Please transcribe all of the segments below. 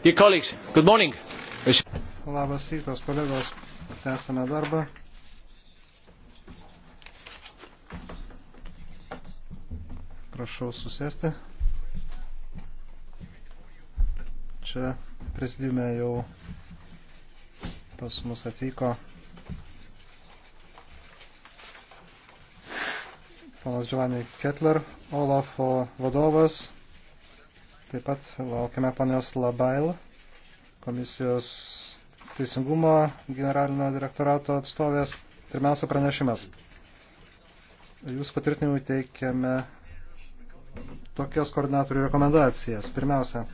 Dear colleagues, good morning. Labas rytas, kolegos. Tęsame darbą. Prašau susėsti. Čia prisidėjome jau pas mus atvyko ponas Giovanni Ketler, Olafo vadovas, Taip pat laukiame ponios Labail, komisijos teisingumo generalinio direktorato atstovės. Pirmiausia pranešimas. Jūsų patvirtinimui teikiame tokias koordinatorių rekomendacijas. Pirmiausia,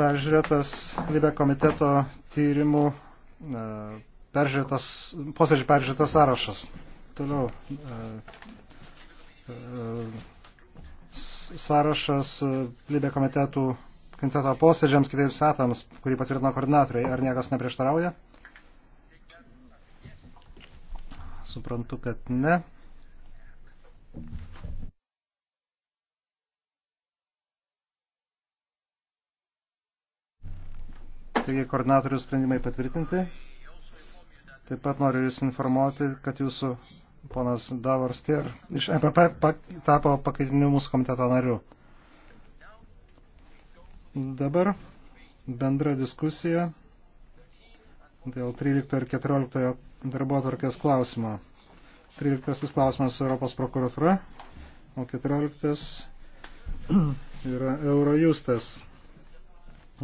peržiūrėtas Libe komiteto tyrimų, e, peržiūrėtas, posėdžių peržiūrėtas sąrašas. Toliau e, e, sąrašas e, lybė komitetų komiteto posėdžiams kitaip setams, kurį patvirtino koordinatoriai. Ar niekas neprieštarauja? Suprantu, kad ne. Taigi koordinatorių sprendimai patvirtinti. Taip pat noriu Jūs informuoti, kad Jūsų ponas Davor Stier iš MPP e pak, tapo pakaitiniu mūsų komiteto nariu. Dabar bendra diskusija dėl 13 ir 14 darbo atvarkės klausimo. 13 klausimas Europos prokuratūra, o 14 yra Eurojustas,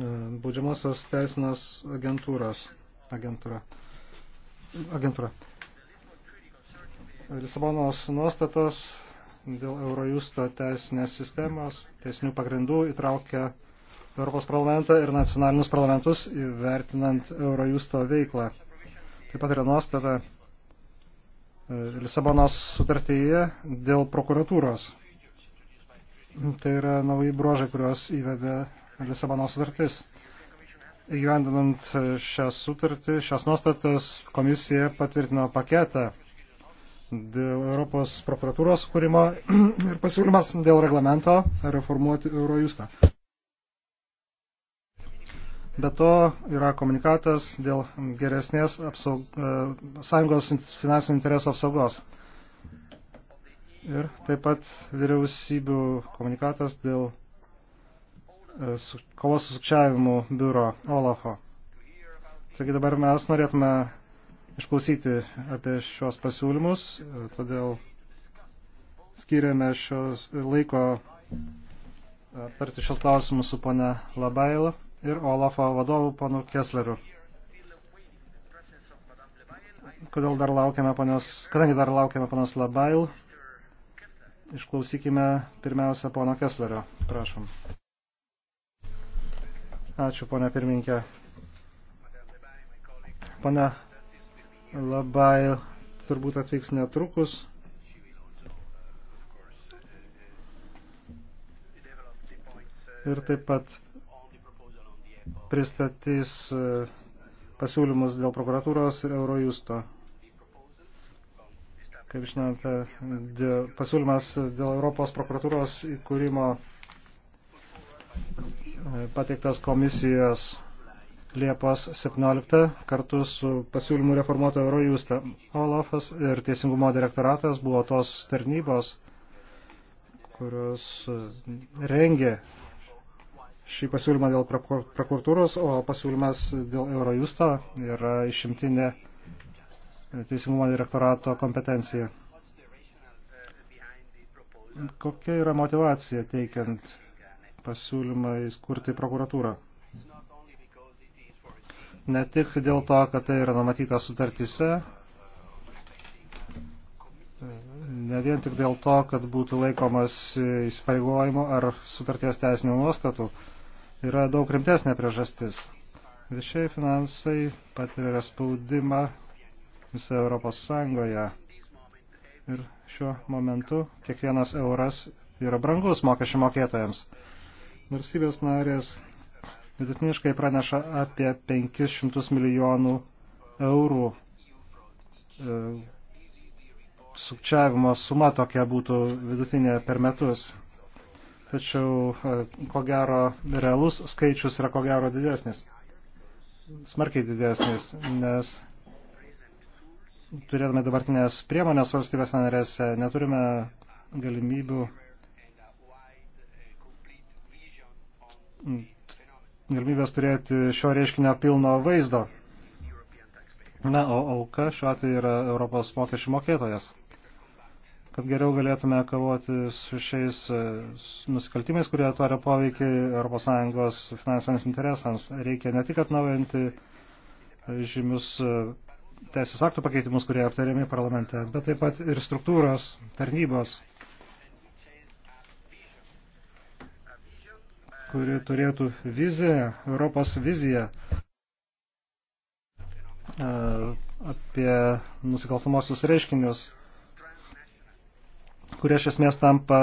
e, būdžiamosios teisinos agentūros agentūra. agentūra. Lisabonos nuostatos dėl Eurojusto teisinės sistemos, teisinių pagrindų įtraukia Europos parlamentą ir nacionalinius parlamentus įvertinant Eurojusto veiklą. Taip pat yra nuostata e, Lisabonos sutartyje dėl prokuratūros. Tai yra nauji bruožai, kuriuos įvedė Lisabonos sutartis. Įgyvendinant šią sutartį, šias nuostatas, komisija patvirtino paketą dėl Europos prokuratūros kūrimo ir pasiūlymas dėl reglamento reformuoti Eurojustą. Be to yra komunikatas dėl geresnės apsaug, e, sąjungos finansinių interesų apsaugos. Ir taip pat vyriausybių komunikatas dėl e, kovos su sukčiavimu biuro Olafo. Taigi dabar mes norėtume išklausyti apie šios pasiūlymus, todėl skiriame šios laiko e, aptarti šios klausimus su pana Labailo ir Olafo vadovu panu Kessleriu. Kodėl dar laukiame ponios, kadangi dar laukiame ponios Labail, išklausykime pirmiausia pono Kesslerio. Prašom. Ačiū, ponia pirminkė. Pana labai turbūt atvyks netrukus. Ir taip pat pristatys e, pasiūlymus dėl prokuratūros ir Eurojusto. Kaip žinote, dėl, pasiūlymas dėl Europos prokuratūros įkūrimo e, pateiktas komisijos Liepos 17 kartu su pasiūlymu reformuoto Eurojustą. Olafas ir Teisingumo direktoratas buvo tos tarnybos, kurios e, rengė šį pasiūlymą dėl prokuratūros, o pasiūlymas dėl Eurojusto yra išimtinė e, Teisingumo direktorato kompetencija. Kokia yra motivacija teikiant pasiūlymą įskurti prokuratūrą? Ne tik dėl to, kad tai yra numatyta sutartyse, ne vien tik dėl to, kad būtų laikomas įsipareigojimų ar sutarties teisinių nuostatų, yra daug rimtesnė priežastis. Viešiai finansai patiria spaudimą visoje Europos Sąjungoje. Ir šiuo momentu kiekvienas euras yra brangus mokesčių mokėtojams. Varsybės narės vidutiniškai praneša apie 500 milijonų eurų e, sukčiavimo suma tokia būtų vidutinė per metus. Tačiau, e, ko gero, realus skaičius yra ko gero didesnis. Smarkiai didesnis, nes turėdami dabartinės priemonės valstybės narėse neturime galimybių galimybės turėti šio reiškinio pilno vaizdo. Na, o auka šiuo atveju yra Europos mokesčių mokėtojas. Kad geriau galėtume kovoti su šiais e, nusikaltimais, kurie tvaria poveikį ES finansiniams interesams, reikia ne tik atnaujinti e, žymius e, teisės aktų pakeitimus, kurie aptariami parlamente, bet taip pat ir struktūros, tarnybos, kuri turėtų viziją, Europos viziją e, apie nusikalstamosius reiškinius, kurie iš esmės tampa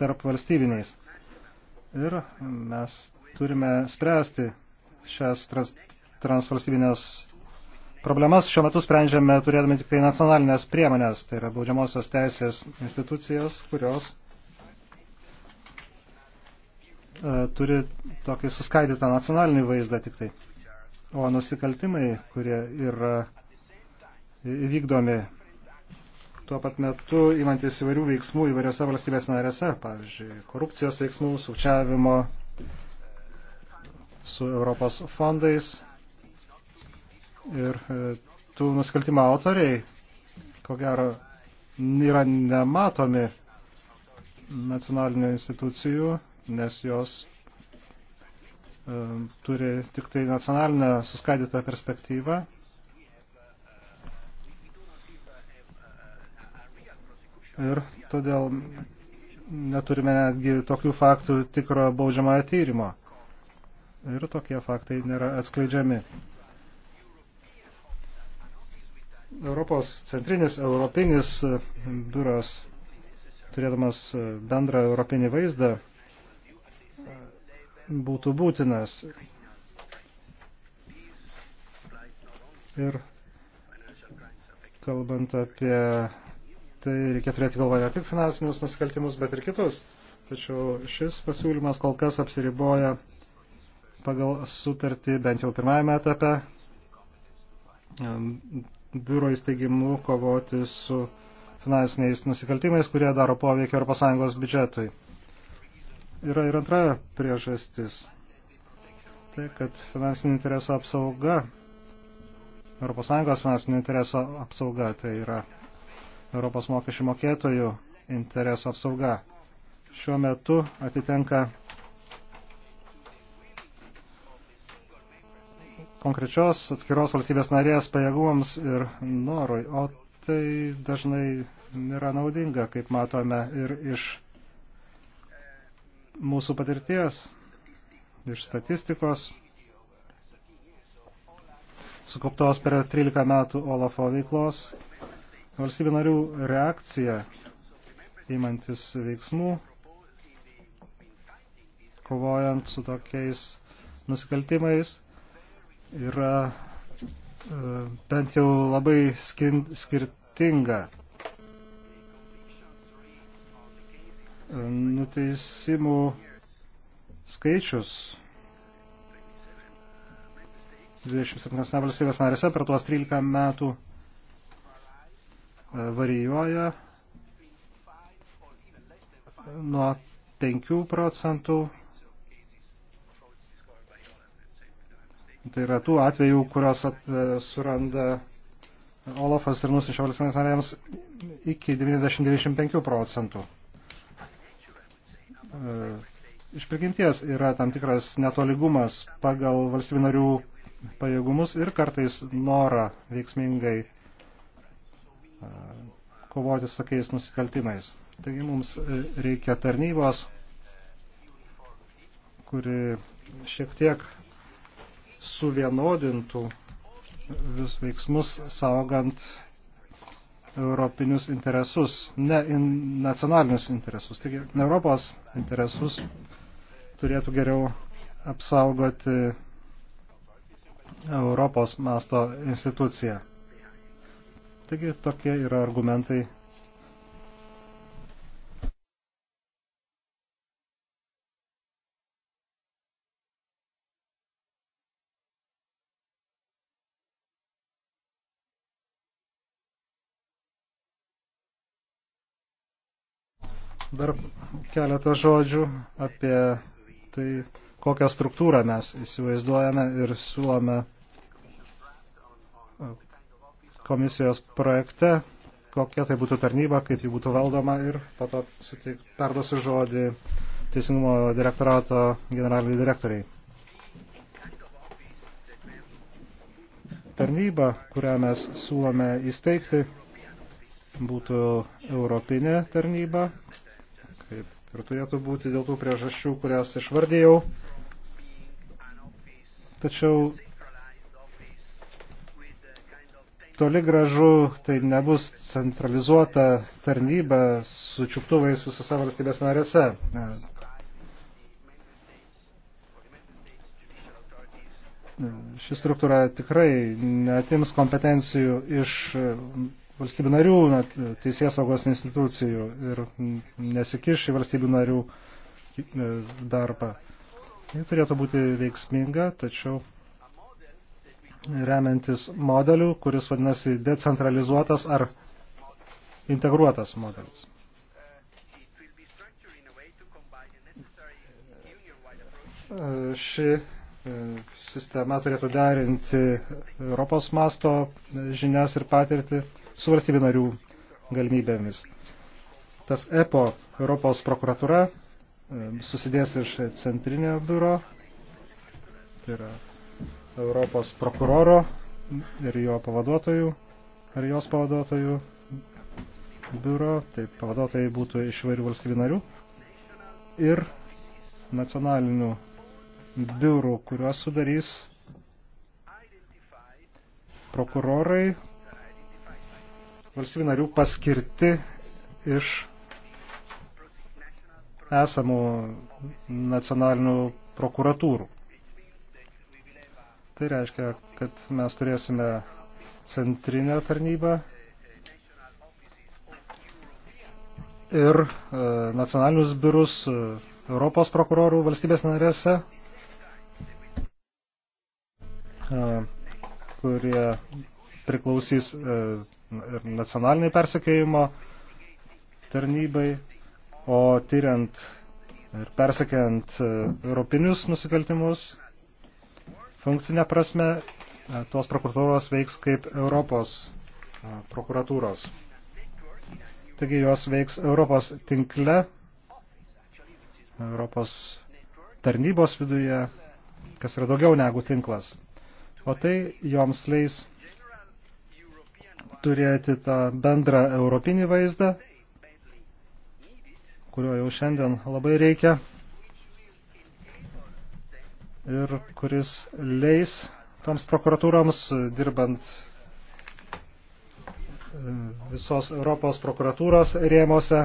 tarp valstybiniais. Ir mes turime spręsti šias trans, transvalstybinės problemas. Šiuo metu sprendžiame turėdami tik tai nacionalinės priemonės, tai yra baudžiamosios teisės institucijos, kurios E, turi tokį suskaidytą nacionalinį vaizdą tik tai. O nusikaltimai, kurie yra vykdomi tuo pat metu įmantis įvairių veiksmų įvairiose valstybės narėse, pavyzdžiui, korupcijos veiksmų, sukčiavimo su Europos fondais. Ir e, tų nusikaltimo autoriai, ko gero, yra nematomi nacionalinių institucijų nes jos e, turi tik tai nacionalinę suskaidytą perspektyvą. Ir todėl neturime netgi tokių faktų tikro baudžiamojo tyrimo. Ir tokie faktai nėra atskleidžiami. Europos centrinis, europinis biuras, turėdamas bendrą europinį vaizdą, būtų būtinas. Ir kalbant apie tai, reikia turėti galvoje ne tik finansinius nusikaltimus, bet ir kitus. Tačiau šis pasiūlymas kol kas apsiriboja pagal sutartį bent jau pirmajame etape biuro įsteigimu kovoti su finansiniais nusikaltimais, kurie daro poveikį ES biudžetui. Yra ir antra priežastis. Tai, kad finansinių interesų apsauga, ES finansinių interesų apsauga, tai yra Europos mokesčių mokėtojų interesų apsauga. Šiuo metu atitenka konkrečios atskiros valstybės narės pajėgumams ir norui, o tai dažnai nėra naudinga, kaip matome ir iš mūsų patirties, iš statistikos, sukauptos per 13 metų Olafo veiklos, valstybių narių reakcija įmantis veiksmų, kovojant su tokiais nusikaltimais, yra e, bent jau labai skirtinga. nuteisimų skaičius 27 valstybės narėse per tuos 13 metų e, varijuoja nuo 5 procentų. Tai yra tų atvejų, kurios at, e, suranda Olafas ir nusinčia valstybės narėms iki 90-95 procentų iš prigimties yra tam tikras netoligumas pagal valstybinarių pajėgumus ir kartais norą veiksmingai kovoti su tokiais nusikaltimais. Taigi mums e, reikia tarnybos, kuri šiek tiek suvienodintų vis veiksmus saugant europinius interesus, ne in nacionalinius interesus. Taigi Europos interesus turėtų geriau apsaugoti Europos masto institucija. Taigi tokie yra argumentai Dar keletą žodžių apie tai, kokią struktūrą mes įsivaizduojame ir siūlome komisijos projekte, kokia tai būtų tarnyba, kaip ji būtų valdoma ir po to perduosiu žodį Teisingumo direktorato generaliniai direktoriai. Tarnyba, kurią mes siūlome įsteigti, būtų Europinė tarnyba, kaip ir turėtų būti dėl tų priežasčių, kurias išvardėjau. Tačiau toli gražu tai nebus centralizuota tarnyba su čiuptuvais visose valstybės narėse. Ši struktūra tikrai netims kompetencijų iš valstybių narių, teisės saugos institucijų ir nesikiš į valstybių narių e, darbą. Ji turėtų būti veiksminga, tačiau remiantis modeliu, kuris vadinasi decentralizuotas ar integruotas modelis. Ši e, sistema turėtų derinti Europos masto žinias ir patirtį su valstybių narių galimybėmis. Tas EPO, Europos prokuratura, susidės iš centrinio biuro, tai yra Europos prokuroro ir jo pavaduotojų ar jos pavaduotojų biuro, tai pavaduotojai būtų iš vairių valstybių narių ir nacionalinių biurų, kuriuos sudarys prokurorai, valstybių narių paskirti iš esamų nacionalinių prokuratūrų. Tai reiškia, kad mes turėsime centrinę tarnybą ir e, nacionalinius biurus e, Europos prokurorų valstybės narėse, e, kurie priklausys e, ir nacionaliniai persekėjimo tarnybai, o tyriant ir persekiant e, europinius nusikaltimus, funkcinė prasme, e, tuos prokuratūros veiks kaip Europos e, prokuratūros. Taigi jos veiks Europos tinkle, Europos tarnybos viduje, kas yra daugiau negu tinklas. O tai joms leis turėti tą bendrą europinį vaizdą, kurio jau šiandien labai reikia ir kuris leis toms prokuratūroms dirbant e, visos Europos prokuratūros rėmose,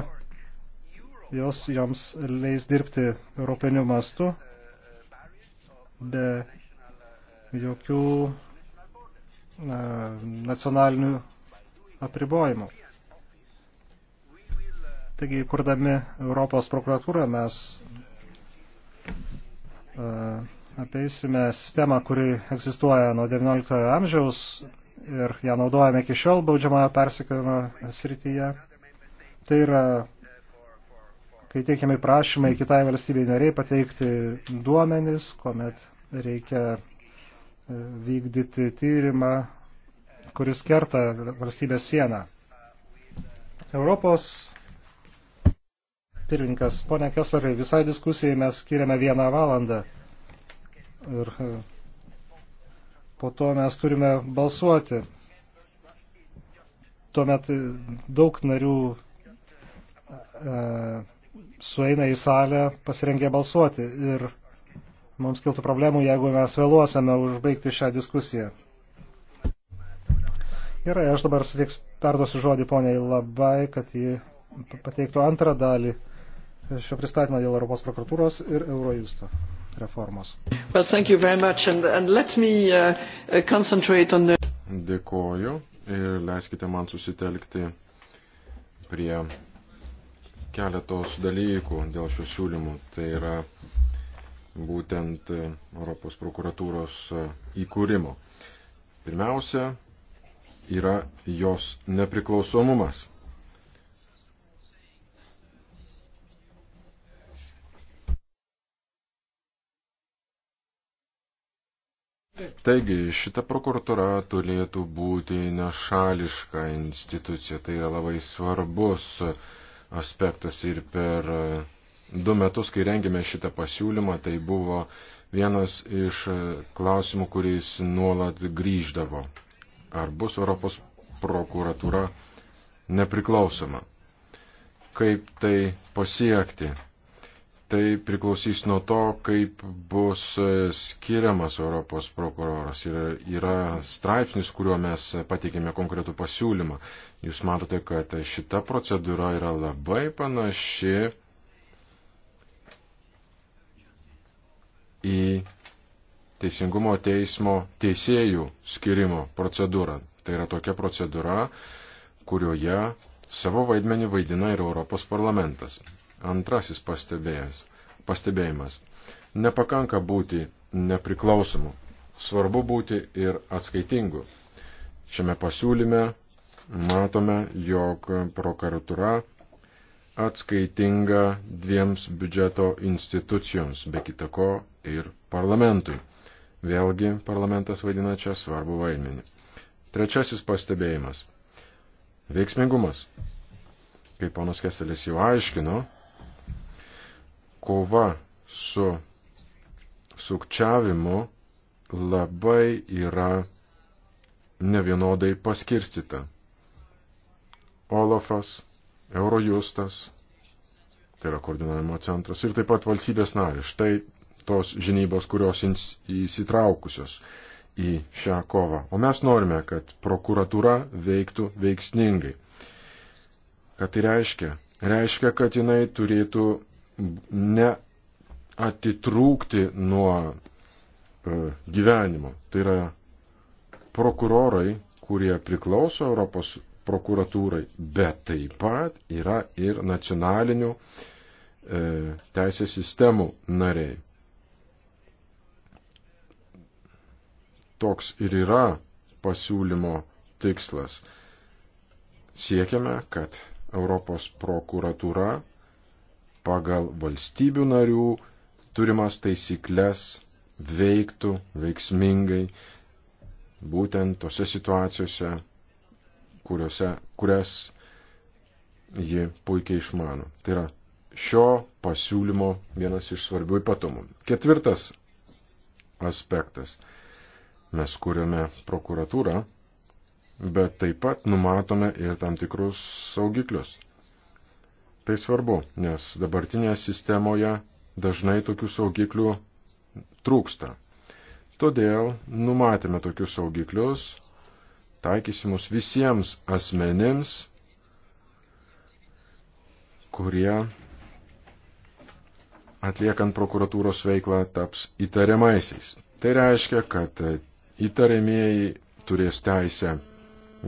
jos joms leis dirbti europiniu mastu be jokių e, nacionalinių apribojimų. Taigi, kurdami Europos prokuratūrą, mes e, apeisime sistemą, kuri egzistuoja nuo XIX amžiaus ir ją naudojame iki šiol baudžiamojo persikėjimo srityje. Tai yra, kai teikiami prašymai kitai valstybei nariai pateikti duomenis, kuomet reikia e, vykdyti tyrimą kuris kerta valstybės sieną. Europos pirmininkas, ponia Keslerai, visai diskusijai mes skiriame vieną valandą. Ir e, po to mes turime balsuoti. Tuomet daug narių e, sueina į salę pasirengę balsuoti ir mums kiltų problemų, jeigu mes vėluosime užbaigti šią diskusiją. Gerai, aš dabar sutiks, perduosiu žodį poniai labai, kad ji pateiktų antrą dalį šio pristatymą dėl Europos prokuratūros ir Eurojusto reformos. Well, thank you very much and, and let me uh, concentrate on the... Dėkoju ir leiskite man susitelkti prie keletos dalykų dėl šių siūlymų. Tai yra būtent Europos prokuratūros uh, įkūrimo. Pirmiausia, yra jos nepriklausomumas. Taigi, šita prokuratura turėtų būti nešališka institucija. Tai yra labai svarbus aspektas ir per du metus, kai rengėme šitą pasiūlymą, tai buvo vienas iš klausimų, kuris nuolat grįždavo ar bus Europos prokuratūra nepriklausoma. Kaip tai pasiekti? Tai priklausys nuo to, kaip bus e, skiriamas Europos prokuroras. Ir yra straipsnis, kuriuo mes pateikėme konkretų pasiūlymą. Jūs matote, kad šita procedūra yra labai panaši į teisingumo teismo teisėjų skirimo procedūrą. Tai yra tokia procedūra, kurioje savo vaidmenį vaidina ir Europos parlamentas. Antrasis pastebėjimas. Nepakanka būti nepriklausomu. Svarbu būti ir atskaitingu. Šiame pasiūlyme matome, jog prokuratūra atskaitinga dviems biudžeto institucijoms, be kitako ir parlamentui. Vėlgi parlamentas vaidina čia svarbu vaidmenį. Trečiasis pastebėjimas. Veiksmingumas. Kaip ponas Keselis jau aiškino, kova su sukčiavimu labai yra nevienodai paskirstita. Olafas, Eurojustas, tai yra koordinavimo centras ir taip pat valstybės narė. Štai tos žinybos, kurios įsitraukusios į šią kovą. O mes norime, kad prokuratūra veiktų veiksmingai. Ką tai reiškia? Reiškia, kad jinai turėtų neatitrūkti nuo e, gyvenimo. Tai yra prokurorai, kurie priklauso Europos prokuratūrai, bet taip pat yra ir nacionalinių e, teisės sistemų nariai. toks ir yra pasiūlymo tikslas. Siekiame, kad Europos prokuratūra pagal valstybių narių turimas taisyklės veiktų veiksmingai būtent tose situacijose, kuriuose, kurias ji puikiai išmano. Tai yra šio pasiūlymo vienas iš svarbių ypatumų. Ketvirtas aspektas Mes kūrėme prokuratūrą, bet taip pat numatome ir tam tikrus saugiklius. Tai svarbu, nes dabartinėje sistemoje dažnai tokių saugiklių trūksta. Todėl numatėme tokius saugiklius, taikysimus visiems asmenims, kurie atliekant prokuratūros veiklą taps įtariamaisiais. Tai reiškia, kad įtariamieji turės teisę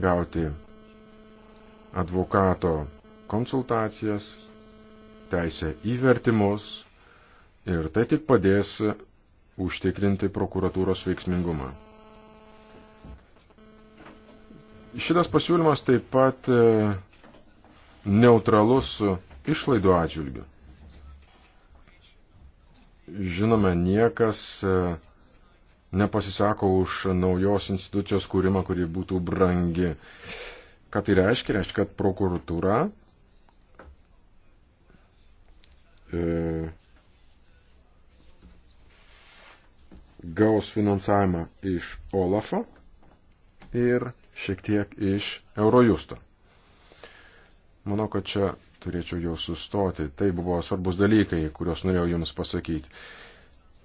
gauti advokato konsultacijas, teisę įvertimus ir tai tik padės užtikrinti prokuratūros veiksmingumą. Šitas pasiūlymas taip pat e, neutralus išlaidų atžvilgių. Žinoma, niekas e, nepasisako už naujos institucijos kūrimą, kuri būtų brangi. Ką tai reiškia? Reiškia, kad prokuratūra e, gaus finansavimą iš Olafo ir šiek tiek iš Eurojusto. Manau, kad čia turėčiau jau sustoti. Tai buvo svarbus dalykai, kuriuos norėjau Jums pasakyti.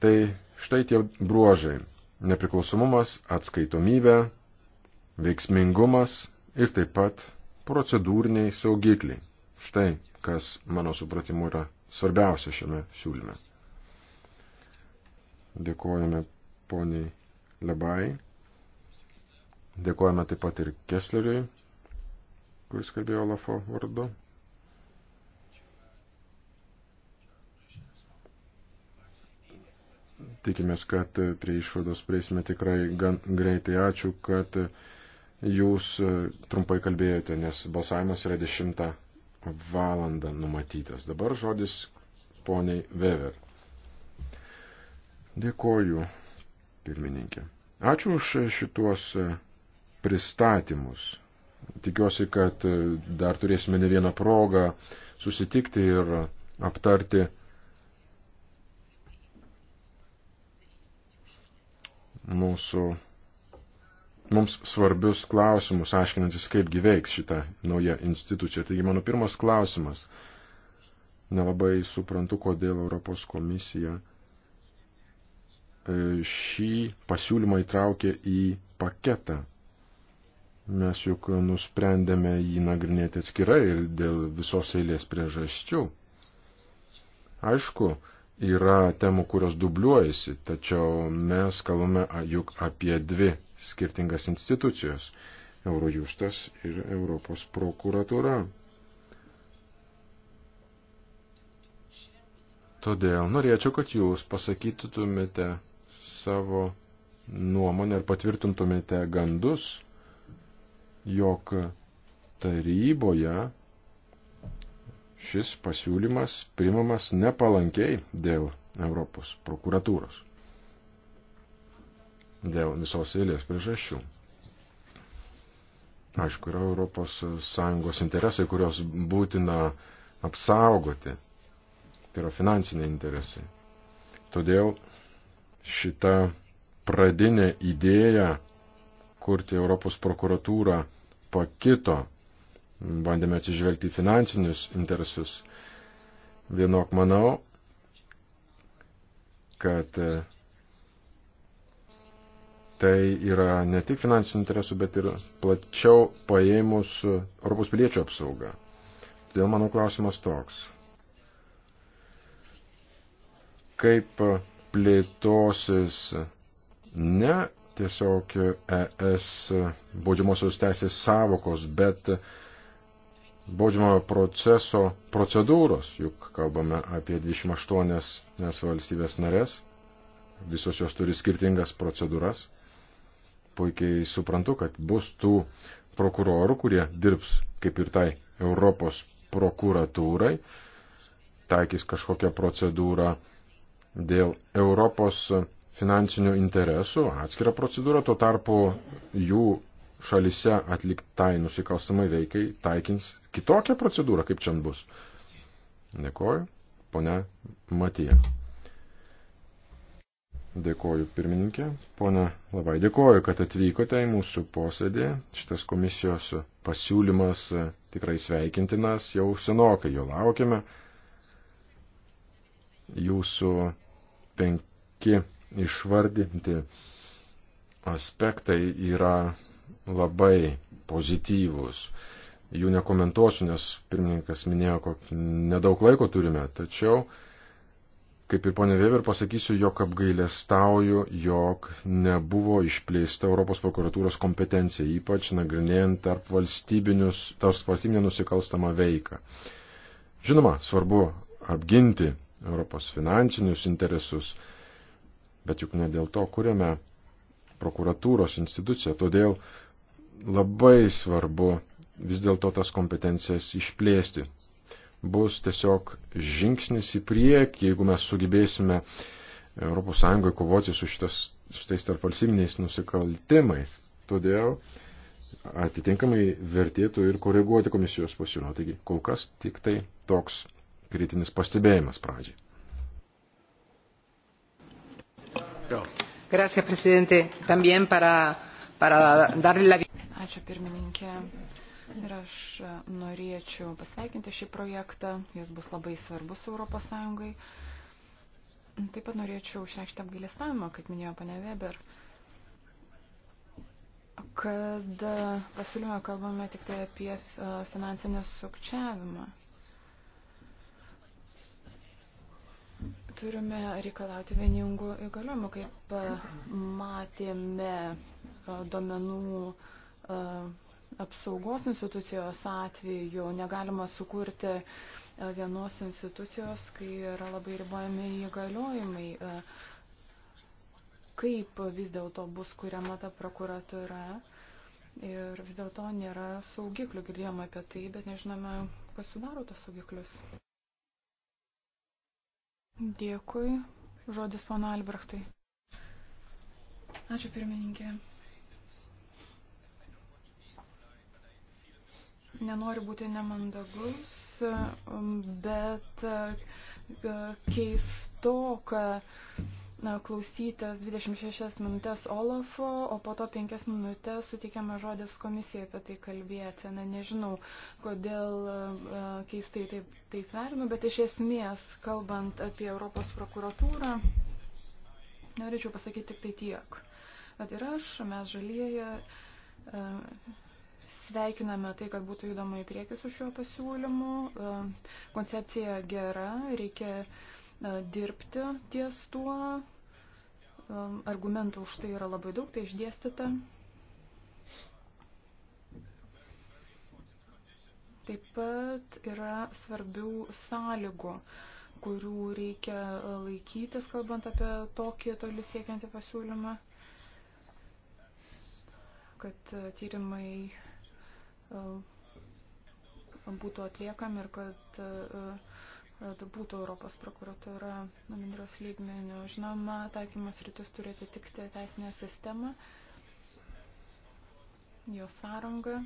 Tai štai tie bruožai nepriklausomumas, atskaitomybė, veiksmingumas ir taip pat procedūriniai saugikliai. Štai, kas mano supratimu yra svarbiausia šiame siūlyme. Dėkojame poniai Lebai. Dėkojame taip pat ir Kessleriui, kuris kalbėjo Olafo vardu. Tikimės, kad prie išvados prieisime tikrai gan greitai. Ačiū, kad jūs e, trumpai kalbėjote, nes balsavimas yra 10 valandą numatytas. Dabar žodis poniai Wever. Dėkoju, pirmininkė. Ačiū už šituos e, pristatymus. Tikiuosi, kad e, dar turėsime ne vieną progą susitikti ir aptarti mūsų, mums svarbius klausimus, aiškinantis, kaip gyveiks šita nauja institucija. Taigi mano pirmas klausimas. Nelabai suprantu, kodėl Europos komisija e, šį pasiūlymą įtraukė į paketą. Mes juk nusprendėme jį nagrinėti atskirai ir dėl visos eilės priežasčių. Aišku, yra temų, kurios dubliuojasi, tačiau mes kalbame juk apie dvi skirtingas institucijos - Eurojustas ir Europos prokuratūra. Todėl norėčiau, kad jūs pasakytumėte savo nuomonę ir patvirtintumėte gandus, jog taryboje šis pasiūlymas primamas nepalankiai dėl Europos prokuratūros. Dėl visos eilės priežasčių. Aišku, yra Europos Sąjungos interesai, kurios būtina apsaugoti. Tai yra finansiniai interesai. Todėl šita pradinė idėja kurti Europos prokuratūrą pakito bandėme atsižvelgti į finansinius interesus. Vienok manau, kad e, tai yra ne tik finansinių interesų, bet ir plačiau paėmus Europos piliečių apsauga. Todėl mano klausimas toks. Kaip plėtosis ne tiesiog ES baudžiamosios teisės savokos, bet baudžiamojo proceso procedūros, juk kalbame apie 28 es valstybės narės, visos jos turi skirtingas procedūras. Puikiai suprantu, kad bus tų prokurorų, kurie dirbs kaip ir tai Europos prokuratūrai, taikys kažkokią procedūrą dėl Europos finansinių interesų, atskirą procedūrą, tuo tarpu jų šalise atliktai nusikalstamai veikai taikins kitokią procedūrą, kaip čia bus. Dėkoju, ponia Matija. Dėkoju pirmininkė, pona labai dėkoju, kad atvykote į mūsų posėdį. Šitas komisijos pasiūlymas tikrai sveikintinas, jau senokai jo laukiame. Jūsų penki išvardinti aspektai yra labai pozityvūs. Jų nekomentuosiu, nes pirmininkas minėjo, kad nedaug laiko turime, tačiau, kaip ir ponė Weber, pasakysiu, jog apgailestauju, jog nebuvo išplėsta Europos prokuratūros kompetencija, ypač nagrinėjant tarp, tarp valstybinę nusikalstamą veiką. Žinoma, svarbu apginti Europos finansinius interesus, bet juk ne dėl to kuriame prokuratūros instituciją. Todėl labai svarbu vis dėlto tas kompetencijas išplėsti. Bus tiesiog žingsnis į priekį, jeigu mes sugebėsime ES kovoti su, šitas, su tais tarpvalstybiniais nusikaltimais. Todėl atitinkamai vertėtų ir koreguoti komisijos pasiūlymą. Taigi kol kas tik tai toks kritinis pastebėjimas pradžiai. Gracias, presidente. También para, para darle la Ačiū pirmininkė. Ir aš norėčiau pasveikinti šį projektą. Jis bus labai svarbus ES. Taip pat norėčiau išreikšti apgailestavimą, kaip minėjo pane Weber, kad pasiūlyme kalbame tik tai apie e, finansinį sukčiavimą. turime reikalauti vieningų įgaliojimų, kaip e, matėme e, duomenų E, apsaugos institucijos atveju negalima sukurti e, vienos institucijos, kai yra labai ribojami įgaliojimai. E, kaip vis dėlto bus kuriama ta prokuratura ir vis dėlto nėra saugiklių, girdėjome apie tai, bet nežinome, kas sudaro tos saugiklius. Dėkui. Žodis pono Albrechtai. Ačiū pirmininkė. nenoriu būti nemandagus, um, bet uh, keistoka klausytis 26 minutės Olafo, o po to 5 minutės suteikiama žodis komisijai apie tai kalbėti. Na, nežinau, kodėl uh, keistai taip, taip vertinu, bet iš esmės, kalbant apie Europos prokuratūrą, norėčiau pasakyti tik tai tiek. Bet ir aš, mes žalieji, uh, Sveikiname tai, kad būtų judama į priekį su šiuo pasiūlymu. E, koncepcija gera, reikia e, dirbti ties tuo. E, argumentų už tai yra labai daug, tai išdėstyta. Taip pat yra svarbių sąlygų, kurių reikia laikytis, kalbant apie tokį toli siekiantį pasiūlymą, kad tyrimai E, būtų atliekami ir kad e, e, būtų Europos prokuratūra bendros lygmenių. Žinoma, taikymas rytis turi atitikti teisinę sistemą, jo sąrangą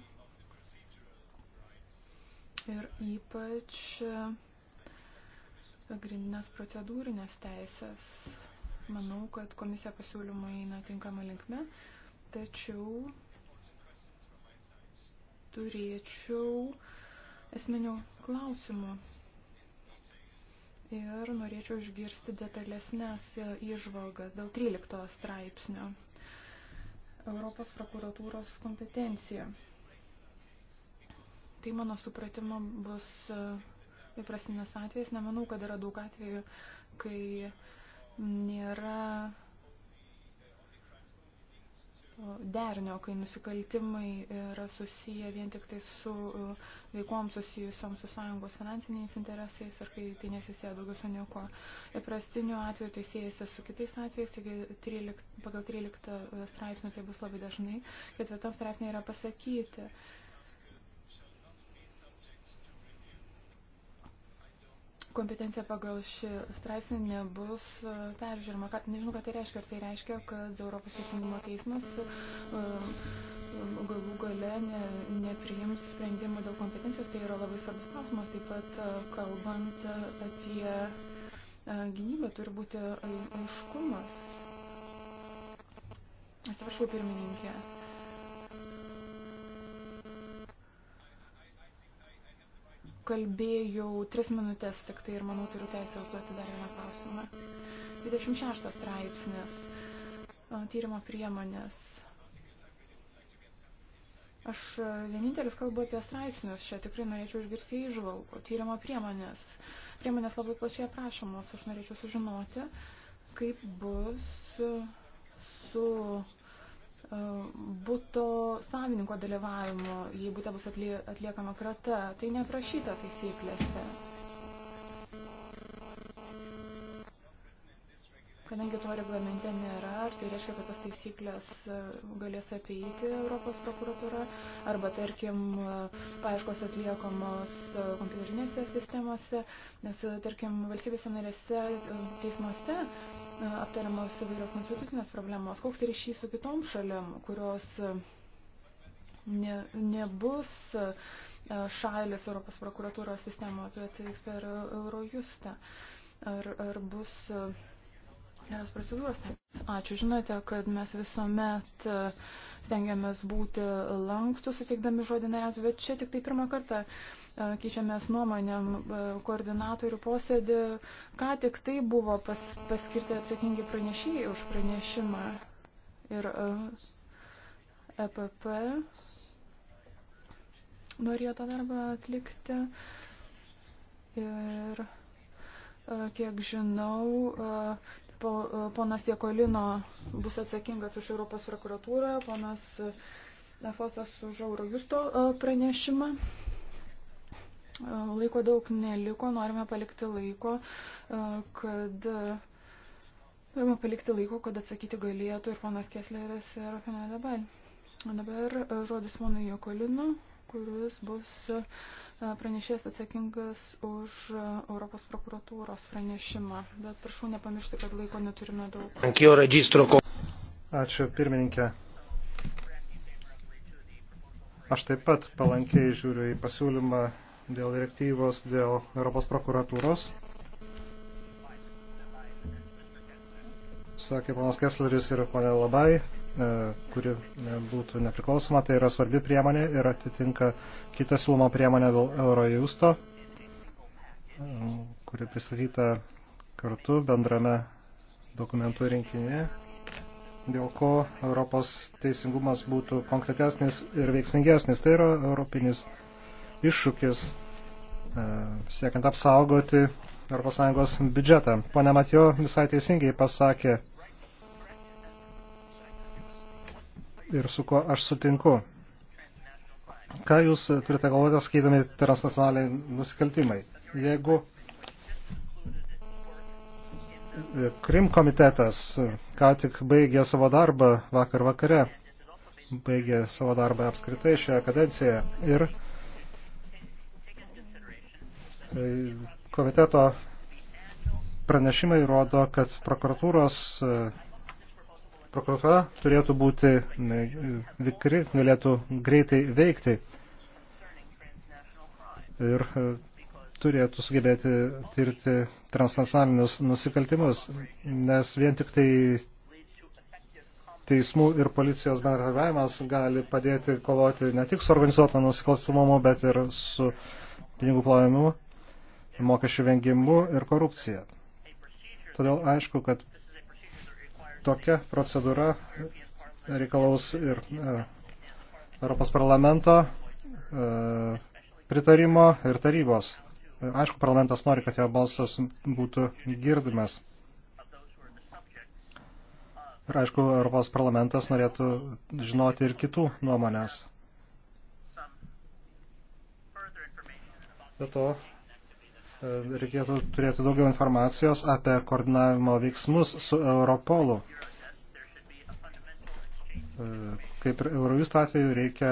ir ypač pagrindinės procedūrinės teisės. Manau, kad komisija pasiūlymų eina tinkama linkme, tačiau turėčiau esminių klausimų ir norėčiau išgirsti detalesnės išvalgas dėl 13 straipsnio Europos prokuratūros kompetencija. Tai mano supratimo bus įprasinis atvejis. Nemanau, kad yra daug atvejų, kai nėra derinio, kai nusikaltimai yra susiję vien tik tai su e, veikom susijusiam su sąjungos finansiniais interesais ir kai tai nesisėja daugiau su nieko. Įprastiniu atveju tai siejasi su kitais atvejais, taigi 13, pagal 13 e, straipsnį tai bus labai dažnai. Ketvirtam straipsnį yra pasakyti, kompetencija pagal šį straipsnį nebus e, peržiūrima. Ką, nežinau, ką tai reiškia. Ar tai reiškia, kad Europos teisingumo teismas e, e, galų gale ne, nepriims sprendimų dėl kompetencijos, tai yra labai svarbus klausimas. Taip pat kalbant apie gynybą, turi būti aiškumas. Atsiprašau, pirmininkė. kalbėjau tris minutės tik tai ir manau turiu teisę užduoti dar vieną klausimą. 26 straipsnis. Tyrimo priemonės. Aš vienintelis kalbu apie straipsnius, čia tikrai norėčiau išgirsti įžvalgų. Tyrimo priemonės. Priemonės labai plačiai aprašomos, aš norėčiau sužinoti, kaip bus su, su E, būto savininko dalyvavimo, jei būte bus atlie, atliekama krata. Tai neprašyta taisyklėse. Kadangi to reglamente nėra, ar tai reiškia, kad tas taisyklės e, galės apeiti Europos prokuratūra, arba tarkim, e, paaiškos atliekamos kompiuterinėse sistemose, nes tarkim, valstybėse narėse teismuose aptariamos įvairios konstitucinės problemos, koks ryšys su kitom šalim, kurios e, ne, nebus e, šalis Europos prokuratūros sistemos, bet jis per Eurojustą. Ar, ar bus e, geras procedūros? Ačiū, žinote, kad mes visuomet stengiamės būti lankstus, suteikdami žodį nariams, bet čia tik tai pirmą kartą uh, keičiamės nuomonėm koordinatorių posėdį, ką tik tai buvo pas, paskirti atsakingi pranešėjai už pranešimą ir EPP norėjo tą darbą atlikti. Ir kiek žinau, ponas Jekolino bus atsakingas už Europos prokuratūrą, ponas Nefosas už Euro Justo pranešimą. Laiko daug neliko, norime palikti laiko, e, kad Turime e, palikti laiko, kad atsakyti galėtų ir ponas Kesleris ir Rafinė Lebel. Dabar e, žodis ponui Jokolinu, kuris bus pranešės atsakingas už Europos prokuratūros pranešimą. Bet prašau nepamiršti, kad laiko neturime daug. Ačiū pirmininkė. Aš taip pat palankiai žiūriu į pasiūlymą dėl direktyvos dėl Europos prokuratūros. Sakė panas Kessleris ir ponė Labai, e, kuri e, būtų nepriklausoma, tai yra svarbi priemonė ir atitinka kitą siūlomą priemonę dėl Eurojusto, e, kuri pristatyta kartu bendrame dokumentų rinkinėje dėl ko Europos teisingumas būtų konkretesnis ir veiksmingesnis. Tai yra europinis iššūkis e, siekiant apsaugoti ES biudžetą. Pone Matijo visai teisingai pasakė ir su kuo aš sutinku. Ką jūs turite galvoti, skaitami transnacionaliai nusikaltimai? Jeigu Krim komitetas ką tik baigė savo darbą vakar vakare, baigė savo darbą apskritai šioje kadencijoje ir E, komiteto pranešimai rodo, kad prokuratūros e, prokuratūra turėtų būti, e, galėtų greitai veikti ir turėtų sugebėti tirti transnacionalinius nusikaltimus, nes vien tik tai teismų ir policijos bendradarbiavimas gali padėti kovoti ne tik su organizuoto nusikalstamumu, bet ir su pinigų plovimu mokesčių vengimu ir korupcija. Todėl aišku, kad tokia procedūra reikalaus ir e, Europos parlamento e, pritarimo ir tarybos. E, aišku, parlamentas nori, kad jo balsas būtų girdimas. Ir aišku, Europos parlamentas norėtų žinoti ir kitų nuomonės. Be to, E, reikėtų turėti daugiau informacijos apie koordinavimo veiksmus su Europolu. E, kaip ir Eurovisto atveju reikia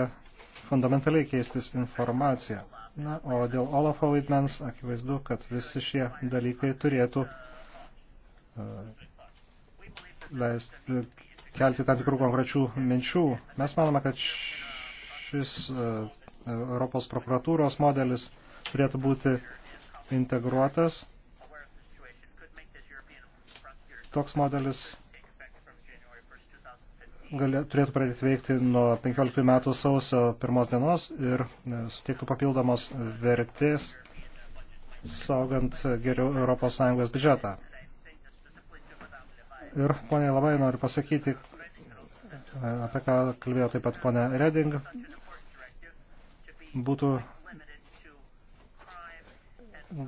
fundamentaliai keistis informaciją. Na, o dėl Olafo vaidmens akivaizdu, kad visi šie dalykai turėtų e, leist, kelti tam tikrų konkrečių minčių. Mes manome, kad šis Europos prokuratūros modelis turėtų būti uh, integruotas. Toks modelis galė, turėtų pradėti veikti nuo 15 metų sausio pirmos dienos ir e, suteiktų papildomos vertės saugant geriau ES biudžetą. Ir poniai labai noriu pasakyti, e, apie ką kalbėjo taip pat ponia Reding, būtų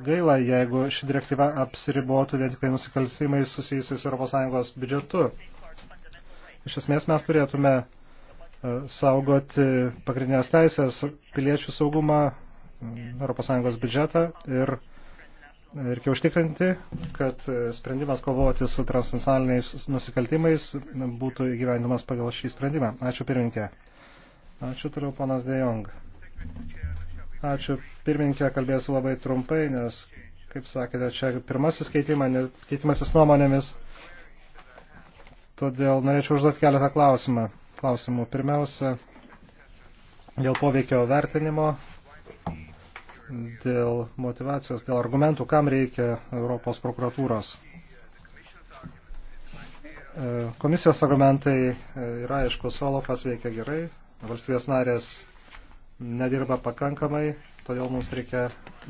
gaila, jeigu ši direktyva apsiribotų vien tik tai nusikaltimais susijusiais su ES biudžetu. Iš esmės mes turėtume e, saugoti pagrindinės teisės, piliečių saugumą, ES biudžetą ir reikia užtikrinti, kad sprendimas kovoti su transnacionaliniais nusikaltimais būtų įgyvendimas pagal šį sprendimą. Ačiū pirminkė. Ačiū toliau ponas De Jong. Thank you. Ačiū. Pirmininkė, kalbėsiu labai trumpai, nes, kaip sakėte, čia pirmasis keitimasis nuomonėmis. Todėl norėčiau užduoti keletą klausimą. klausimų. Pirmiausia, dėl poveikio vertinimo, dėl motivacijos, dėl argumentų, kam reikia Europos prokuratūros. E, komisijos argumentai e, yra aiškus, Olofas veikia gerai, valstybės narės nedirba pakankamai, todėl mums reikia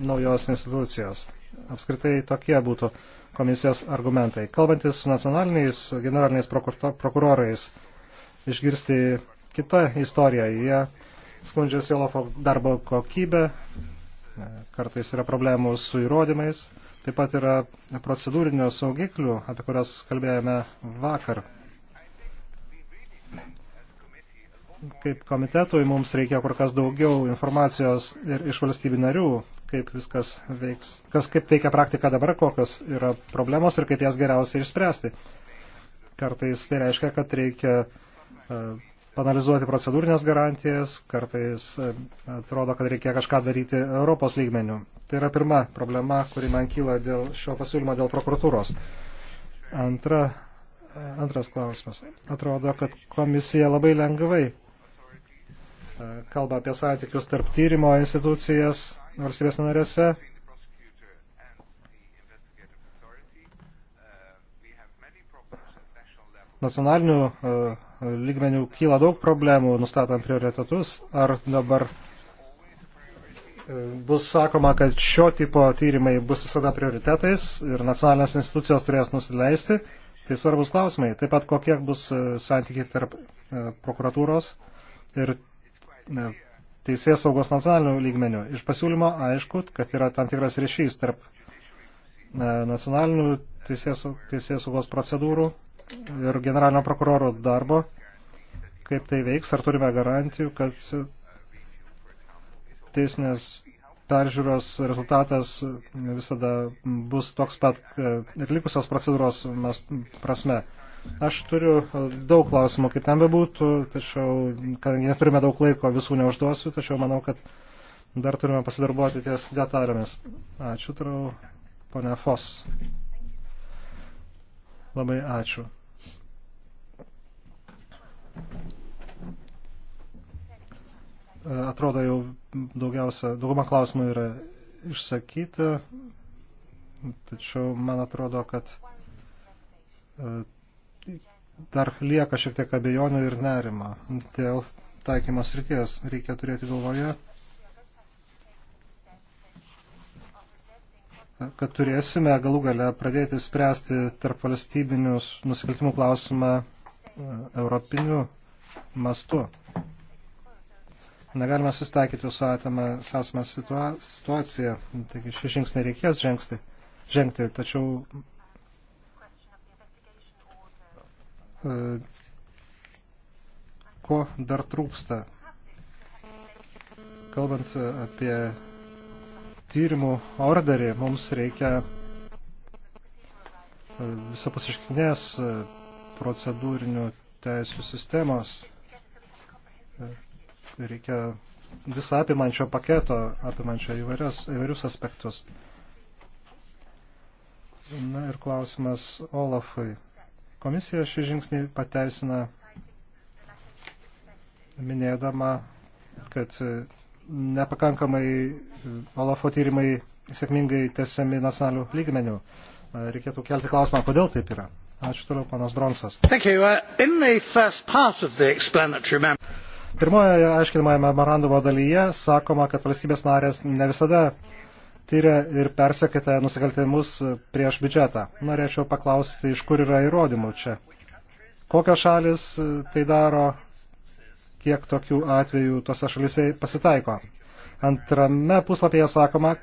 naujos institucijos. Apskritai tokie būtų komisijos argumentai. Kalbantis su nacionaliniais generaliniais prokurorais, išgirsti kitą istoriją. Jie skundžiasi Olafo darbo kokybę, kartais yra problemų su įrodymais, taip pat yra procedūrinio saugiklių, apie kurias kalbėjome vakar. kaip komitetui mums reikia kur kas daugiau informacijos ir iš valstybių narių, kaip viskas veiks, kas kaip veikia praktika dabar, kokios yra problemos ir kaip jas geriausiai išspręsti. Kartais tai reiškia, kad reikia e, panalizuoti procedūrinės garantijas, kartais e, atrodo, kad reikia kažką daryti Europos lygmenių. Tai yra pirma problema, kuri man kyla dėl šio pasiūlymo dėl prokuratūros. Antra, e, antras klausimas. Atrodo, kad komisija labai lengvai kalba apie santykius tarp tyrimo institucijas valstybės narėse. Nacionalinių e, lygmenių kyla daug problemų, nustatant prioritetus. Ar dabar e, bus sakoma, kad šio tipo tyrimai bus visada prioritetais ir nacionalinės institucijos turės nusileisti? Tai svarbus klausimai. Taip pat kokie bus e, santykiai tarp prokuratūros ir teisės saugos nacionalinių lygmenių. Iš pasiūlymo aišku, kad yra tam tikras ryšys tarp nacionalinių teisės, teisės saugos procedūrų ir generalinio prokuroro darbo, kaip tai veiks, ar turime garantijų, kad teisinės peržiūros rezultatas visada bus toks pat atlikusios e, procedūros prasme. Aš turiu e, daug klausimų, kaip ten bebūtų, tačiau, kadangi neturime daug laiko, visų neužduosiu, tačiau manau, kad dar turime pasidarbuoti ties detalėmis. Ačiū, tarau, ponia Fos. Labai ačiū. E, atrodo, jau daugiausia, dauguma klausimų yra išsakyti, tačiau man atrodo, kad e, dar lieka šiek tiek abejonių ir nerimo dėl taikymos ryties. Reikia turėti galvoje, kad turėsime galų gale pradėti spręsti tarp valstybinius nusikaltimų klausimą e, europiniu mastu. Negalime sustaikyti su esama situacija, taigi šį žingsnį reikės žengti, žengti, tačiau E, ko dar trūksta. Kalbant apie tyrimų orderį, mums reikia e, visapusiškinės e, procedūrinių teisų sistemos. Reikia visą apimančio paketo, apimančio įvairios, įvairius aspektus. Na ir klausimas Olafui. Komisija šį žingsnį pateisina minėdama, kad nepakankamai Olafo tyrimai sėkmingai tesiami nacionalių lygmenių. Reikėtų kelti klausimą, kodėl taip yra. Ačiū toliau, panas Bronsas. Uh, Pirmojoje aiškinamoje memorandumo dalyje sakoma, kad valstybės narės ne visada tyria ir persekite nusikaltimus prieš biudžetą. Norėčiau paklausti, iš kur yra įrodymų čia. Kokios šalis tai daro, kiek tokių atvejų tose šalise pasitaiko. Antrame puslapyje sakoma,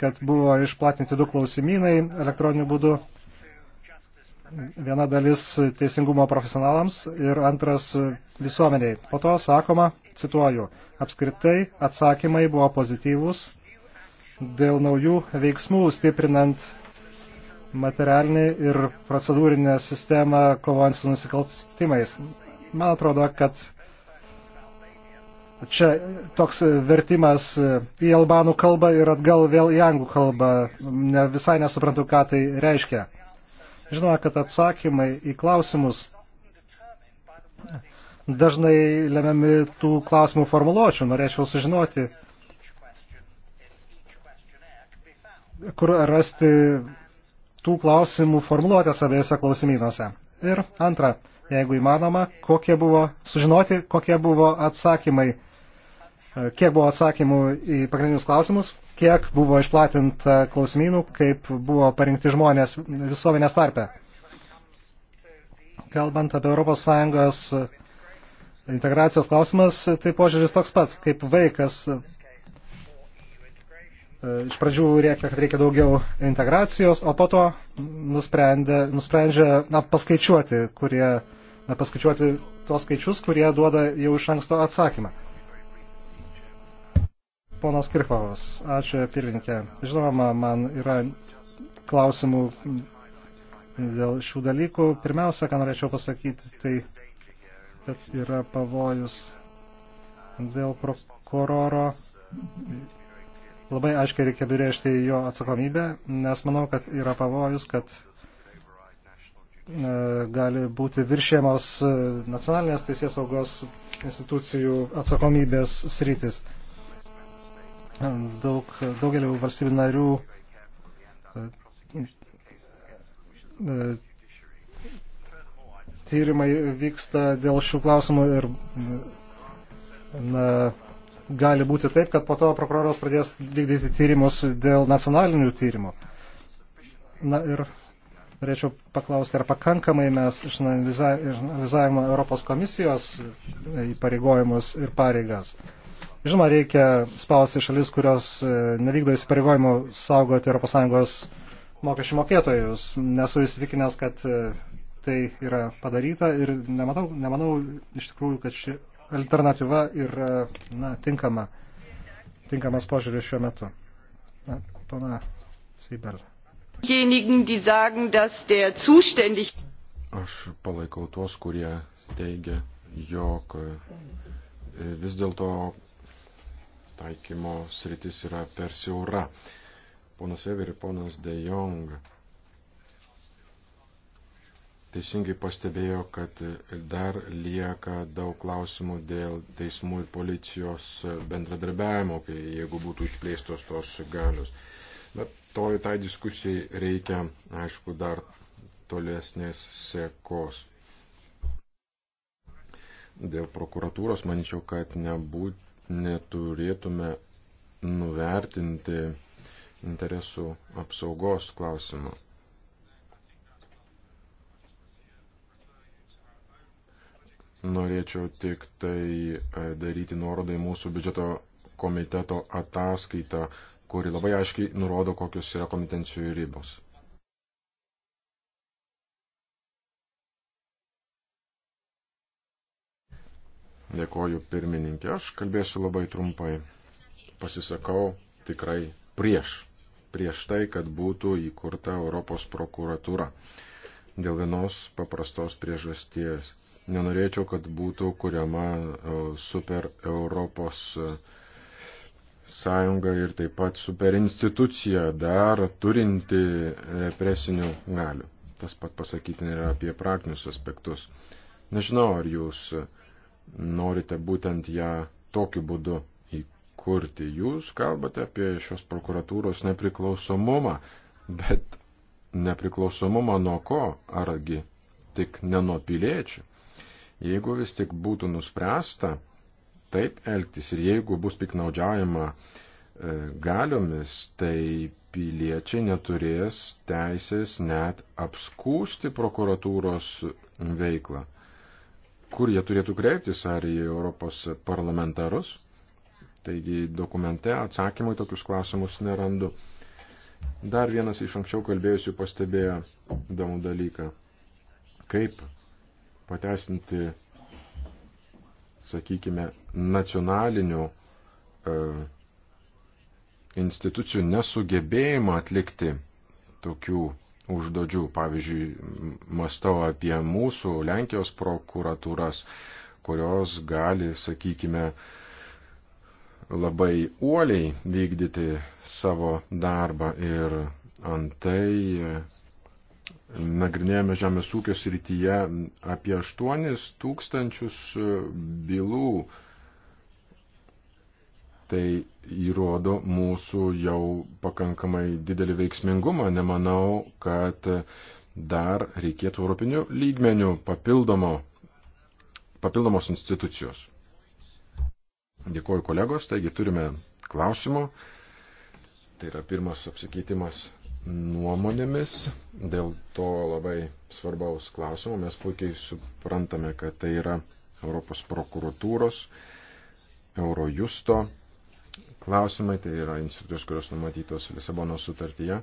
kad buvo išplatinti du klausimynai elektroniniu būdu. Viena dalis teisingumo profesionalams ir antras visuomeniai. Po to sakoma, cituoju, apskritai atsakymai buvo pozityvūs dėl naujų veiksmų stiprinant materialinį ir procedūrinę sistemą kovojant su nusikaltimais. Man atrodo, kad čia toks vertimas į albanų kalbą ir atgal vėl į anglų kalbą. Ne, visai nesuprantu, ką tai reiškia. Žinoma, kad atsakymai į klausimus dažnai lemiami tų klausimų formuluočių. Norėčiau sužinoti, kur rasti tų klausimų formuluotės abiejose klausimynuose. Ir antra, jeigu įmanoma, kokie buvo, sužinoti, kokie buvo atsakymai, e, kiek buvo atsakymų į pagrindinius klausimus, kiek buvo išplatinta klausimynų, kaip buvo parinkti žmonės visuomenės tarpe. Kalbant apie ES integracijos klausimas, tai požiūris toks pats, kaip vaikas iš pradžių rėkia, kad reikia daugiau integracijos, o po to nusprendžia na, paskaičiuoti, kurie, na, paskaičiuoti tuos skaičius, kurie duoda jau iš anksto atsakymą. Ponas Kirchovas, ačiū pirmininkė. Žinoma, man yra klausimų dėl šių dalykų. Pirmiausia, ką norėčiau pasakyti, tai kad yra pavojus dėl prokuroro labai aiškiai reikia brėžti jo atsakomybę, nes manau, kad yra pavojus, kad e, gali būti viršėmos e, nacionalinės teisės saugos institucijų atsakomybės sritis. Daug, daugelį valstybių narių e, tyrimai vyksta dėl šių klausimų ir na, gali būti taip, kad po to prokuroras pradės vykdyti tyrimus dėl nacionalinių tyrimų. Na ir norėčiau paklausti, ar pakankamai mes išanalizavimo Europos komisijos įpareigojimus ir pareigas. Žinoma, reikia spausti šalis, kurios e, nevykdo įsipareigojimų saugoti ES mokesčių mokėtojus. Nesu įsitikinęs, kad e, tai yra padaryta ir nematau, nemanau iš tikrųjų, kad ši alternatyva yra na, tinkama, tinkamas požiūris šiuo metu. Na, pana Sibel. Aš palaikau tuos, kurie teigia, jog e, vis dėlto taikymo sritis yra per siaura. Ponas Weber ir ponas De Jong teisingai pastebėjo, kad dar lieka daug klausimų dėl teismų ir policijos bendradarbiavimo, kai, jeigu būtų išplėstos tos galios. Bet to į tą tai diskusiją reikia, aišku, dar tolesnės sekos. Dėl prokuratūros manyčiau, kad nebūt, neturėtume nuvertinti interesų apsaugos klausimą. Norėčiau tik tai e, daryti nuorodą į mūsų biudžeto komiteto ataskaitą, kuri labai aiškiai nurodo, kokius yra kompetencijų ribos. Dėkoju pirmininkė. Aš kalbėsiu labai trumpai. Pasisakau tikrai prieš. Prieš tai, kad būtų įkurta Europos prokuratūra. Dėl vienos paprastos priežasties. Nenorėčiau, kad būtų kuriama e, super Europos e, sąjunga ir taip pat super institucija dar turinti represinių galių. Tas pat pasakyti yra apie praktinius aspektus. Nežinau, ar jūs norite būtent ją tokiu būdu įkurti. Jūs kalbate apie šios prokuratūros nepriklausomumą, bet nepriklausomumą nuo ko, argi tik ne nuo piliečių. Jeigu vis tik būtų nuspręsta taip elgtis ir jeigu bus piknaudžiaujama e, galiomis, tai piliečiai neturės teisės net apskūsti prokuratūros veiklą. Kur jie turėtų kreiptis, ar į Europos parlamentarus? Taigi dokumente atsakymai tokius klausimus nerandu. Dar vienas iš anksčiau kalbėjusių pastebėjo įdomų dalyką. Kaip pateisinti, sakykime, nacionalinių e, institucijų nesugebėjimą atlikti tokių užduočių. Pavyzdžiui, mastau apie mūsų Lenkijos prokuratūras, kurios gali, sakykime, labai uoliai vykdyti savo darbą ir antai nagrinėjame žemės ūkio srityje apie 8 tūkstančius e, bylų. Tai įrodo mūsų jau pakankamai didelį veiksmingumą. Nemanau, kad dar reikėtų europinių lygmenių papildomo, papildomos institucijos. Dėkuoju kolegos, taigi turime klausimų. Tai yra pirmas apsikeitimas nuomonėmis dėl to labai svarbaus klausimo. Mes puikiai suprantame, kad tai yra Europos prokuratūros, Eurojusto klausimai, tai yra institucijos, kurios numatytos Lisabono sutartyje.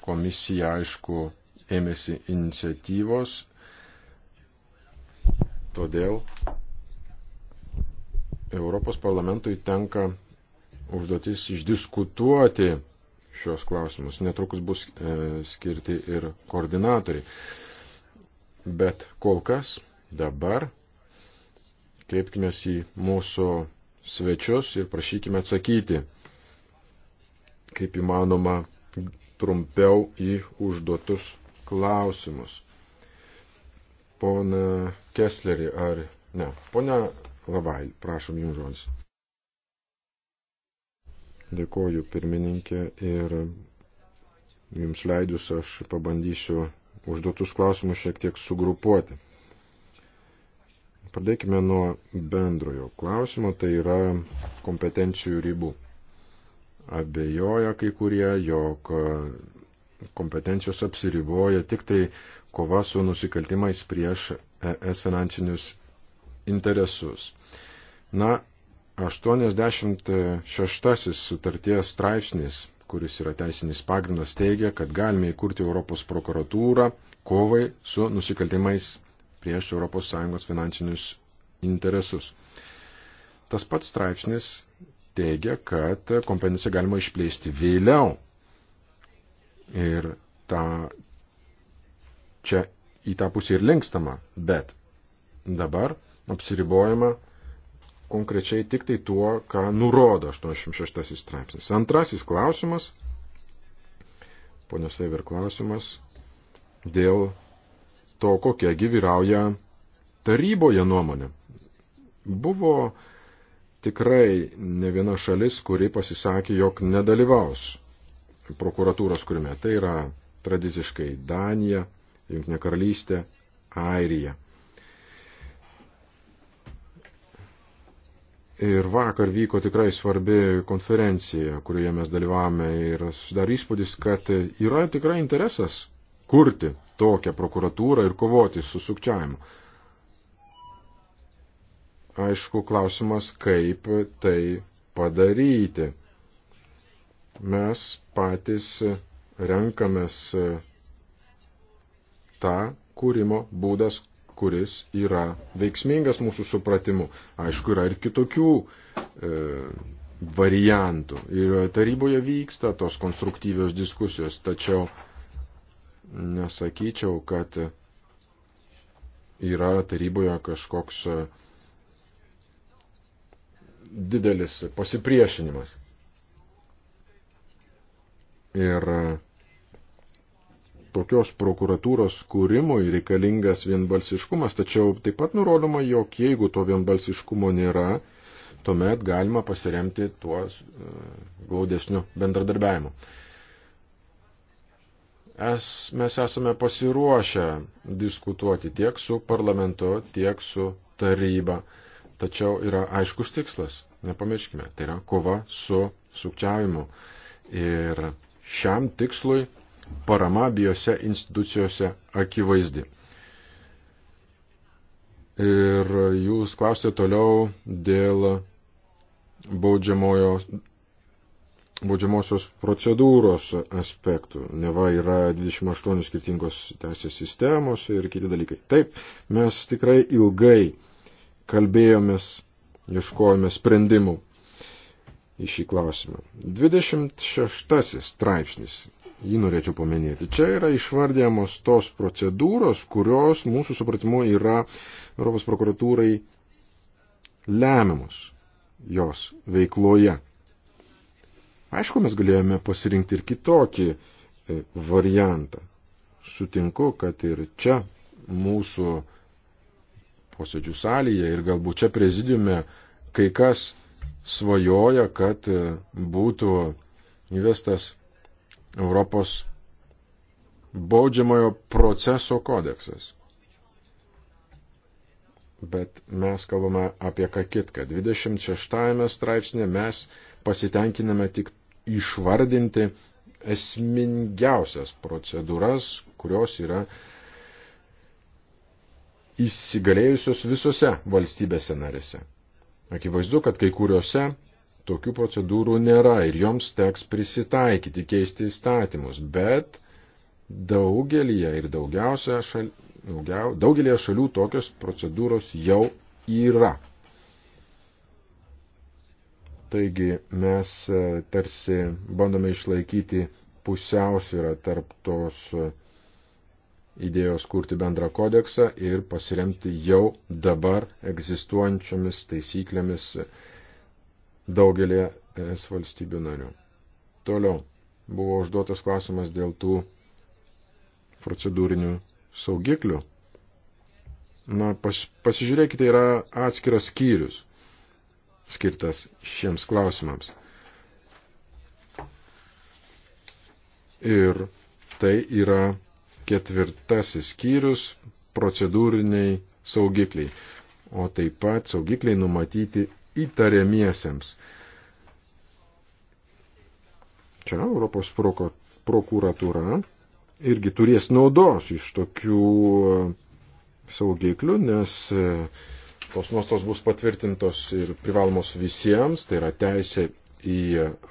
Komisija, aišku, ėmėsi iniciatyvos, todėl Europos parlamentui tenka užduotis išdiskutuoti šios klausimus. Netrukus bus e, skirti ir koordinatoriai. Bet kol kas dabar kreipkime į mūsų svečius ir prašykime atsakyti, kaip įmanoma, trumpiau į užduotus klausimus. Pona Kessleri, ar ne? Pone Lavail, prašom jums žodis. Dėkoju pirmininkė ir jums leidus aš pabandysiu užduotus klausimus šiek tiek sugrupuoti. Pradėkime nuo bendrojo klausimo, tai yra kompetencijų ribų. Abejoja kai kurie, jog kompetencijos apsiriboja tik tai kova su nusikaltimais prieš ES finansinius interesus. Na, 86 sutarties straipsnis, kuris yra teisinis pagrindas, teigia, kad galime įkurti Europos prokuratūrą kovai su nusikaltimais prieš ES finansinius interesus. Tas pats straipsnis teigia, kad kompetenciją galima išplėsti vėliau. Ir ta, čia į tą pusę ir linkstama, bet dabar apsiribojama konkrečiai tik tai tuo, ką nurodo 86 straipsnis. Antrasis klausimas, ponios Weber klausimas, dėl to, kokia gyvyrauja taryboje nuomonė. Buvo tikrai ne viena šalis, kuri pasisakė, jog nedalyvaus prokuratūros kūrime. Tai yra tradiciškai Danija, Junknė karalystė, Airija. Ir vakar vyko tikrai svarbi konferencija, kurioje mes dalyvavome ir dar įspūdis, kad yra tikrai interesas kurti tokią prokuratūrą ir kovoti su sukčiavimu. Aišku, klausimas, kaip tai padaryti. Mes patys renkamės tą kūrimo būdas, kuris yra veiksmingas mūsų supratimu. Aišku, yra ir kitokių e, variantų. Ir taryboje vyksta tos konstruktyvios diskusijos, tačiau nesakyčiau, kad yra taryboje kažkoks e, didelis pasipriešinimas. Ir e, tokios prokuratūros kūrimui reikalingas vienbalsiškumas, tačiau taip pat nurodoma, jog jeigu to vienbalsiškumo nėra, tuomet galima pasiremti tuo e, glaudesniu bendradarbiavimu. Es, mes esame pasiruošę diskutuoti tiek su parlamentu, tiek su taryba, tačiau yra aiškus tikslas, nepamirškime, tai yra kova su sukčiavimu. Ir šiam tikslui parama abiejose institucijose akivaizdi. Ir jūs klausėte toliau dėl baudžiamojo, baudžiamosios procedūros aspektų. Neva yra 28 skirtingos teisės sistemos ir kiti dalykai. Taip, mes tikrai ilgai kalbėjomės, ieškojome sprendimų į šį klausimą. 26 straipsnis jį norėčiau paminėti. Čia yra išvardėjamos tos procedūros, kurios mūsų supratimu yra Europos prokuratūrai lemiamos jos veikloje. Aišku, mes galėjome pasirinkti ir kitokį e, variantą. Sutinku, kad ir čia mūsų posėdžių salėje ir galbūt čia prezidiume kai kas svajoja, kad e, būtų įvestas Europos baudžiamojo proceso kodeksas. Bet mes kalbame apie ką kitką. 26 straipsnė mes pasitenkiname tik išvardinti esmingiausias procedūras, kurios yra įsigalėjusios visose valstybėse narėse. Akivaizdu, kad kai kuriuose tokių procedūrų nėra ir joms teks prisitaikyti, keisti įstatymus, bet daugelie ir daugiausia šal, daugiau, daugelie šalių tokios procedūros jau yra. Taigi mes e, tarsi bandome išlaikyti pusiausvyrą tarp tos e, idėjos kurti bendrą kodeksą ir pasiremti jau dabar egzistuojančiomis taisyklėmis daugelį es valstybių narių. Toliau buvo užduotas klausimas dėl tų procedūrinių saugiklių. Na, pas, pasižiūrėkite, yra atskiras skyrius skirtas šiems klausimams. Ir tai yra ketvirtasis skyrius procedūriniai saugikliai, o taip pat saugikliai numatyti įtariamiesiems. Čia Europos prokuratūra irgi turės naudos iš tokių e, saugiklių, nes e, tos nuostos bus patvirtintos ir privalomos visiems, tai yra teisė į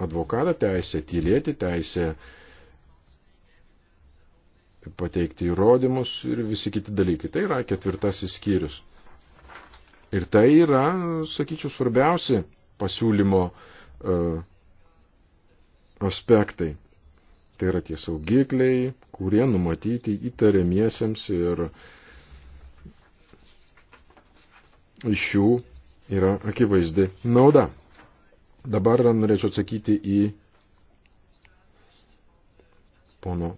advokatą, teisė tylėti, teisė pateikti įrodymus ir visi kiti dalykai. Tai yra ketvirtasis skyrius. Ir tai yra, sakyčiau, svarbiausi pasiūlymo e, aspektai. Tai yra tie saugikliai, kurie numatyti įtariamiesiems ir iš jų yra akivaizdi nauda. Dabar norėčiau atsakyti į pono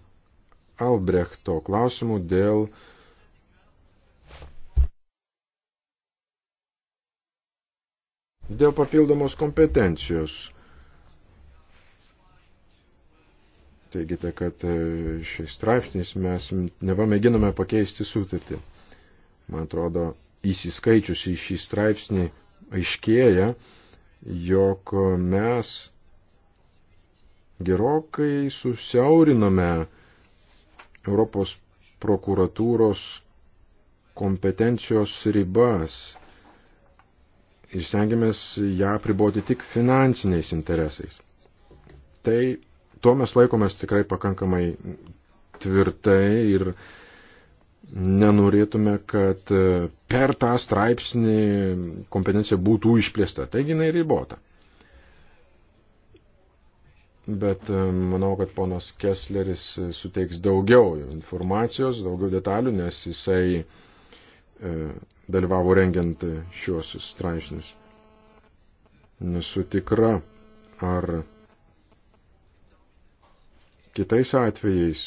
Albrechto klausimų dėl uh, dėl papildomos kompetencijos. Teigite, kad e, šiais straipsniais mes nevamėginame pakeisti sutartį. Man atrodo, įsiskaičius į šį straipsnį aiškėja, jog mes gerokai susiaurinome Europos prokuratūros kompetencijos ribas ir stengiamės ją priboti tik finansiniais interesais. Tai tuo mes laikomės tikrai pakankamai tvirtai ir nenorėtume, kad e, per tą straipsnį kompetencija būtų išplėsta. Taigi jinai ribota. Bet e, manau, kad ponas Kessleris suteiks daugiau informacijos, daugiau detalių, nes jisai uh, E, dalyvavo rengiant šiuos straipsnius. Nesu tikra, ar kitais atvejais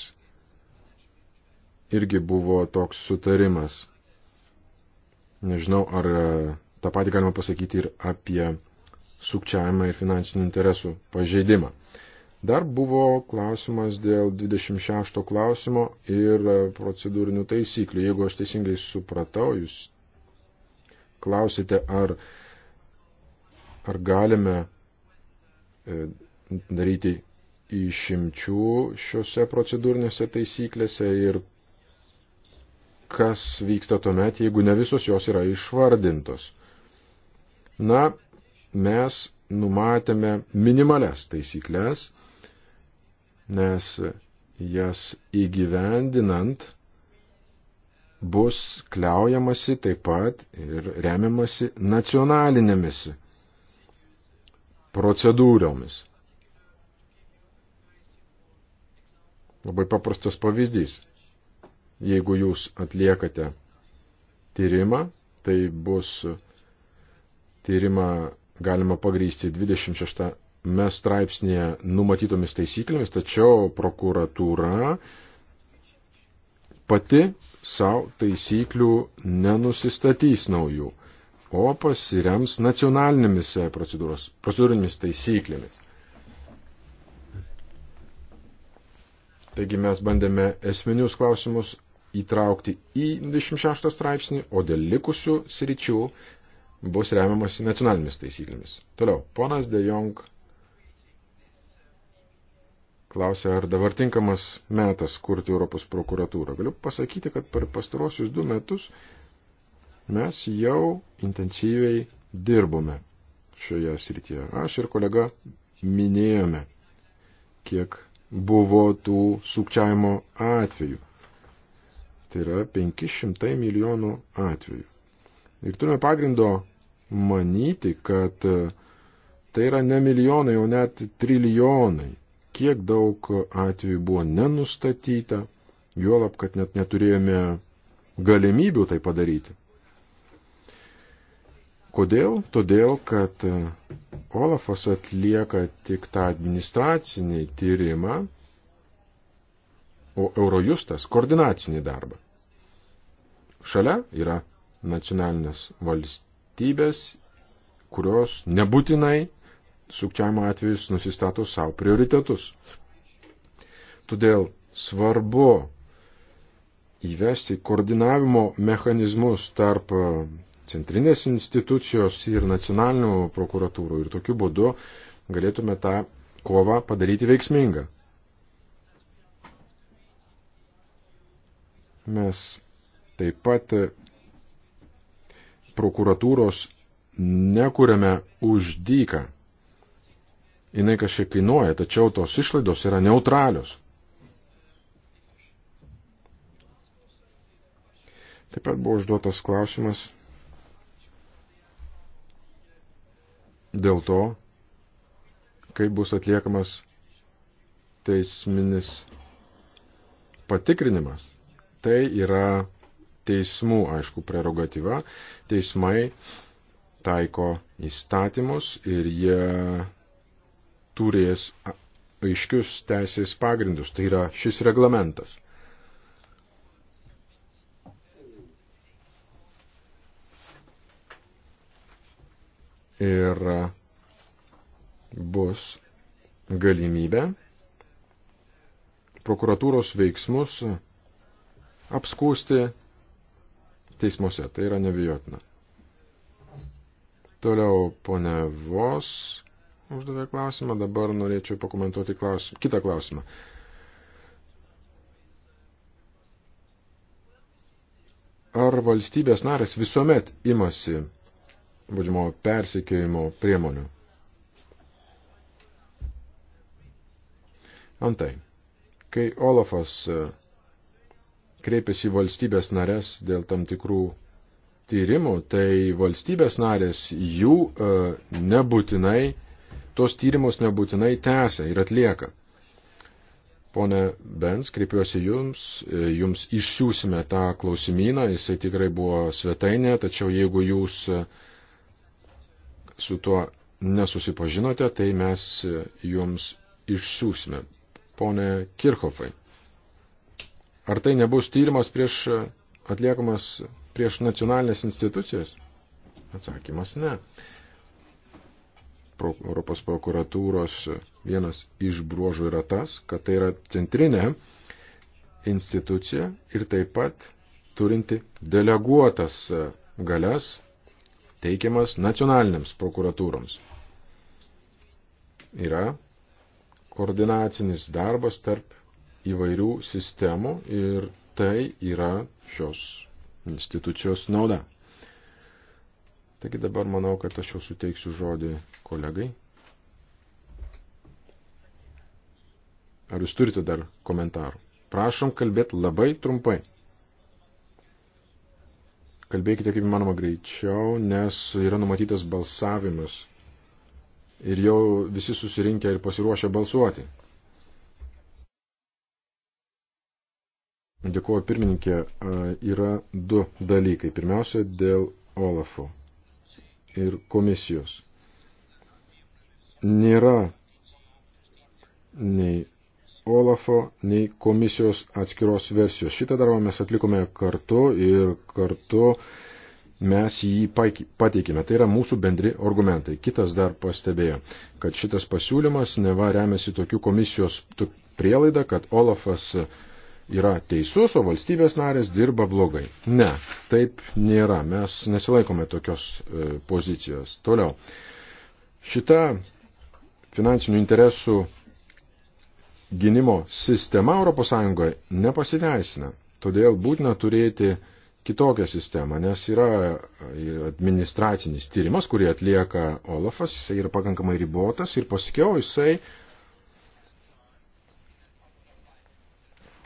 irgi buvo toks sutarimas. Nežinau, ar e, tą patį galima pasakyti ir apie sukčiavimą ir finansinių interesų pažeidimą. Dar buvo klausimas dėl 26 klausimo ir e, procedūrinių taisyklių. Jeigu aš teisingai supratau, jūs klausite, ar, ar galime e, daryti išimčių šiuose procedūrinėse taisyklėse ir kas vyksta tuomet, jeigu ne visos jos yra išvardintos. Na, mes numatėme minimales taisyklės, nes jas įgyvendinant bus kliaujamasi taip pat ir remiamasi nacionalinėmis procedūromis. Labai paprastas pavyzdys. Jeigu jūs atliekate tyrimą, tai bus tyrimą galima pagrysti 26 mes straipsnėje numatytomis taisyklėmis, tačiau prokuratūra pati savo taisyklių nenusistatys naujų, o pasirems nacionalinėmis e, procedūrinėmis taisyklėmis. Taigi mes bandėme esminius klausimus įtraukti į 26 straipsnį, o dėl likusių sričių bus remiamasi nacionalinėmis taisyklėmis. Toliau, ponas De Jong Klausia, ar dabar tinkamas metas kurti Europos prokuratūrą. Galiu pasakyti, kad per pastarosius du metus mes jau intensyviai dirbome šioje srityje. Aš ir kolega minėjome, kiek buvo tų sukčiavimo atvejų. Tai yra 500 milijonų atvejų. Ir turime pagrindo manyti, kad tai yra ne milijonai, o net trilijonai kiek daug atvejų buvo nenustatyta, juolab, kad net neturėjome galimybių tai padaryti. Kodėl? Todėl, kad e, Olafas atlieka tik tą administracinį tyrimą, o Eurojustas koordinacinį darbą. Šalia yra nacionalinės valstybės, kurios nebūtinai sukčiavimo atvejais nusistato savo prioritetus. Todėl svarbu įvesti koordinavimo mechanizmus tarp e, centrinės institucijos ir nacionalinių prokuratūrų ir tokiu būdu galėtume tą kovą padaryti veiksmingą. Mes taip pat e, prokuratūros nekuriame už dyką jinai kažkiek kainuoja, tačiau tos išlaidos yra neutralios. Taip pat buvo užduotas klausimas dėl to, kaip bus atliekamas teisminis patikrinimas. Tai yra teismų, aišku, prerogatyva. Teismai taiko įstatymus ir jie turės aiškius teisės pagrindus, tai yra šis reglamentas. Ir bus galimybė prokuratūros veiksmus apskūsti teismuose. Tai yra nevijotina. Toliau pone Vos uždavė klausimą, dabar norėčiau pakomentuoti klausimą, kitą klausimą. Ar valstybės narės visuomet imasi vadžiamo persikėjimo priemonių? Antai, kai Olafas e, kreipiasi į valstybės narės dėl tam tikrų tyrimų, tai valstybės narės jų e, nebūtinai tos tyrimus nebūtinai tęsia ir atlieka. Pone Bens, kreipiuosi jums, e, jums išsiųsime tą klausimyną, jisai tikrai buvo svetainė, tačiau jeigu jūs e, su tuo nesusipažinote, tai mes e, jums išsiųsime. Pone Kirchhoffai, ar tai nebus tyrimas prieš atliekamas prieš nacionalinės institucijas? Atsakymas ne. Europos prokuratūros vienas iš bruožų yra tas, kad tai yra centrinė institucija ir taip pat turinti deleguotas galias teikiamas nacionaliniams prokuratūroms. Yra koordinacinis darbas tarp įvairių sistemų ir tai yra šios institucijos nauda. Taigi dabar manau, kad aš jau suteiksiu žodį kolegai. Ar jūs turite dar komentarų? Prašom kalbėti labai trumpai. Kalbėkite kaip įmanoma greičiau, nes yra numatytas balsavimas ir jau visi susirinkę ir pasiruošę balsuoti. Dėkuoju pirmininkė, yra du dalykai. Pirmiausia, dėl Olafo ir komisijos. Nėra nei Olafo, nei komisijos atskiros versijos. Šitą darbą mes atlikome kartu ir kartu mes jį pateikėme. Tai yra mūsų bendri argumentai. Kitas dar pastebėjo, kad šitas pasiūlymas neva remiasi tokių komisijos prielaida, kad Olafas uh, yra teisus, o valstybės narės dirba blogai. Ne, taip nėra. Mes nesilaikome tokios e, pozicijos. Toliau. Šita finansinių interesų gynimo sistema ES nepasiteisina. Todėl būtina turėti kitokią sistemą, nes yra e, administracinis tyrimas, kurį atlieka Olafas, jisai yra pakankamai ribotas ir paskiau jisai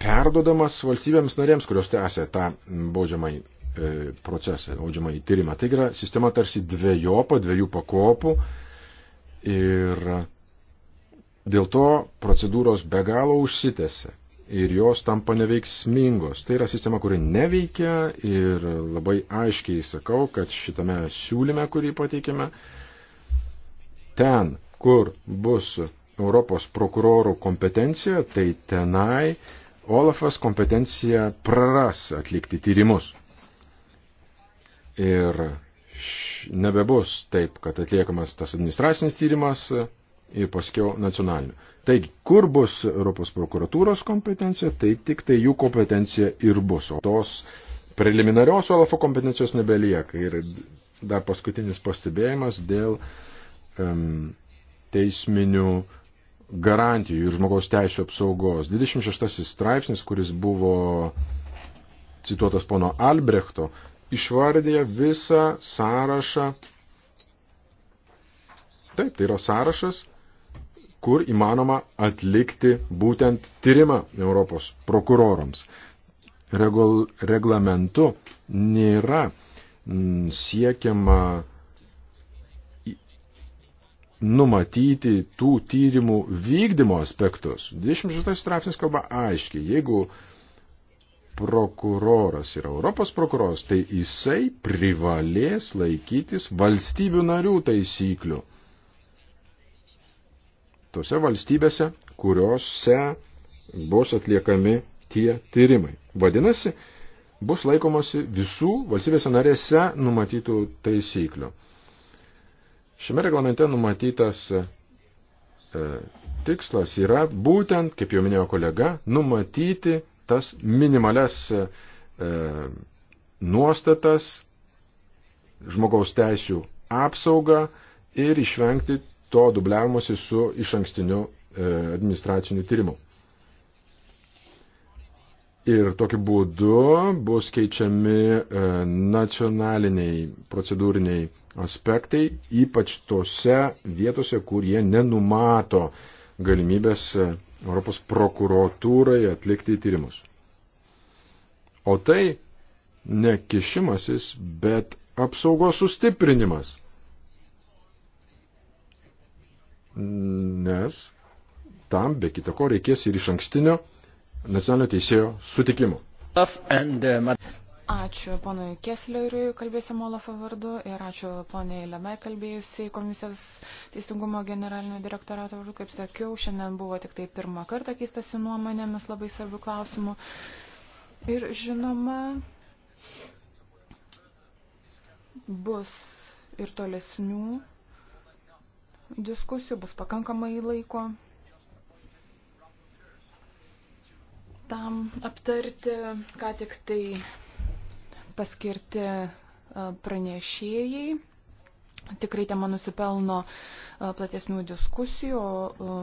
perdodamas valstybėms narėms, kurios tęsia tą baudžiamąjį e, procesą, baudžiamąjį tyrimą. Taigi yra sistema tarsi dviejopa, dviejų pakopų ir dėl to procedūros be galo užsitėse ir jos tampa neveiksmingos. Tai yra sistema, kuri neveikia ir labai aiškiai sakau, kad šitame siūlyme, kurį pateikėme, ten, kur bus Europos prokurorų kompetencija, tai tenai Olafas kompetenciją praras atlikti tyrimus. Ir nebebus taip, kad atliekamas tas administracinis tyrimas e, ir paskiau nacionaliniu. Taigi, kur bus Europos prokuratūros kompetencija, tai tik tai jų kompetencija ir bus. O tos preliminarios Olafo kompetencijos nebelieka. Ir dar paskutinis pastebėjimas dėl um, teisminių uh, garantijų ir žmogaus teisų apsaugos. 26 straipsnis, kuris buvo cituotas pono Albrechto, išvardėja visą sąrašą. Taip, tai yra sąrašas, kur įmanoma atlikti būtent tyrimą Europos prokurorams. Regul, reglamentu nėra siekiama numatyti tų tyrimų vykdymo aspektus. 26 straipsnis kalba aiškiai, jeigu prokuroras yra Europos prokuroras, tai jisai privalės laikytis valstybių narių taisyklių. Tose valstybėse, kuriuose bus atliekami tie tyrimai. Vadinasi, bus laikomasi visų valstybėse narėse numatytų taisyklių. Šiame reglamente numatytas e, tikslas yra būtent, kaip jau minėjo kolega, numatyti tas minimales e, e nuostatas, žmogaus teisių apsaugą ir išvengti to dubliavimuose su iš ankstiniu e, administraciniu tyrimu. Ir tokiu būdu bus keičiami e, nacionaliniai procedūriniai aspektai, ypač tose vietose, kur jie nenumato galimybės Europos prokuratūrai atlikti tyrimus. O tai ne kišimasis, bet apsaugos sustiprinimas. Nes tam be kitako reikės ir iš ankstinio nacionalinio teisėjo sutikimo. Uh, Ačiū ponui Kesleriui, kalbėsim Olafo vardu, ir ačiū poniai Leme, kalbėjusiai komisijos teisingumo generalinio direktorato vardu. Kaip sakiau, šiandien buvo tik tai pirmą kartą keistasi nuomonėmis labai svarbių klausimų. Ir žinoma, bus ir tolesnių diskusijų, bus pakankamai laiko tam aptarti, ką tik tai paskirti e, pranešėjai. Tikrai tema nusipelno e, platesnių diskusijų, o e,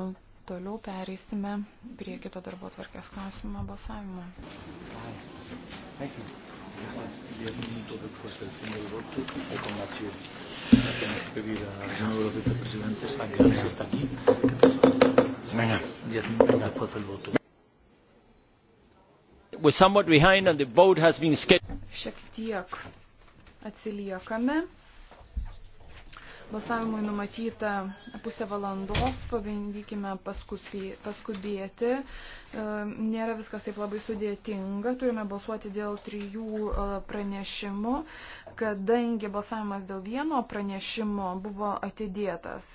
toliau pereisime prie kito darbo tvarkės klausimo balsavimo. Venga. Diez minutos después del voto we're somewhat behind and the vote has been scheduled. Šiek tiek atsiliekame. Balsavimui numatyta pusę valandos, pabandykime paskubėti. E, nėra viskas taip labai sudėtinga, turime balsuoti dėl trijų e, pranešimų, kadangi balsavimas dėl vieno pranešimo buvo atidėtas.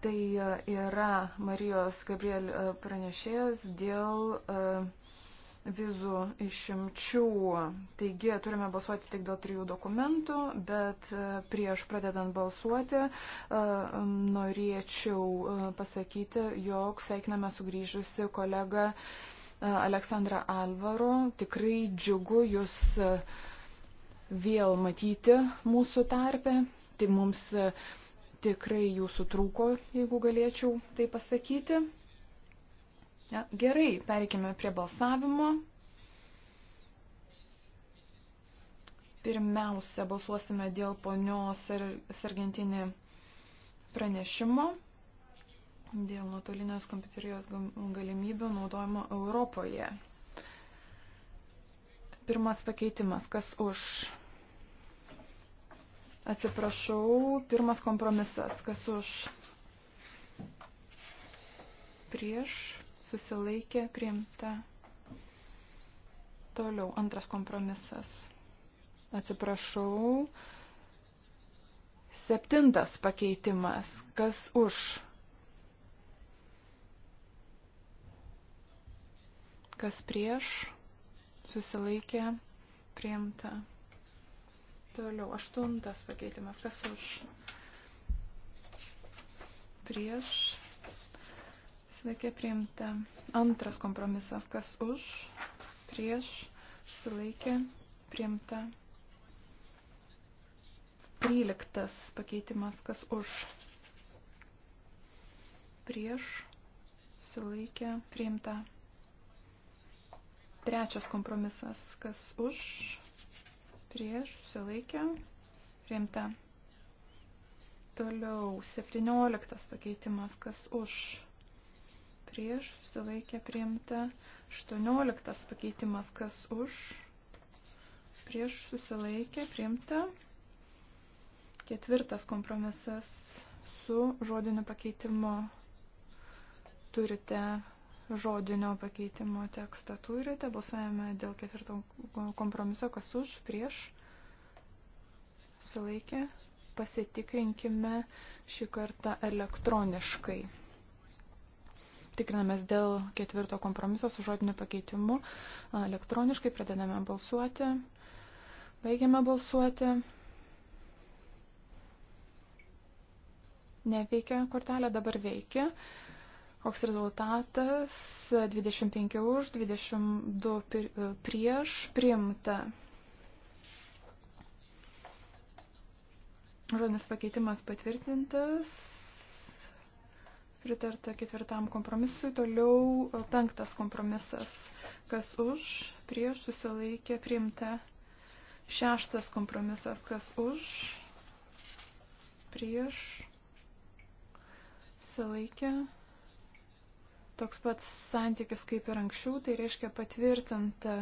Tai yra Marijos Gabriel e, pranešėjas dėl vizų išimčių. Taigi turime balsuoti tik dėl trijų dokumentų, bet e, prieš pradedant balsuoti e, norėčiau e, pasakyti, jog sveikiname sugrįžusi kolegą Aleksandrą Alvaro. Tikrai džiugu jūs vėl matyti mūsų tarpę. Tai mums tikrai jūsų trūko, jeigu galėčiau tai pasakyti. Ja, gerai, pereikime prie balsavimo. Pirmiausia, balsuosime dėl ponios Sargentinį pranešimo dėl nuotolinės kompiuterijos galimybių naudojimo Europoje. Pirmas pakeitimas, kas už? Atsiprašau, pirmas kompromisas, kas už? Prieš susilaikė priimta. Toliau antras kompromisas. Atsiprašau. Septintas pakeitimas. Kas už? Kas prieš? Susilaikė priimta. Toliau aštuntas pakeitimas. Kas už? Prieš susilaikė priimta. Antras kompromisas, kas už, prieš, susilaikė priimta. Tryliktas pakeitimas, kas už, prieš, susilaikė priimta. Trečias kompromisas, kas už, prieš, susilaikė priimta. Toliau, 17 pakeitimas, kas už, prieš, susilaikė priimta. 18 pakeitimas, kas už, prieš, susilaikė priimta. Ketvirtas kompromisas su žodiniu pakeitimu. Turite žodinio pakeitimo tekstą, turite, balsavime dėl ketvirto kompromiso, kas už, prieš, susilaikė. Pasitikrinkime šį kartą elektroniškai tikrinamės dėl ketvirto kompromiso su žodiniu pakeitimu. Elektroniškai pradedame balsuoti. Baigiame balsuoti. Neveikia kortelė, dabar veikia. Koks rezultatas? 25 už, 22 e, prieš, priimta. Žodinis pakeitimas patvirtintas. Pritarta ketvirtam kompromisui. Toliau e, penktas kompromisas. Kas už, prieš, susilaikė, priimta. Šeštas kompromisas. Kas už, prieš, susilaikė. Toks pats santykis kaip ir anksčiau, tai reiškia patvirtinta.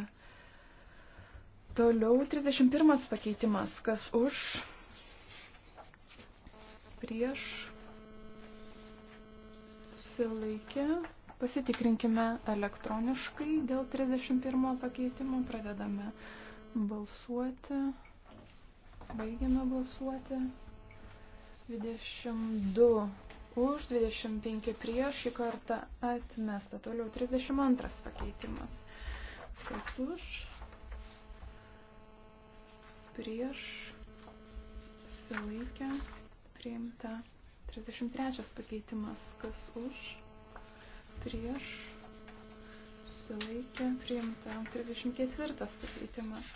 Toliau 31 pakeitimas. Kas už, prieš, susilaikė. Pasitikrinkime elektroniškai dėl 31 pakeitimo. Pradedame balsuoti. Baigiame balsuoti. 22 už, 25 prieš, šį kartą atmesta. Toliau 32 pakeitimas. Kas už? Prieš. Sulaikę. Priimta. 33 pakeitimas, kas už, prieš, susilaikė, priimta. 34 pakeitimas.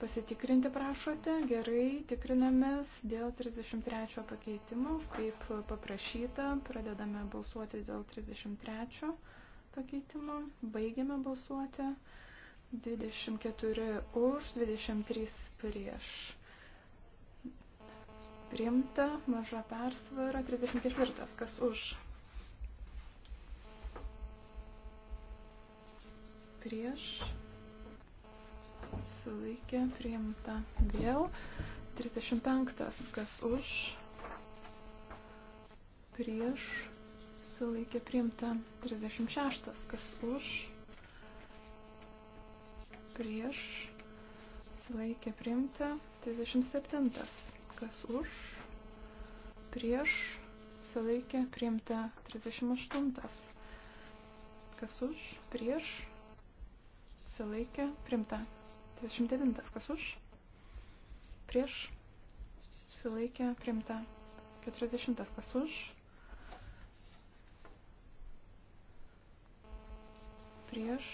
Pasitikrinti prašote, gerai, tikrinamės dėl 33 pakeitimo, kaip paprašyta, pradedame balsuoti dėl 33 pakeitimo, baigiame balsuoti. 24 už, 23 prieš. Priimta maža persvara 34. Kas už? Prieš. Sulaikė. Priimta. Vėl. 35. Kas už? Prieš. Sulaikė. Priimta. 36. Kas už? Prieš. Sulaikė. Priimta. 37 kas už, prieš, susilaikė, priimta 38, kas už, prieš, susilaikė, priimta 39, kas už, prieš, susilaikė, priimta 40, kas už, prieš,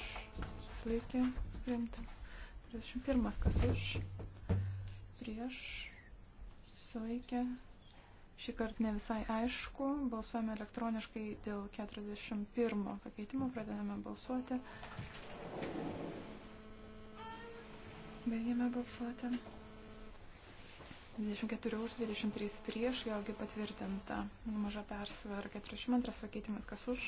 susilaikė, priimta 41, kas už, prieš, susilaikė. Šį kartą ne visai aišku. Balsuojame elektroniškai dėl 41 pakeitimo. Pradedame balsuoti. Baigėme balsuoti. 24 už, 23 prieš, vėlgi patvirtinta maža persvara. 42 pakeitimas kas už.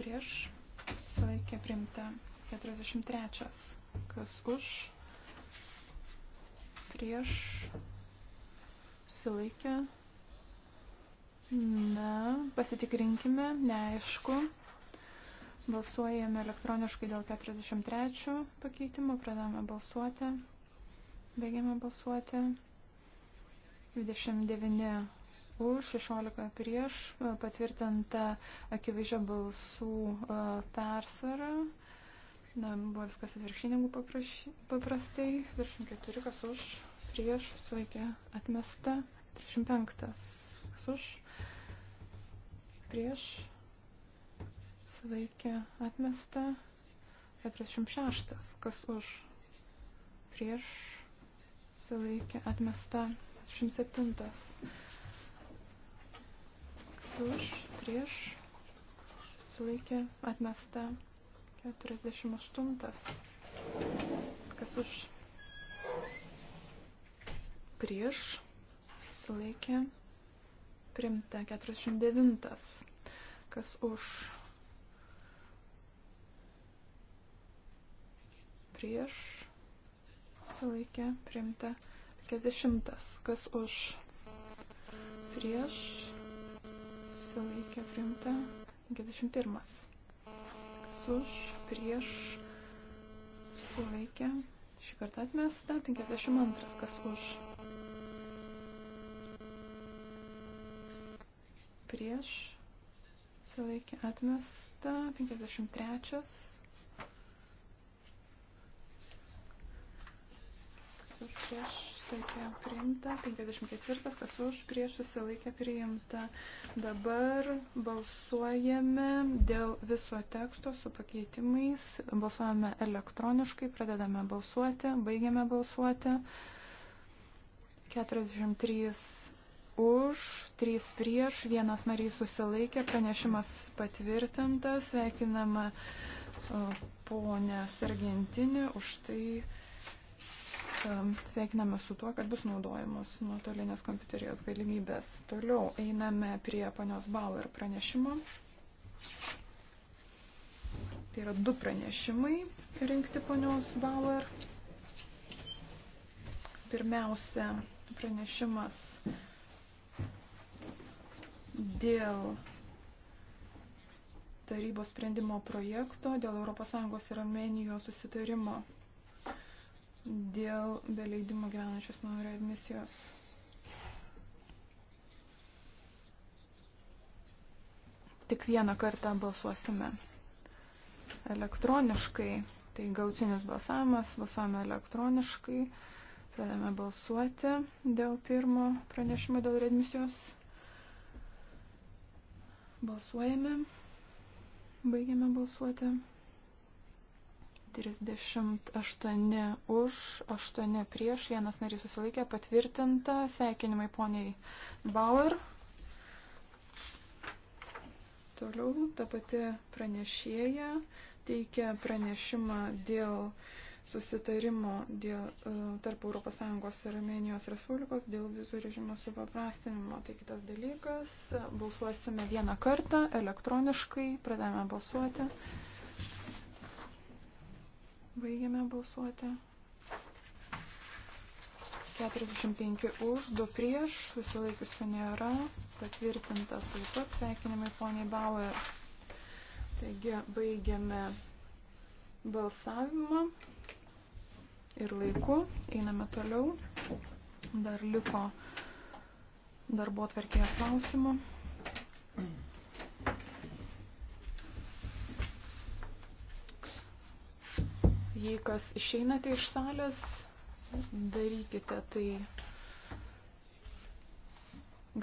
Prieš. Sulaikė primta 43. Kas už prieš, susilaikę. Na, pasitikrinkime, neaišku. Balsuojame elektroniškai dėl 43 pakeitimo, pradame balsuoti, baigiame balsuoti. 29 už, 16 prieš, patvirtinta akivaizdžia balsų persvara. Na, buvo viskas atvirkštiningų paprastai. 34, kas už, prieš, sveikė, atmesta. 35, kas už, prieš, sveikė, atmesta. 46, kas už, prieš, sveikė, atmesta. 47, kas už, prieš, sveikė, atmesta. 48. Kas už prieš sulaikė primta 49. Kas už prieš sulaikė primta 50. Kas už prieš sulaikė primta 51 už, prieš, sulaikė, šį kartą atmesta, 52 kas už, prieš, sulaikė, atmesta, 53 už, prieš, susilaikė priimta, 54 kas už prieš susilaikė priimta. Dabar balsuojame dėl viso teksto su pakeitimais, balsuojame elektroniškai, pradedame balsuoti, baigiame balsuoti. 43 už, 3 prieš, vienas narys susilaikė, pranešimas patvirtintas, sveikinama ponę Sargentinį už tai, Ehm, sveikiname su tuo, kad bus naudojamos nuotolinės kompiuterijos galimybės. Toliau einame prie panios Bauer pranešimo. Tai yra du pranešimai rinkti ponios Bauer. Pirmiausia, pranešimas dėl tarybos sprendimo projekto dėl ES ir Armenijos susitarimo dėl beleidimo gyvenančios nuo readmisijos. Tik vieną kartą balsuosime elektroniškai, tai gautinis balsavimas, balsuojame elektroniškai, pradame balsuoti dėl pirmo pranešimo dėl readmisijos. Balsuojame, baigiame balsuoti. 38 už, 8 prieš, vienas narys susilaikė, patvirtinta. Sveikinimai poniai Bauer. Toliau ta pati pranešėja teikia pranešimą dėl susitarimo dėl, e, tarp ES ir Armenijos Respublikos dėl vizų režimo supaprastinimo. Tai kitas dalykas. Balsuosime vieną kartą elektroniškai, pradėjome balsuoti. Baigiame balsuoti. 45 už, 2 prieš, susilaikiusių nėra, patvirtinta taip pat, sveikinimai poniai Bauer. Taigi baigiame balsavimą ir laiku, einame toliau. Dar liko darbo atverkėje klausimų. Mm. Jei kas išeinate iš salės, darykite tai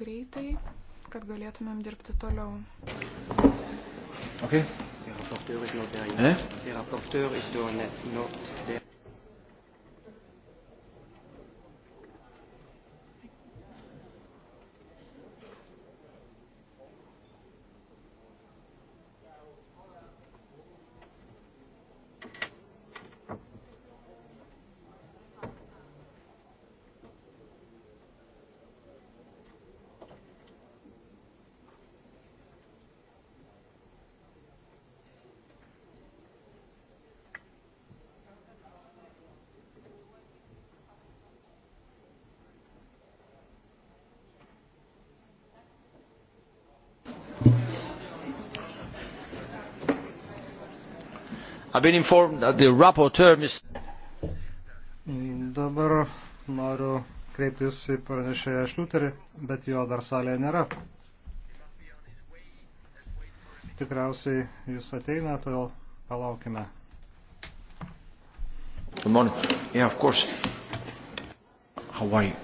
greitai, kad galėtumėm dirbti toliau. Okay. De rapporteur is door net not there. I've been informed that the rapporteur, Mr. Dabar noriu kreiptis į pranešėją Šliuterį, bet jo dar salėje nėra. Tikriausiai jis ateina, todėl palaukime. Good morning. Yeah, of course. How are you?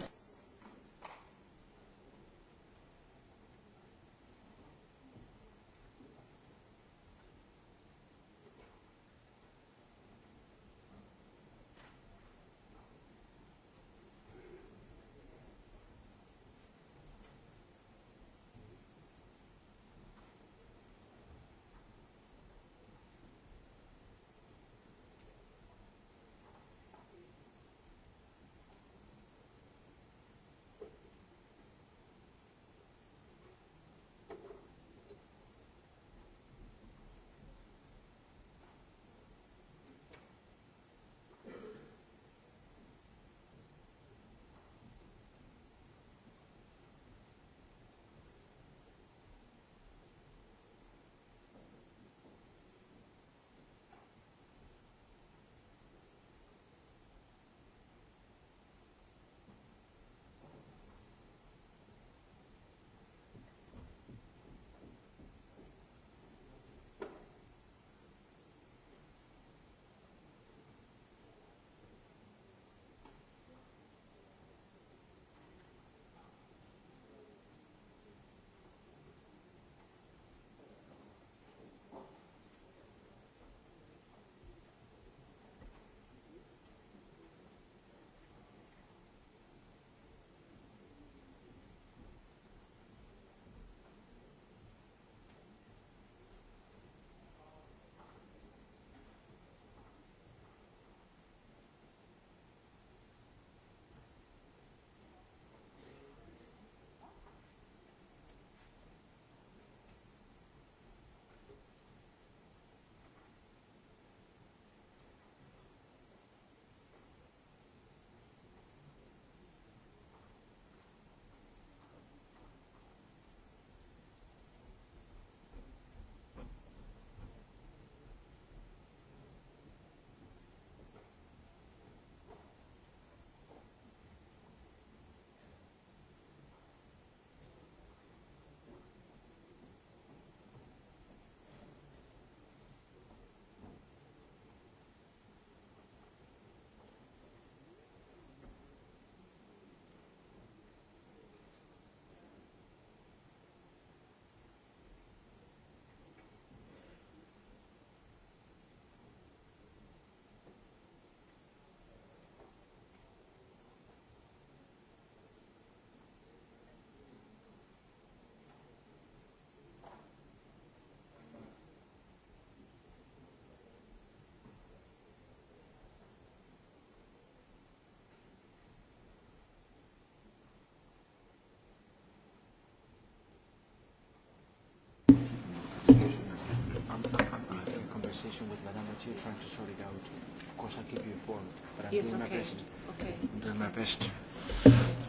you're trying to sort it out. Of course, I'll keep you informed, but I'm yes, doing okay. my best. Okay. I'm doing my best.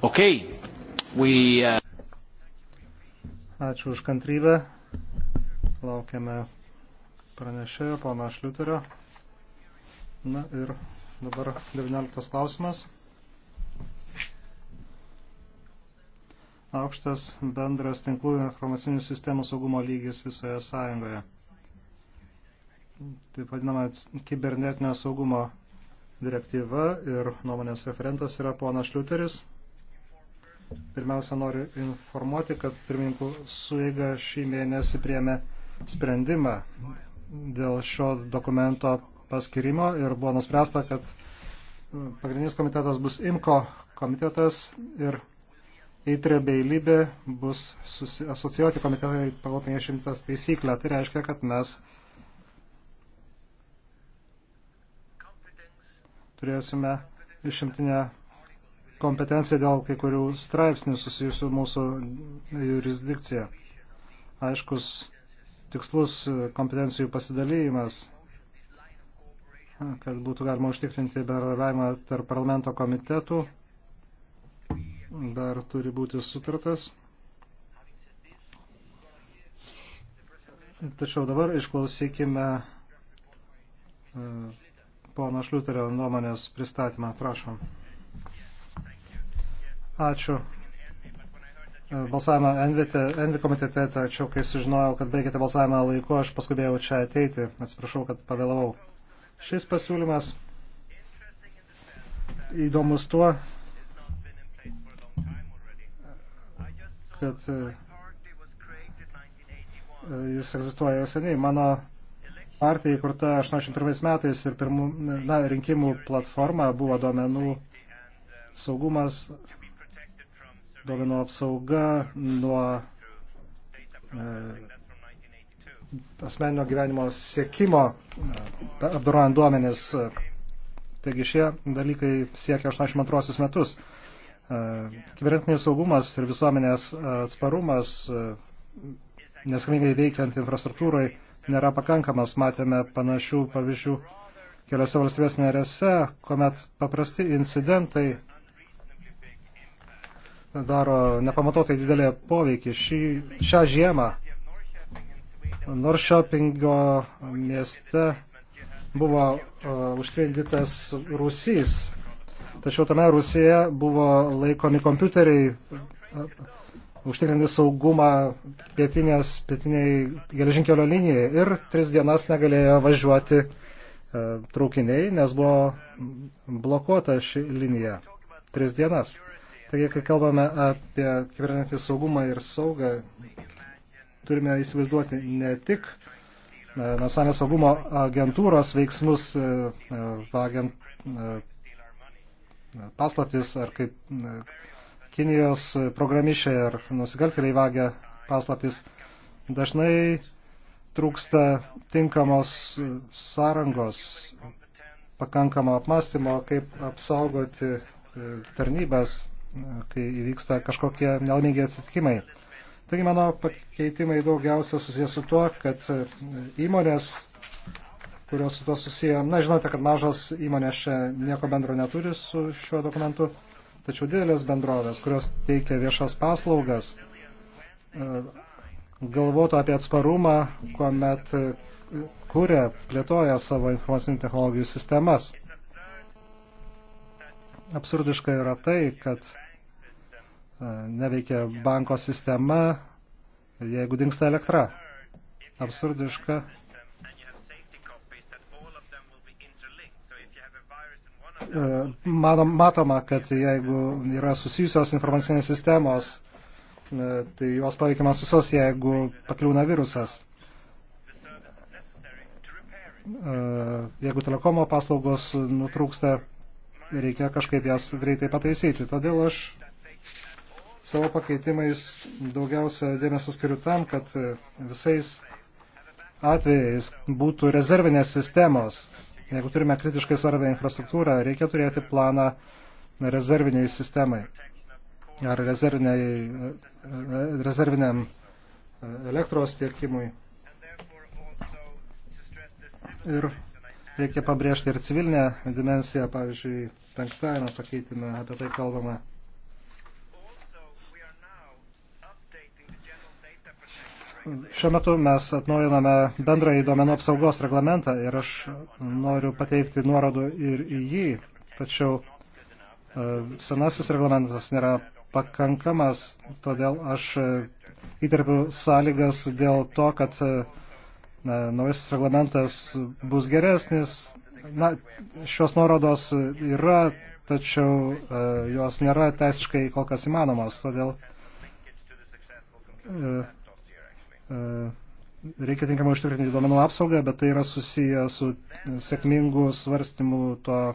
Okay. We, uh... Ačiū už kantrybę. Laukiame pranešėjo, pana Šliuterio. Na ir dabar 19 klausimas. Aukštas bendras tinklų informacinių sistemų saugumo lygis visoje sąjungoje taip vadinama kibernetinio saugumo direktyva ir nuomonės referentas yra ponas Šliuteris. Pirmiausia, noriu informuoti, kad pirmininkų suiga šį mėnesį priėmė sprendimą dėl šio dokumento paskirimo ir buvo nuspręsta, kad e, pagrindinis komitetas bus IMKO komitetas ir Eitrė bei Libė bus asocijuoti komitetai pagal 500 taisyklę. Tai reiškia, kad mes turėsime išimtinę kompetenciją dėl kai kurių straipsnių susijusių mūsų jurisdikcija. Aiškus tikslus kompetencijų pasidalymas, kad būtų galima užtikrinti bendradarbiavimą tarp parlamento komitetų, dar turi būti sutartas. Tačiau dabar išklausykime uh, pono Šliuterio nuomonės pristatymą. Prašom. Ačiū. Balsavimą Envi komitete, tačiau kai sužinojau, kad baigėte balsavimą laiku, aš paskubėjau čia ateiti. Atsiprašau, kad pavėlavau. Šis pasiūlymas įdomus tuo, kad e, jis egzistuoja jau seniai. Mano partija įkurta 81 metais ir pirmų, na, rinkimų platforma buvo duomenų saugumas, duomenų apsauga nuo e, asmeninio gyvenimo siekimo, e, apdorojant duomenis. Taigi šie dalykai siekia 82 metus. E, Kibernetinis saugumas ir visuomenės e, atsparumas, e, neskamingai veikiant infrastruktūrai, e, nėra pakankamas. Matėme panašių pavyzdžių keliose valstybės narėse, kuomet paprasti incidentai daro nepamatotai didelį poveikį šį, šią žiemą. Noršopingo mieste buvo uh, e, užtvindytas rusys, tačiau tame Rusija buvo laikomi kompiuteriai, uh, užtikrinti saugumą pietinės, pietiniai geležinkelio linijai ir tris dienas negalėjo važiuoti e, traukiniai, nes buvo blokuota ši linija tris dienas. Taigi, kai kalbame apie kibernetinį saugumą ir saugą, turime įsivaizduoti ne tik e, nacionalinės saugumo agentūros veiksmus, vagent e, e, paslaptis ar kaip Kinijos programišė ir nusikaltėliai vagia paslaptis, dažnai trūksta tinkamos sąrangos, pakankamo apmastymo, kaip apsaugoti e, tarnybas, e, kai įvyksta kažkokie nelaimingi atsitikimai. Taigi mano pakeitimai daugiausia susijęs su tuo, kad e, įmonės, kurios su tuo susiję, na žinote, kad mažos įmonės čia nieko bendro neturi su šiuo dokumentu, Tačiau didelės bendrovės, kurios teikia viešas paslaugas, e, galvotų apie atsparumą, kuomet e, kūrė, plėtoja savo informacinių technologijų sistemas. Absurdiška yra tai, kad e, neveikia banko sistema, jeigu dinksta elektra. Absurdiška E, manom, matoma, kad jeigu yra susijusios informacinės sistemos, e, tai jos paveikiamas visos, jeigu pakliūna virusas. E, jeigu telekomo paslaugos nutrūksta, reikia kažkaip jas greitai pataisyti. Todėl aš savo pakeitimais daugiausia dėmesio skiriu tam, kad visais atvejais būtų rezervinės sistemos Jeigu turime kritiškai svarbę infrastruktūrą, reikia turėti planą rezerviniai sistemai ar rezerviniai, rezerviniam elektros tiekimui. Ir reikia pabrėžti ir civilinę dimensiją, pavyzdžiui, penktąjame pakeitime apie tai kalbama. Šiuo metu mes atnaujiname bendrąjį duomenų apsaugos reglamentą ir aš noriu pateikti nuorodų ir į jį, tačiau e, senasis reglamentas nėra pakankamas, todėl aš e, įterpiu sąlygas dėl to, kad e, naujasis reglamentas bus geresnis. Na, šios nuorodos yra, tačiau jos nėra teisiškai kol kas įmanomos, todėl E, reikia tinkamai užtikrinti duomenų apsaugą, bet tai yra susiję su sėkmingu svarstymu to e,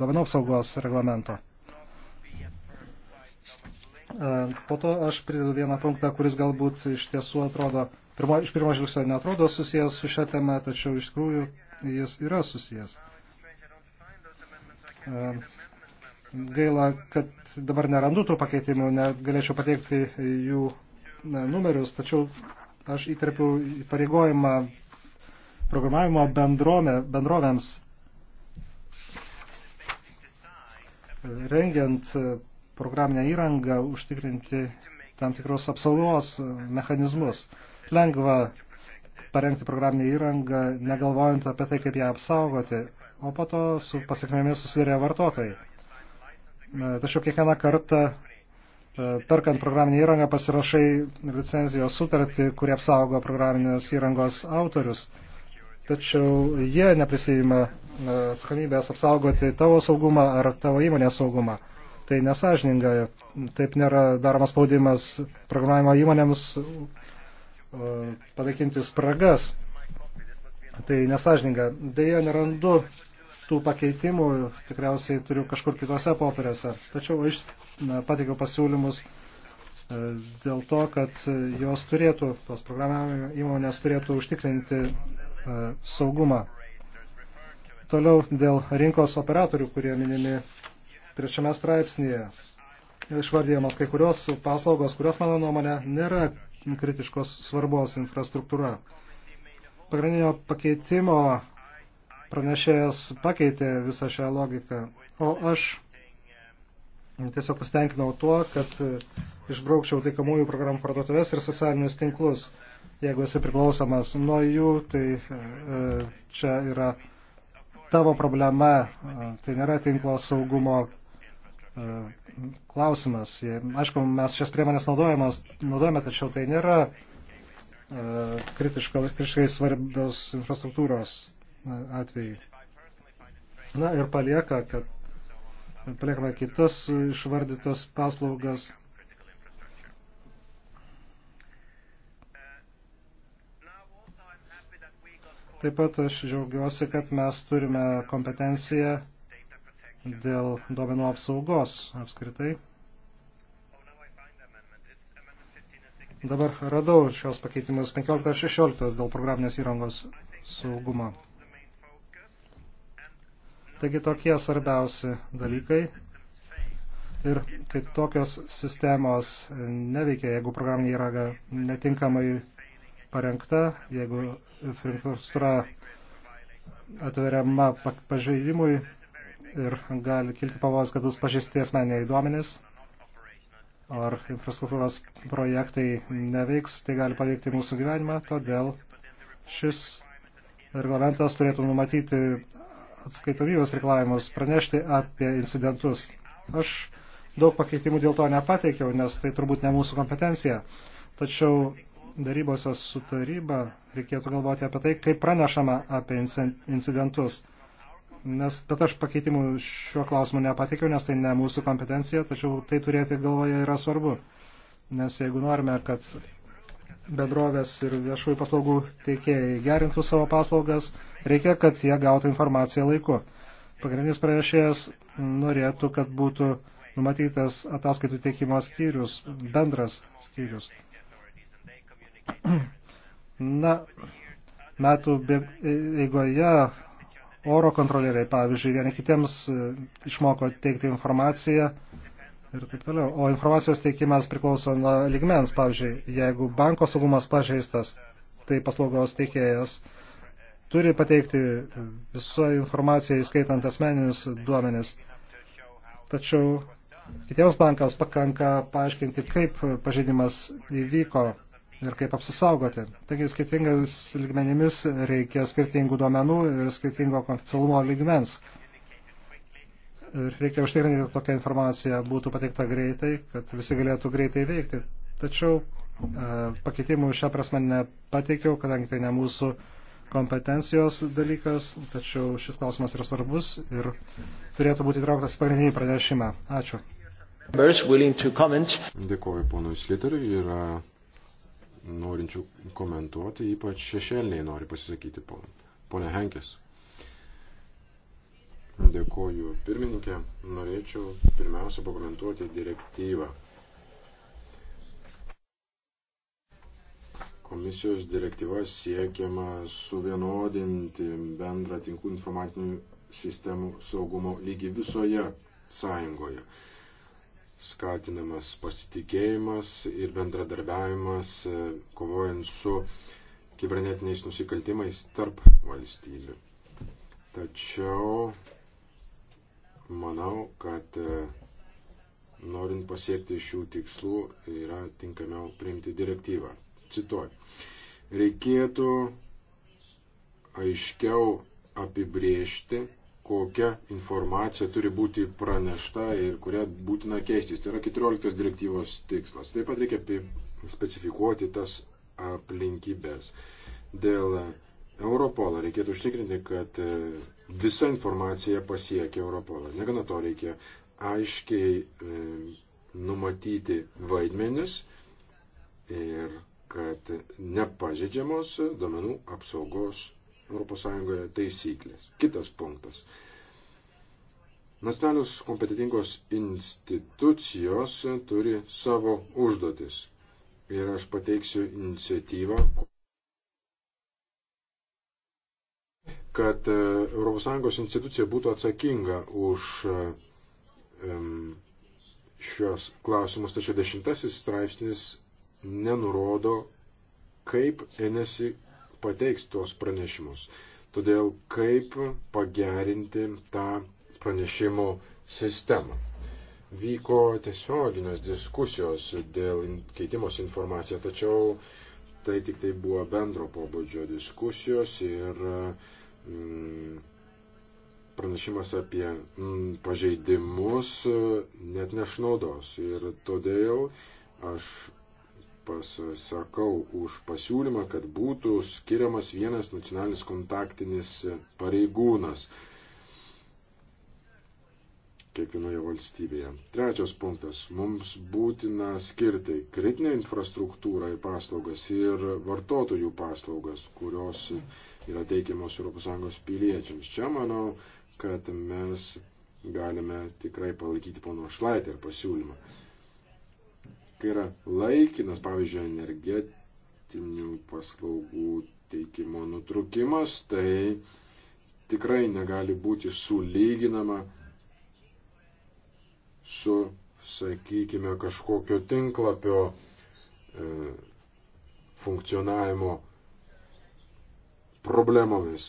duomenų apsaugos reglamento. E, po to aš pridedu vieną punktą, kuris galbūt iš tiesų atrodo, pirmo, iš pirmo žvilgsnio netrodo susijęs su šią temą, tačiau iš tikrųjų jis yra susijęs. Gaila, kad dabar nerandu tų pakeitimų, negalėčiau pateikti jų numerius, tačiau Aš įtarpiau pareigojimą programavimo bendrome, bendrovėms rengiant programinę įrangą užtikrinti tam tikrus apsaugos mechanizmus. Lengva parengti programinę įrangą, negalvojant apie tai, kaip ją apsaugoti, o po to su pasiekmėmis susiduria vartotojai. Tačiau kiekvieną kartą E, perkant programinę įrangą pasirašai licenzijos sutartį, kurie apsaugo programinės įrangos autorius. Tačiau jie neprisijima e, atsakomybės apsaugoti tavo saugumą ar tavo įmonės saugumą. Tai nesažininga, taip nėra daromas spaudimas programavimo įmonėms e, panaikinti spragas. Tai nesažininga. Deja, nerandu tų pakeitimų, tikriausiai turiu kažkur kitose popieriuose. Tačiau iš pateikiau pasiūlymus e, dėl to, kad jos turėtų, tos programavimo įmonės turėtų užtikrinti e, saugumą. Toliau dėl rinkos operatorių, kurie minimi trečiame straipsnėje. Išvardėjamas kai kurios paslaugos, kurios, mano nuomonė, nėra kritiškos svarbos infrastruktūra. Pagrindinio pakeitimo pranešėjas pakeitė visą šią logiką, o aš tiesiog pasitenkinau tuo, kad e, išbraukčiau taikomųjų programų parduotuvės ir socialinius tinklus. Jeigu esi priklausomas nuo jų, tai e, e, čia yra tavo problema, tai nėra tinklo saugumo klausimas. Aišku, mes šias priemonės naudojame, tačiau tai nėra kritiškai svarbios infrastruktūros atvejai. Na ir palieka, kad paliekame kitas išvardytas paslaugas. Taip pat aš džiaugiuosi, kad mes turime kompetenciją dėl duomenų apsaugos apskritai. Dabar radau šios pakeitimus 15-16 dėl programinės įrangos saugumo. Taigi tokie svarbiausi dalykai. Ir kai tokios sistemos neveikia, jeigu programinė įraga netinkamai parengta, jeigu infrastruktūra atveriama pažeidimui ir gali kilti pavojus, kad bus pažeisti asmeniai duomenys, ar infrastruktūros projektai neveiks, tai gali paveikti mūsų gyvenimą, todėl šis reglamentas turėtų numatyti atskaitomybės reikalavimus, pranešti apie incidentus. Aš daug pakeitimų dėl to nepateikiau, nes tai turbūt ne mūsų kompetencija. Tačiau darybose su taryba reikėtų galvoti apie tai, kaip pranešama apie incidentus. Nes, bet aš pakeitimų šiuo klausimu nepateikiau, nes tai ne mūsų kompetencija, tačiau tai turėti galvoje yra svarbu. Nes jeigu norime, kad bendrovės ir viešųjų paslaugų teikėjai gerintų savo paslaugas, Reikia, kad jie gautų informaciją laiku. Pagrindinis pranešėjas norėtų, kad būtų numatytas ataskaitų teikimo skyrius, bendras skyrius. Na, metų eigoje oro kontrolieriai, pavyzdžiui, vieni kitiems e, išmoko teikti informaciją ir taip toliau. O informacijos teikimas priklauso nuo ligmens, pavyzdžiui, jeigu banko saugumas pažeistas, tai paslaugos teikėjas turi pateikti e, visą informaciją, įskaitant asmeninius duomenis. Tačiau kitiems bankams pakanka paaiškinti, kaip pažeidimas įvyko ir kaip apsisaugoti. Taigi skirtingas lygmenimis reikia skirtingų duomenų ir skirtingo konfidencialumo lygmens. Reikia užtikrinti, kad tokia informacija būtų pateikta greitai, kad visi galėtų greitai veikti. Tačiau e, pakeitimų šią prasme nepateikiau, kadangi tai ne mūsų uh, kompetencijos dalykas, tačiau šis klausimas yra svarbus ir turėtų būti įtrauktas į pagrindinį pranešimą. Ačiū. Dėkuoju ponui Sliteriui ir norinčių komentuoti, ypač šešėliniai nori pasisakyti ponė Henkis. Dėkuoju pirmininkė, norėčiau pirmiausia pakomentuoti direktyvą Komisijos direktyva siekiama suvienodinti bendrą tinklų informatinių sistemų saugumo lygį visoje sąjungoje. Skatinamas pasitikėjimas ir bendradarbiavimas e, kovojant su kibernetiniais nusikaltimais tarp valstybių. Tačiau manau, kad e, norint pasiekti šių tikslų yra tinkamiau priimti direktyvą. Cituoju. Reikėtų aiškiau apibriežti, kokia informacija turi būti pranešta ir kurią būtina keistis. Tai yra 14 direktyvos tikslas. Taip pat reikia specifikuoti tas aplinkybės. Dėl Europolą reikėtų užtikrinti, kad e, visa informacija pasiekia Europolą. Negana to reikia aiškiai e, numatyti vaidmenis ir kad nepažeidžiamos duomenų apsaugos ES taisyklės. Kitas punktas. Nacionalios kompetitingos institucijos turi savo užduotis. Ir aš pateiksiu iniciatyvą, kad ES institucija būtų atsakinga už um, šios klausimus. Tačiau dešimtasis straipsnis nenurodo, kaip NSI pateiks tuos pranešimus. Todėl kaip pagerinti tą pranešimų sistemą. Vyko tiesioginės diskusijos dėl keitimos informacija, tačiau tai tik tai buvo bendro pobūdžio diskusijos ir mm, pranešimas apie mm, pažeidimus net nešnaudos. Ir todėl aš pasisakau už pasiūlymą, kad būtų skiriamas vienas nacionalinis kontaktinis pareigūnas kiekvienoje valstybėje. Trečias punktas. Mums būtina skirti kritinę infrastruktūrą ir paslaugas ir vartotojų paslaugas, kurios yra teikiamos ES piliečiams. Čia manau, kad mes galime tikrai palaikyti pono Šlaitę ir pasiūlymą kai yra laikinas, pavyzdžiui, energetinių paslaugų teikimo nutrukimas, tai tikrai negali būti sulyginama su, sakykime, kažkokio tinklapio e, funkcionavimo problemomis.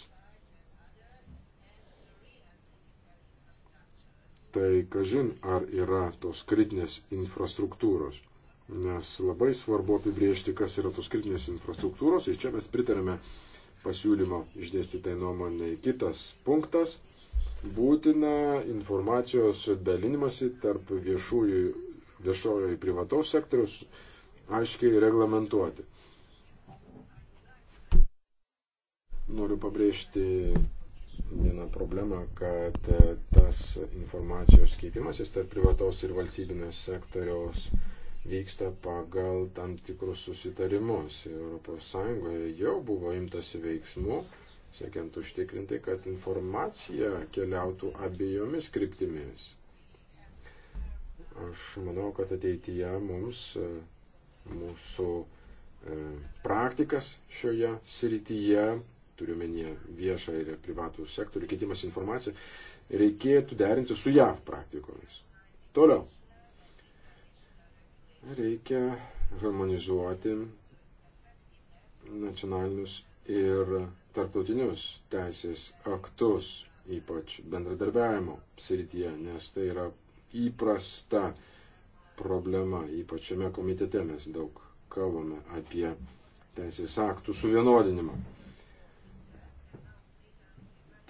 Tai kažin, ar yra tos kritinės infrastruktūros nes labai svarbu apibriežti, kas yra tos kritinės infrastruktūros. Ir čia mes pritarėme pasiūlymo išdėstytai nuomonė. Kitas punktas - būtina informacijos dalinimasi tarp viešųjų, viešojo ir privataus sektorius aiškiai reglamentuoti. Noriu pabrėžti vieną problemą, kad tas informacijos keitimasis tarp privataus ir valstybinės sektoriaus vyksta pagal tam tikrus susitarimus. Europos Sąjungoje jau buvo imtasi veiksmų, siekiant užtikrinti, kad informacija keliautų abiejomis kryptimis. Aš manau, kad ateityje mums e, mūsų e, praktikas šioje srityje, turiuomenė viešą ir privatų sektorių, keitimas informacija, reikėtų derinti su JAV praktikomis. Toliau. Reikia harmonizuoti nacionalinius ir tarptautinius teisės aktus, ypač bendradarbiavimo srityje, nes tai yra įprasta problema, ypač šiame komitete mes daug kalbame apie teisės aktų suvienodinimą.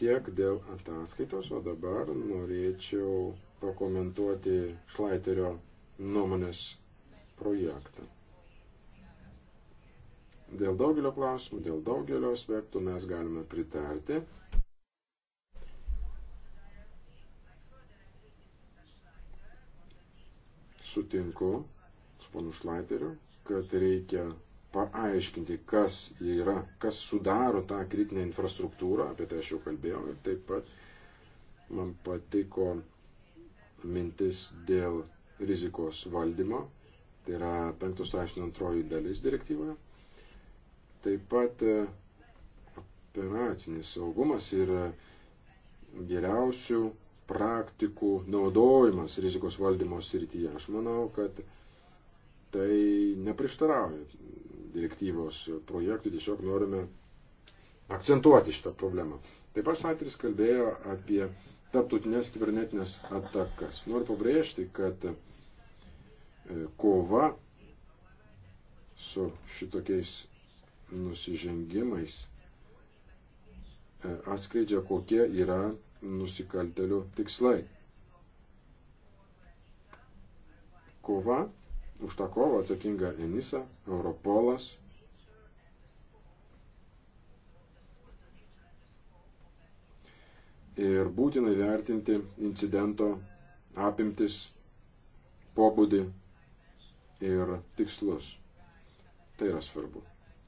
Tiek dėl ataskaitos, o dabar norėčiau pakomentuoti Šlaiterio nuomonės projektą. Dėl daugelio klausimų, dėl daugelio aspektų mes galime pritarti. Sutinku su panu Šlaiteriu, kad reikia paaiškinti, kas yra, kas sudaro tą kritinę infrastruktūrą, apie tai aš jau kalbėjau ir taip pat man patiko mintis dėl rizikos valdymo Tai yra penktos straipsnio antroji dalis direktyvoje. Taip pat e, operacinis saugumas ir geriausių praktikų naudojimas rizikos valdymo srityje. Aš manau, kad tai neprieštarauja direktyvos projektui, tiesiog norime akcentuoti šitą problemą. Taip pat Santris kalbėjo apie tarptautinės kibernetinės atakas. Noriu pabrėžti, kad E, kova su šitokiais nusižengimais e, atskleidžia, kokie yra nusikaltelių tikslai. Kova, už tą kovą atsakinga Enisa, Europolas. Ir būtina vertinti incidento apimtis, pobūdį, ir tikslus. Tai yra svarbu.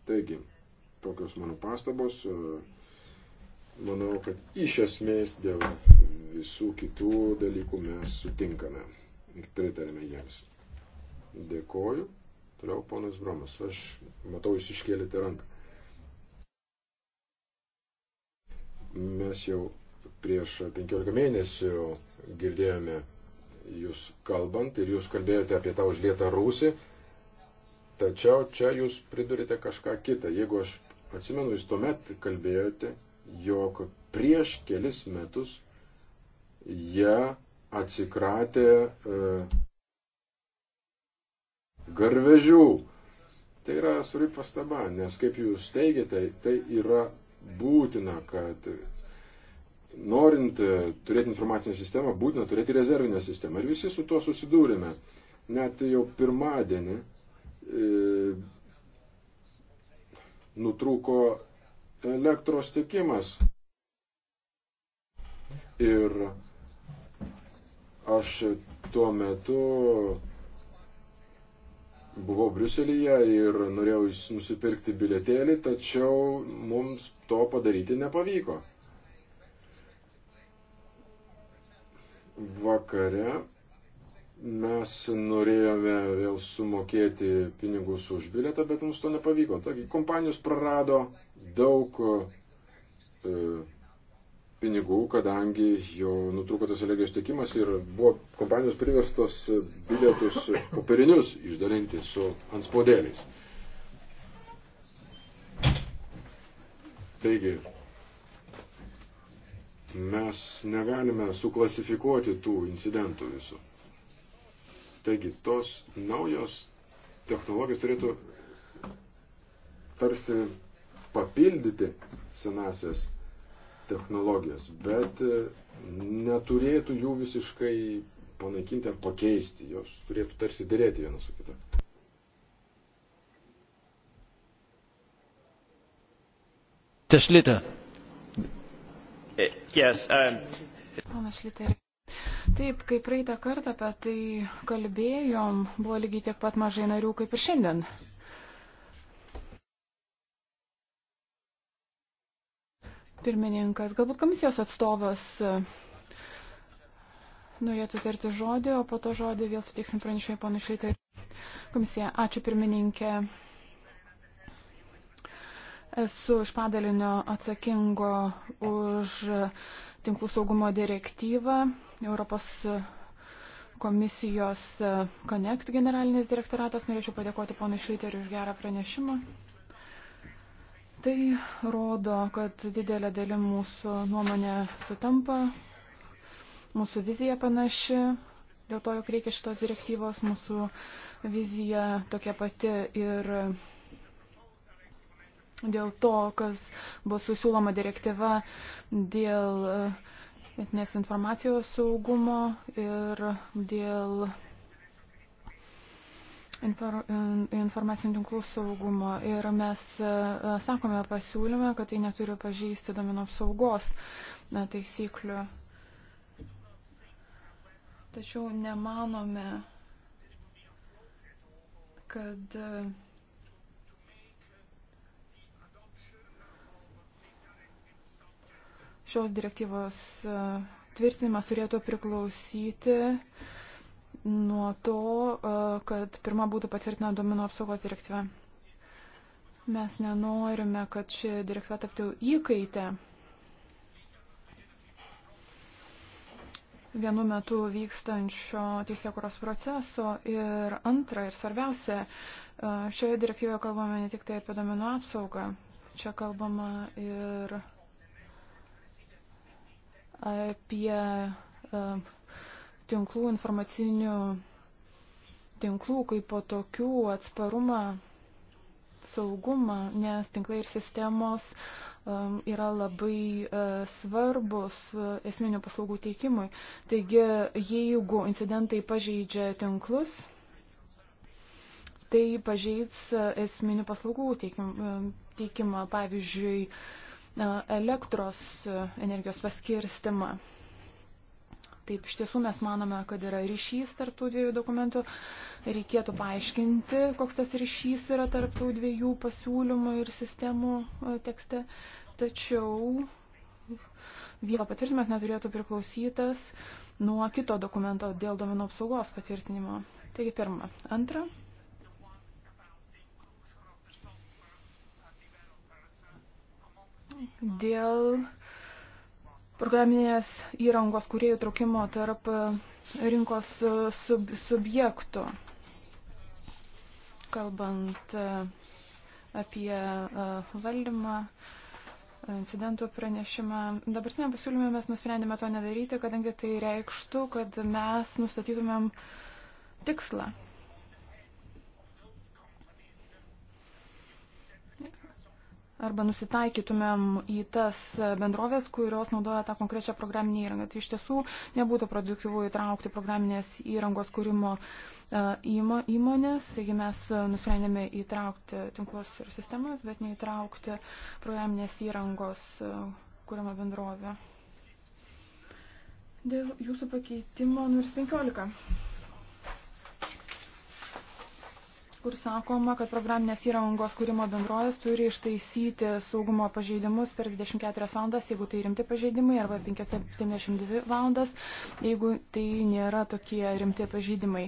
Taigi, tokios mano pastabos. Manau, kad iš esmės dėl visų kitų dalykų mes sutinkame ir pritarėme jiems. Dėkoju. Toliau ponas Bromas. Aš matau, jūs iškėlėte ranką. Mes jau prieš 15 mėnesių girdėjome jūs kalbant ir jūs kalbėjote apie tą užlietą rūsį, tačiau čia jūs pridurite kažką kitą. Jeigu aš atsimenu, jūs tuomet kalbėjote, jog prieš kelis metus jie atsikratė e, garvežių. Tai yra svarbi pastaba, nes kaip jūs teigiate, tai yra būtina, kad norint e, turėti informacinę sistemą, būtina turėti rezervinę sistemą. Ir visi su tuo susidūrėme. Net jau pirmadienį e, nutrūko elektros tiekimas. Ir aš tuo metu buvau Briuselyje ir norėjau nusipirkti biletėlį, tačiau mums to padaryti nepavyko. vakare mes norėjome vėl sumokėti pinigus už bilietą, bet mums to nepavyko. Taigi kompanijos prarado daug e, pinigų, kadangi jau nutrūko tas energijos tiekimas ir buvo kompanijos priverstos bilietus popierinius išdalinti su antspaudėliais. Taigi, Mes negalime suklasifikuoti tų incidentų visų. Taigi tos naujos technologijos turėtų tarsi papildyti senasias technologijas, bet e, neturėtų jų visiškai panaikinti ar pakeisti, jos turėtų tarsi dėrėti vieną su kita. Tešlita. Yes, um... Ponas Šliterį. Taip, kaip praeitą kartą apie tai kalbėjom, buvo lygiai tiek pat mažai narių kaip ir šiandien. Pirmininkas, galbūt komisijos atstovas uh, norėtų tarti žodį, o po to žodį vėl suteiksim pranešėjai panašiai. Komisija, ačiū pirmininkė. Esu iš padalinio atsakingo už tinklų saugumo direktyvą Europos komisijos Connect generalinis direktoratas. Norėčiau padėkoti ponui Šliteriu už gerą pranešimą. Tai rodo, kad didelė dalim mūsų nuomonė sutampa, mūsų vizija panaši, dėl to, jog reikia šitos direktyvos, mūsų vizija tokia pati ir dėl to, kas buvo susiūloma direktyva dėl e, etinės informacijos saugumo ir dėl e, informacinių tinklų saugumo. Ir mes e, sakome pasiūlyme, kad tai neturi pažįsti domino apsaugos taisyklių. Tačiau nemanome, kad uh, šios direktyvos e, tvirtinimas turėtų priklausyti nuo to, e, kad pirma būtų patvirtina domino apsaugos direktyva. Mes nenorime, kad ši direktyva taptų įkaitę. vienu metu vykstančio teisėkuros proceso. Ir antra ir svarbiausia, e, šioje direktyvoje kalbame ne tik tai apie domenų apsaugą, čia kalbama ir apie e, tinklų informacinių tinklų kaip po tokių atsparumą, saugumą, nes tinklai ir sistemos um, yra labai uh, svarbus uh, esminio paslaugų teikimui. Taigi, jeigu incidentai pažeidžia tinklus, tai pažeids esminių paslaugų teikim, teikimą, pavyzdžiui, uh, elektros e, energijos paskirstimą. Taip, iš tiesų mes manome, kad yra ryšys tarp tų dviejų dokumentų. Reikėtų paaiškinti, koks tas ryšys yra tarp tų dviejų pasiūlymų ir sistemų e, tekste. Tačiau vieno patvirtinimas neturėtų priklausytas nuo kito dokumento dėl domenų apsaugos patvirtinimo. Taigi pirma. Antra. dėl programinės įrangos kuriejų traukimo tarp rinkos sub subjektų. Kalbant e, apie e, valdymą, incidentų pranešimą. Dabartinė pasiūlymė mes nusprendėme to nedaryti, kadangi tai reikštų, kad mes nustatytumėm tikslą arba nusitaikytumėm į tas bendrovės, kurios naudoja tą konkrečią programinę įrangą. Tai iš tiesų nebūtų produktyvu įtraukti programinės įrangos kūrimo e, įmonės, taigi mes nusprendėme įtraukti tinklus ir sistemas, bet neįtraukti programinės įrangos e, kūrimo bendrovę. Dėl jūsų pakeitimo numeris 15. kur sakoma, kad programinės įrangos kūrimo bendrovės turi ištaisyti saugumo pažeidimus per 24 valandas, jeigu tai rimti pažeidimai, arba 572 valandas, jeigu tai nėra tokie rimti pažeidimai.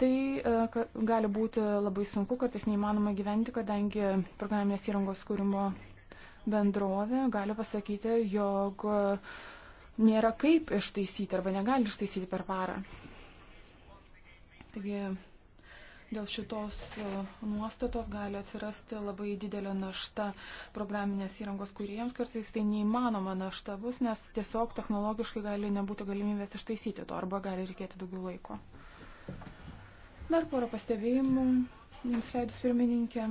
Tai e, gali būti labai sunku, kartais neįmanoma gyventi, kadangi programinės įrangos kūrimo bendrovė gali pasakyti, jog nėra kaip ištaisyti arba negali ištaisyti per parą. Taigi Dėl šitos e, nuostatos gali atsirasti labai didelė našta programinės įrangos kuriems, kartais tai neįmanoma našta bus, nes tiesiog technologiškai gali nebūti galimybės ištaisyti to arba gali reikėti daugiau laiko. Dar porą pastebėjimų, jums leidus pirmininkė.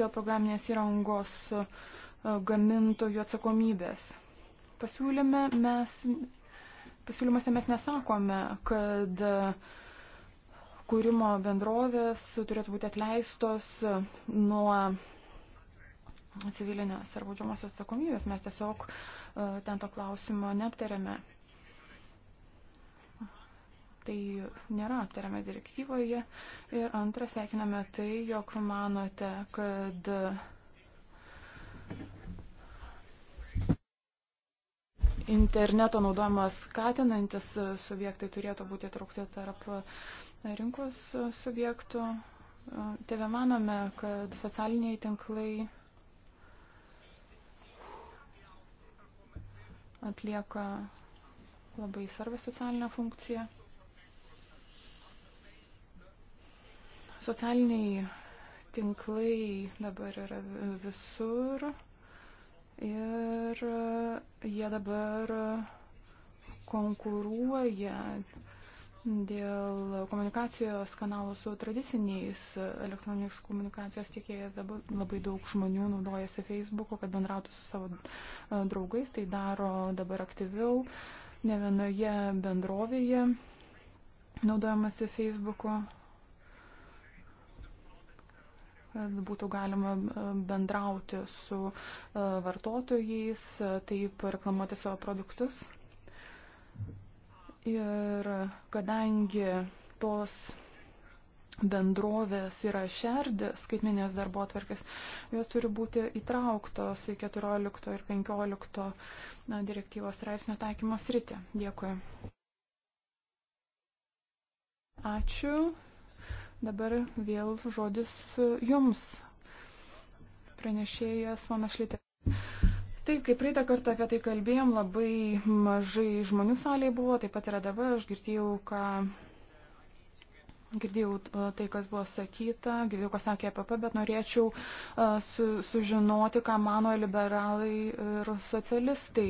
Dėl programinės įrangos e, gamintojų atsakomybės pasiūlyme mes pasiūlymuose mes nesakome, kad kūrimo bendrovės turėtų būti atleistos nuo civilinės ar baudžiamosios atsakomybės. Mes tiesiog e, ten to klausimo neaptarėme. Tai nėra aptariame direktyvoje. Ir antra, sveikiname tai, jog manote, kad interneto naudojimas skatinantis subjektai turėtų būti traukti tarp rinkos subjektų. Tebe manome, kad socialiniai tinklai atlieka labai svarbią socialinę funkciją. Socialiniai tinklai dabar yra visur ir e, jie dabar konkuruoja dėl komunikacijos kanalų su tradiciniais elektroninės komunikacijos tiekėjais. Dabar labai daug žmonių naudojasi Facebook'u, kad bendrautų su savo e, draugais, tai daro dabar aktyviau, ne vienoje bendrovėje naudojamasi Facebook'u kad būtų galima e, bendrauti su e, vartotojais, e, taip reklamuoti savo produktus. Ir kadangi tos bendrovės yra šerdė skaitminės darbo atvarkės, jos turi būti įtrauktos į 14 ir 15 na, direktyvos straipsnio taikymos rytį. Dėkui. Ačiū. Dabar vėl žodis jums, pranešėjas ponas Šlitė. Taip, kaip praeitą kartą apie tai kalbėjom, labai mažai žmonių salėje buvo, taip pat yra dabar, aš girdėjau, ką Girdėjau tai, kas buvo sakyta, girdėjau, ką sakė APP, e bet norėčiau su, sužinoti, ką mano liberalai ir socialistai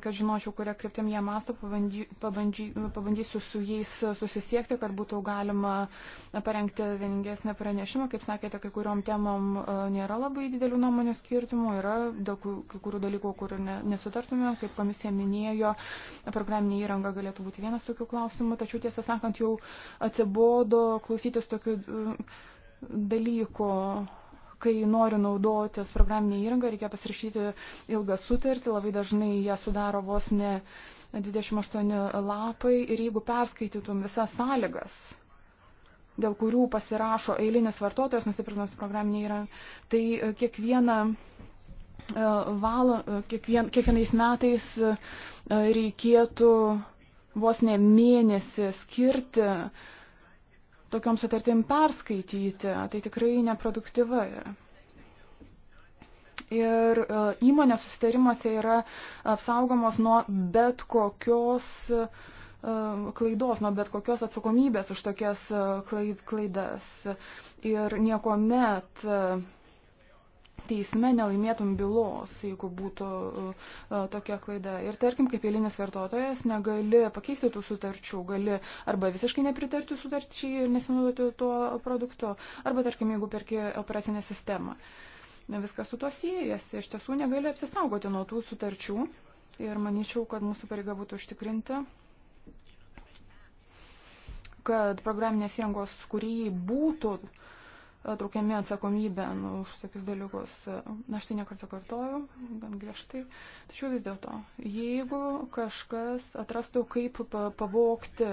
kad žinočiau, kuria kryptim jie masto, pabandy, pabandy, pabandysiu su jais susisiekti, kad būtų galima parengti vieningesnį pranešimą. Kaip sakėte, kai kuriuom temam e, nėra labai didelių nuomonių skirtimų, yra dėl kai kurių dalykų, kur nesutartumėm, kaip komisija minėjo, programinė įranga galėtų būti vienas tokių klausimų, tačiau tiesą sakant, jau atsibodo klausytis tokių dalykų kai nori naudotis programinė įranga, reikia pasirašyti ilgą sutartį, labai dažnai ją sudaro vos ne 28 lapai ir jeigu perskaitytum visas sąlygas, dėl kurių pasirašo eilinis vartotojas nusipirkdamas programinį įrangą, tai e, kiekvieną e, valą, e, kiekvien, kiekvienais metais reikėtų vos ne mėnesį skirti uh, tokiom sutartim perskaityti, tai tikrai neproduktyva yra. Ir e, įmonės susitarimuose yra apsaugomos nuo bet kokios e, klaidos, nuo bet kokios atsakomybės už tokias e, klaidas. Ir niekuomet teisme nelaimėtum bylos, jeigu būtų e, e, tokia klaida. Ir tarkim, kaip eilinis vartotojas, negali pakeisti tų sutarčių, gali arba visiškai nepritarti sutarčiai ir nesinaudoti tuo produktu, arba tarkim, jeigu perki operacinę sistemą. Viskas su tuo siejasi, iš tiesų negali apsisaugoti nuo tų sutarčių ir manyčiau, kad mūsų pareiga būtų užtikrinti kad programinės įrangos, kurį būtų uh, traukiami atsakomybę nu, už tokius dalykus. Aš tai nekartą kartoju, gan griežtai. Tačiau vis dėlto, jeigu kažkas atrastų, kaip pavokti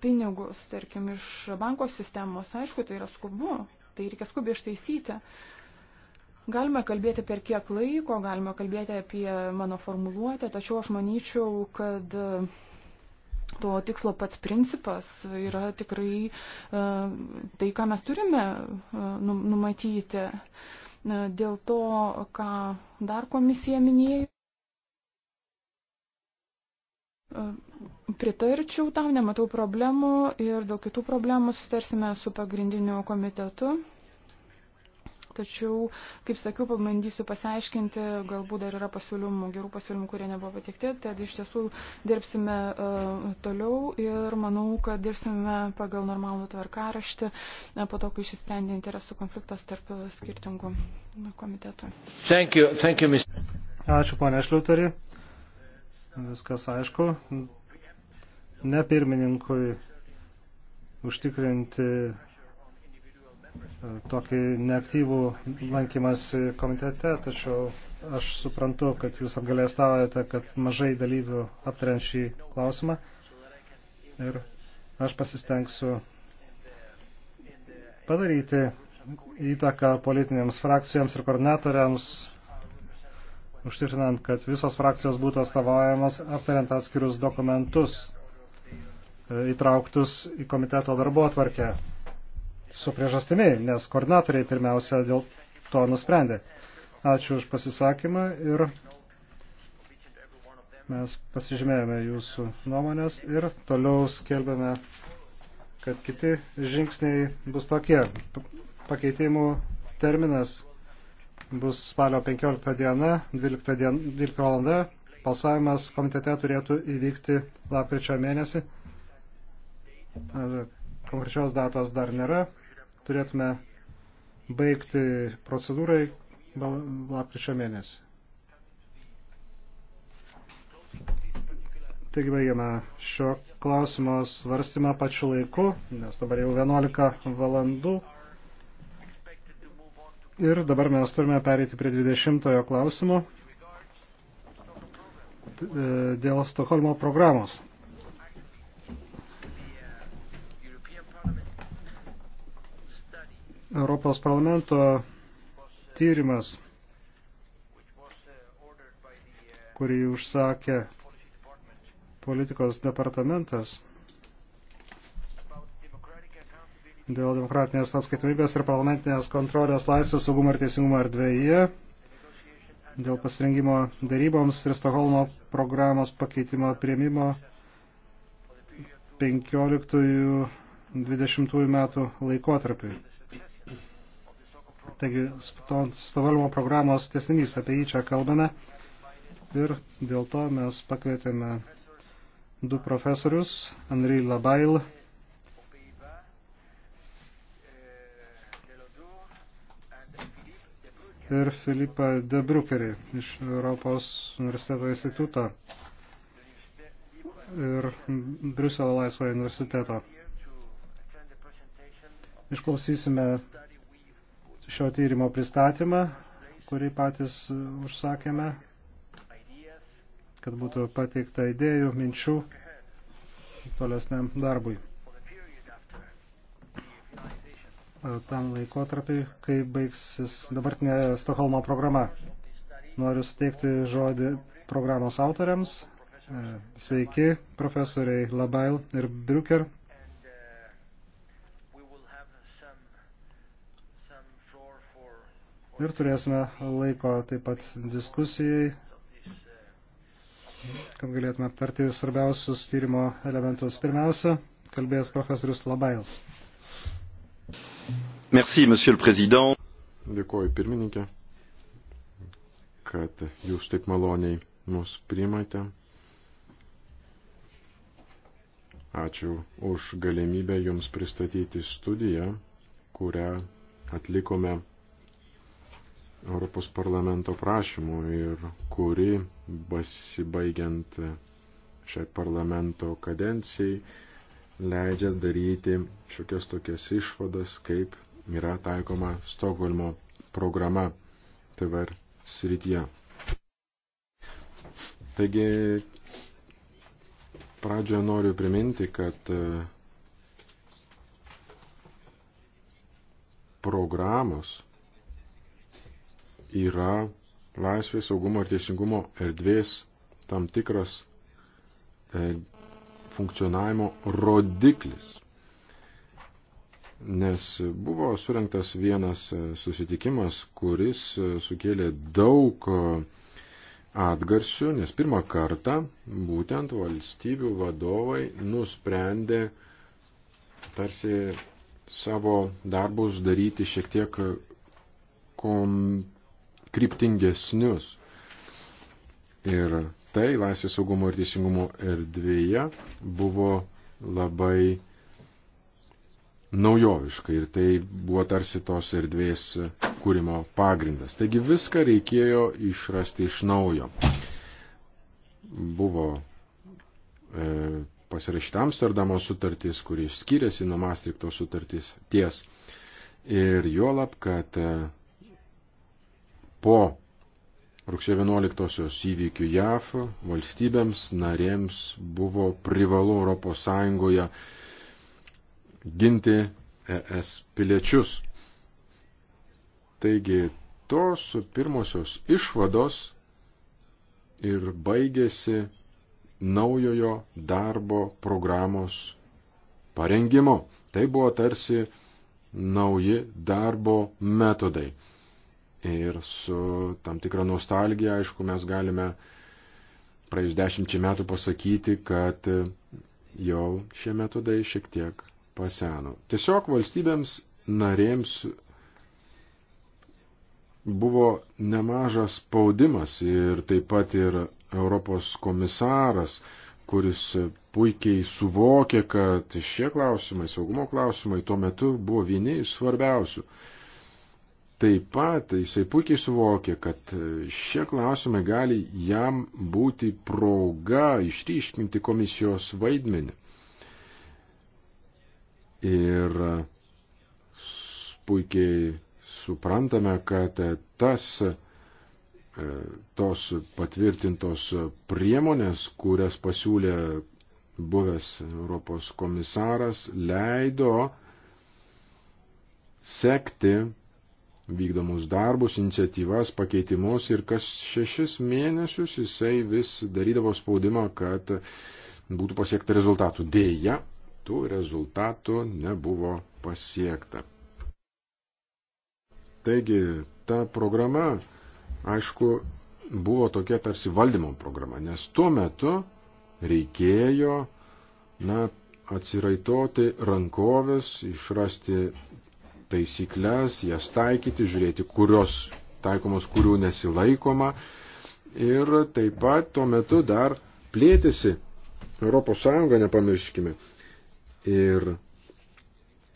pinigus, tarkim, iš banko sistemos, aišku, tai yra skubu, tai reikia skubiai ištaisyti. Galime kalbėti per kiek laiko, galime kalbėti apie mano formuluotę, tačiau aš manyčiau, kad to tikslo pats principas yra tikrai e, tai, ką mes turime e, nu, numatyti. E, dėl to, ką dar komisija minėjo, pritarčiau tam, nematau problemų ir dėl kitų problemų sutarsime su pagrindiniu komitetu. Tačiau, kaip sakiau, pabandysiu pasiaiškinti, galbūt dar yra pasiūlymų, gerų pasiūlymų, kurie nebuvo patikti. Tad iš tiesų dirbsime uh, toliau ir manau, kad dirbsime pagal normalų tvarkaraštį, e, po to, kai išsisprendė interesų konfliktas tarp skirtingų komitetų. Thank you, thank you, Mr. Ačiū, ponė Šliuteri. Viskas aišku. Ne pirmininkui užtikrinti tokį neaktyvų lankymas komitete, tačiau aš suprantu, kad jūs apgalėstavojate, kad mažai dalyvių aptariant šį klausimą. Ir aš pasistengsiu padaryti įtaką politinėms frakcijoms ir koordinatoriams, užtikrinant, kad visos frakcijos būtų atstovaujamos aptariant atskirius dokumentus e, įtrauktus į komiteto darbo atvarkę su priežastimi, nes koordinatoriai pirmiausia dėl to nusprendė. Ačiū už pasisakymą ir mes pasižymėjome jūsų nuomonės ir toliau skelbėme, kad kiti žingsniai bus tokie. Pakeitimų terminas bus spalio 15 diena, 12, dien, 12 valanda. Balsavimas komitete turėtų įvykti lapkričio mėnesį. Konkrečios datos dar nėra turėtume baigti procedūrai lapkričio mėnesį. Taigi baigiame šio klausimo svarstymą pačiu laiku, nes dabar jau 11 valandų. Ir dabar mes turime pereiti prie 20 klausimo e, dėl Stokholmo programos. Europos parlamento tyrimas, kurį užsakė politikos departamentas dėl demokratinės atskaitomybės ir parlamentinės kontrolės laisvės saugumo ir teisingumo erdvėje, dėl pasirengimo daryboms ir Stokholmo programos pakeitimo prieimimo 15-20 metų laikotarpiui. Taigi, Stovalmo programos tiesinys apie jį čia kalbame. Ir dėl to mes pakvietėme du profesorius, Andrei Labail ir Filipą Debrukerį iš Europos universiteto instituto ir Briuselio laisvojo universiteto. Išklausysime šio tyrimo pristatymą, kurį patys užsakėme, kad būtų pateikta idėjų, minčių tolesniam darbui. Tam laikotarpiai, kai baigsis dabartinė Stokholmo programa. Noriu suteikti žodį programos autoriams. Sveiki, profesoriai Labail ir Briuker. ir turėsime laiko taip pat diskusijai, kad galėtume aptarti svarbiausius tyrimo elementus. Pirmiausia, kalbės profesorius Labail. Merci, monsieur le président. Dėkuoju pirmininkė, kad jūs taip maloniai mus priimate. Ačiū už galimybę jums pristatyti studiją, kurią atlikome Europos parlamento prašymų ir kuri, pasibaigiant šiai parlamento kadencijai, leidžia daryti šiokias tokias išvadas, kaip yra taikoma Stokholmo programa TVR srityje. Taigi, pradžioje noriu priminti, kad e, programos yra laisvės, saugumo ir teisingumo erdvės tam tikras e, funkcionavimo rodiklis. Nes buvo surinktas vienas e, susitikimas, kuris e, sukėlė daug e, atgarsių, nes pirmą kartą būtent valstybių vadovai nusprendė tarsi savo darbus daryti šiek tiek kom, kryptingesnius. Ir tai laisvės saugumo ir teisingumo erdvėje buvo labai naujoviška ir tai buvo tarsi tos erdvės kūrimo pagrindas. Taigi viską reikėjo išrasti iš naujo. Buvo e, pasirašyta Amsterdamo sutartis, kuris skiriasi nuo Maastrichto sutartis ties. Ir juolab, kad e, po rugsėjo 11-osios įvykių JAF valstybėms narėms buvo privalu ES ginti ES piliečius. Taigi tos pirmosios išvados ir baigėsi naujojo darbo programos parengimo. Tai buvo tarsi nauji darbo metodai ir su tam tikra nostalgija, aišku, mes galime praeis dešimčiai metų pasakyti, kad jau šie metodai šiek tiek paseno. Tiesiog valstybėms narėms buvo nemažas spaudimas ir taip pat ir Europos komisaras, kuris puikiai suvokė, kad šie klausimai, saugumo klausimai tuo metu buvo vieni iš svarbiausių. Taip pat jisai puikiai suvokė, kad šie klausimai gali jam būti proga išryškinti komisijos vaidmenį. Ir puikiai suprantame, kad tas tos patvirtintos priemonės, kurias pasiūlė buvęs Europos komisaras, leido sekti vykdomus darbus, iniciatyvas, pakeitimus ir kas šešis mėnesius jisai vis darydavo spaudimą, kad būtų pasiekta rezultatų. Deja, tų rezultatų nebuvo pasiekta. Taigi, ta programa, aišku, buvo tokia tarsi valdymo programa, nes tuo metu reikėjo, na, atsiraitoti rankovės, išrasti taisyklės, jas taikyti, žiūrėti, kurios taikomos, kurių nesilaikoma. Ir taip pat tuo metu dar plėtėsi Europos Sąjunga, nepamirškime. Ir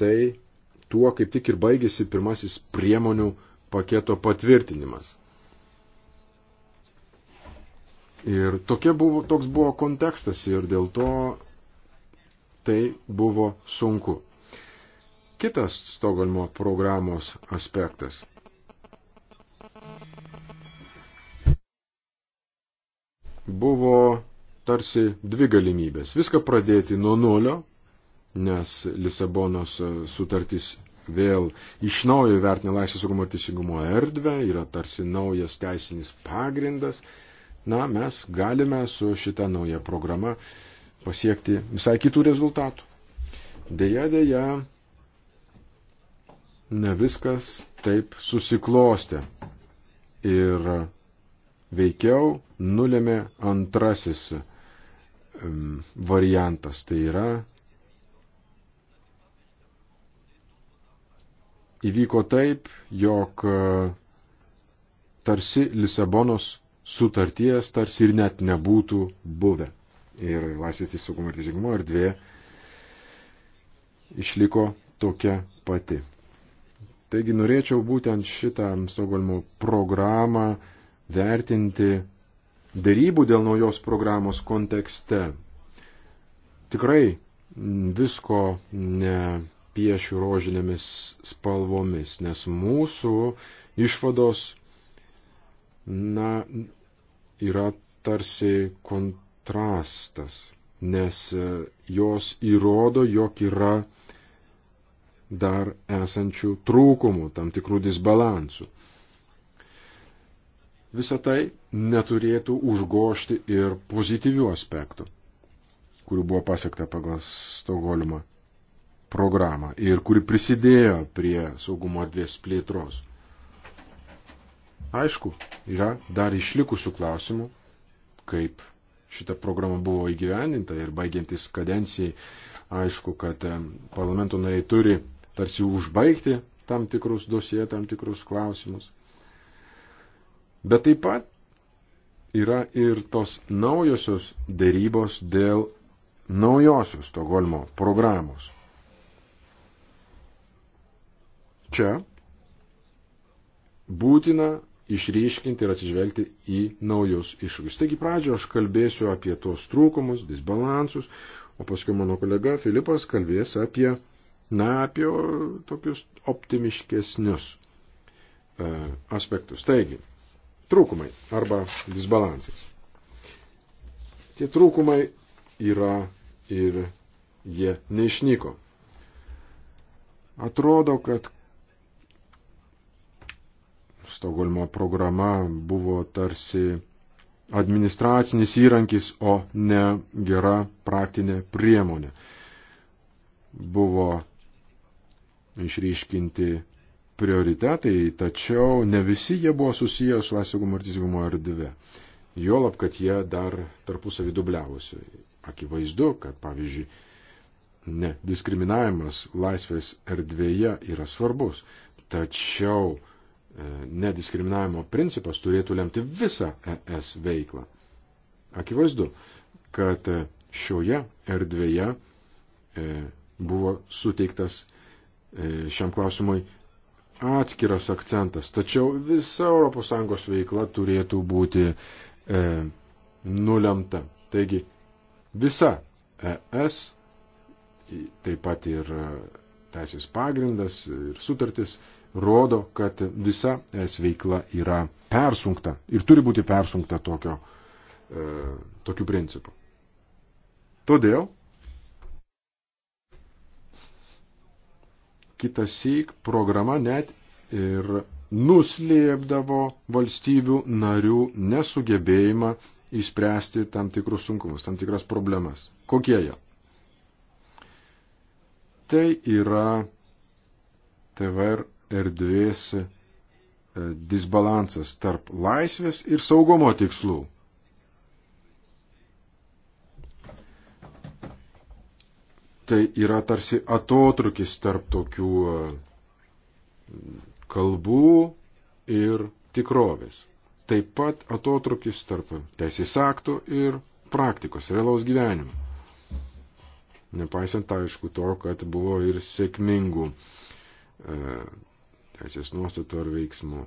tai tuo kaip tik ir baigėsi pirmasis priemonių paketo patvirtinimas. Ir tokie buvo, toks buvo kontekstas ir dėl to tai buvo sunku kitas Stokholmo programos aspektas. Buvo tarsi dvi galimybės. Viską pradėti nuo nulio, nes Lisabonos sutartis vėl iš naujo vertina laisvės saugumo ir teisingumo erdvę, yra tarsi naujas teisinis pagrindas. Na, mes galime su šita nauja programa pasiekti visai kitų rezultatų. Deja, deja, ne viskas taip susiklostė. Ir veikiau nulėmė antrasis variantas, tai yra įvyko taip, jog tarsi Lisabonos sutarties tarsi ir net nebūtų buvę. Ir laisvės teisingumo ir teisingumo erdvė išliko tokia pati. Taigi norėčiau būtent šitą Stokholmo programą vertinti darybų dėl naujos programos kontekste. Tikrai visko nepiešiu rožinėmis spalvomis, nes mūsų išvados na, yra tarsi kontrastas, nes jos įrodo, jog yra dar esančių trūkumų, tam tikrų disbalansų. Visą tai neturėtų užgošti ir pozityvių aspektų, kurių buvo pasiekta pagal Stokholmo programą ir kuri prisidėjo prie saugumo erdvės plėtros. Aišku, yra dar išlikusių klausimų, kaip šita programa buvo įgyvendinta ir baigiantis kadencijai, aišku, kad parlamento nariai turi tarsi užbaigti tam tikrus dosie, tam tikrus klausimus. Bet taip pat yra ir tos naujosios dėrybos dėl naujosios Stokholmo programos. Čia būtina išryškinti ir atsižvelgti į naujus iššūkius. Taigi pradžio aš kalbėsiu apie tuos trūkumus, disbalansus, o paskui mano kolega Filipas kalbės apie Na, apie tokius optimiškesnius e, aspektus. Taigi, trūkumai arba disbalansas. Tie trūkumai yra ir jie neišnyko. Atrodo, kad Stokholmo programa buvo tarsi administracinis įrankis, o ne gera praktinė priemonė. Buvo išryškinti prioritetai, tačiau ne visi jie buvo susiję su laisvėgumo ir teisingumo erdve. Juolab, kad jie dar tarpusavį dubliavosi. Akivaizdu, kad pavyzdžiui, ne, diskriminavimas laisvės erdvėje yra svarbus, tačiau e, nediskriminavimo principas turėtų lemti visą ES veiklą. Akivaizdu, kad e, šioje erdvėje e, buvo suteiktas E, šiam klausimui atskiras akcentas, tačiau visa ES veikla turėtų būti e, nulemta. Taigi, visa ES, taip pat ir e, teisės pagrindas ir sutartis rodo, kad visa ES veikla yra persunkta ir turi būti persunkta tokio, e, tokiu principu. Todėl kitas syk programa net ir nuslėpdavo valstybių narių nesugebėjimą įspręsti tam tikrus sunkumus, tam tikras problemas. Kokie jie? Tai yra TVR erdvės e, disbalansas tarp laisvės ir saugumo tikslų. tai yra tarsi atotrukis tarp tokių e, kalbų ir tikrovės. Taip pat atotrukis tarp teisės aktų ir praktikos, realaus gyvenimo. Nepaisant, aišku, to, kad buvo ir sėkmingų e, teisės nuostatų ar veiksmų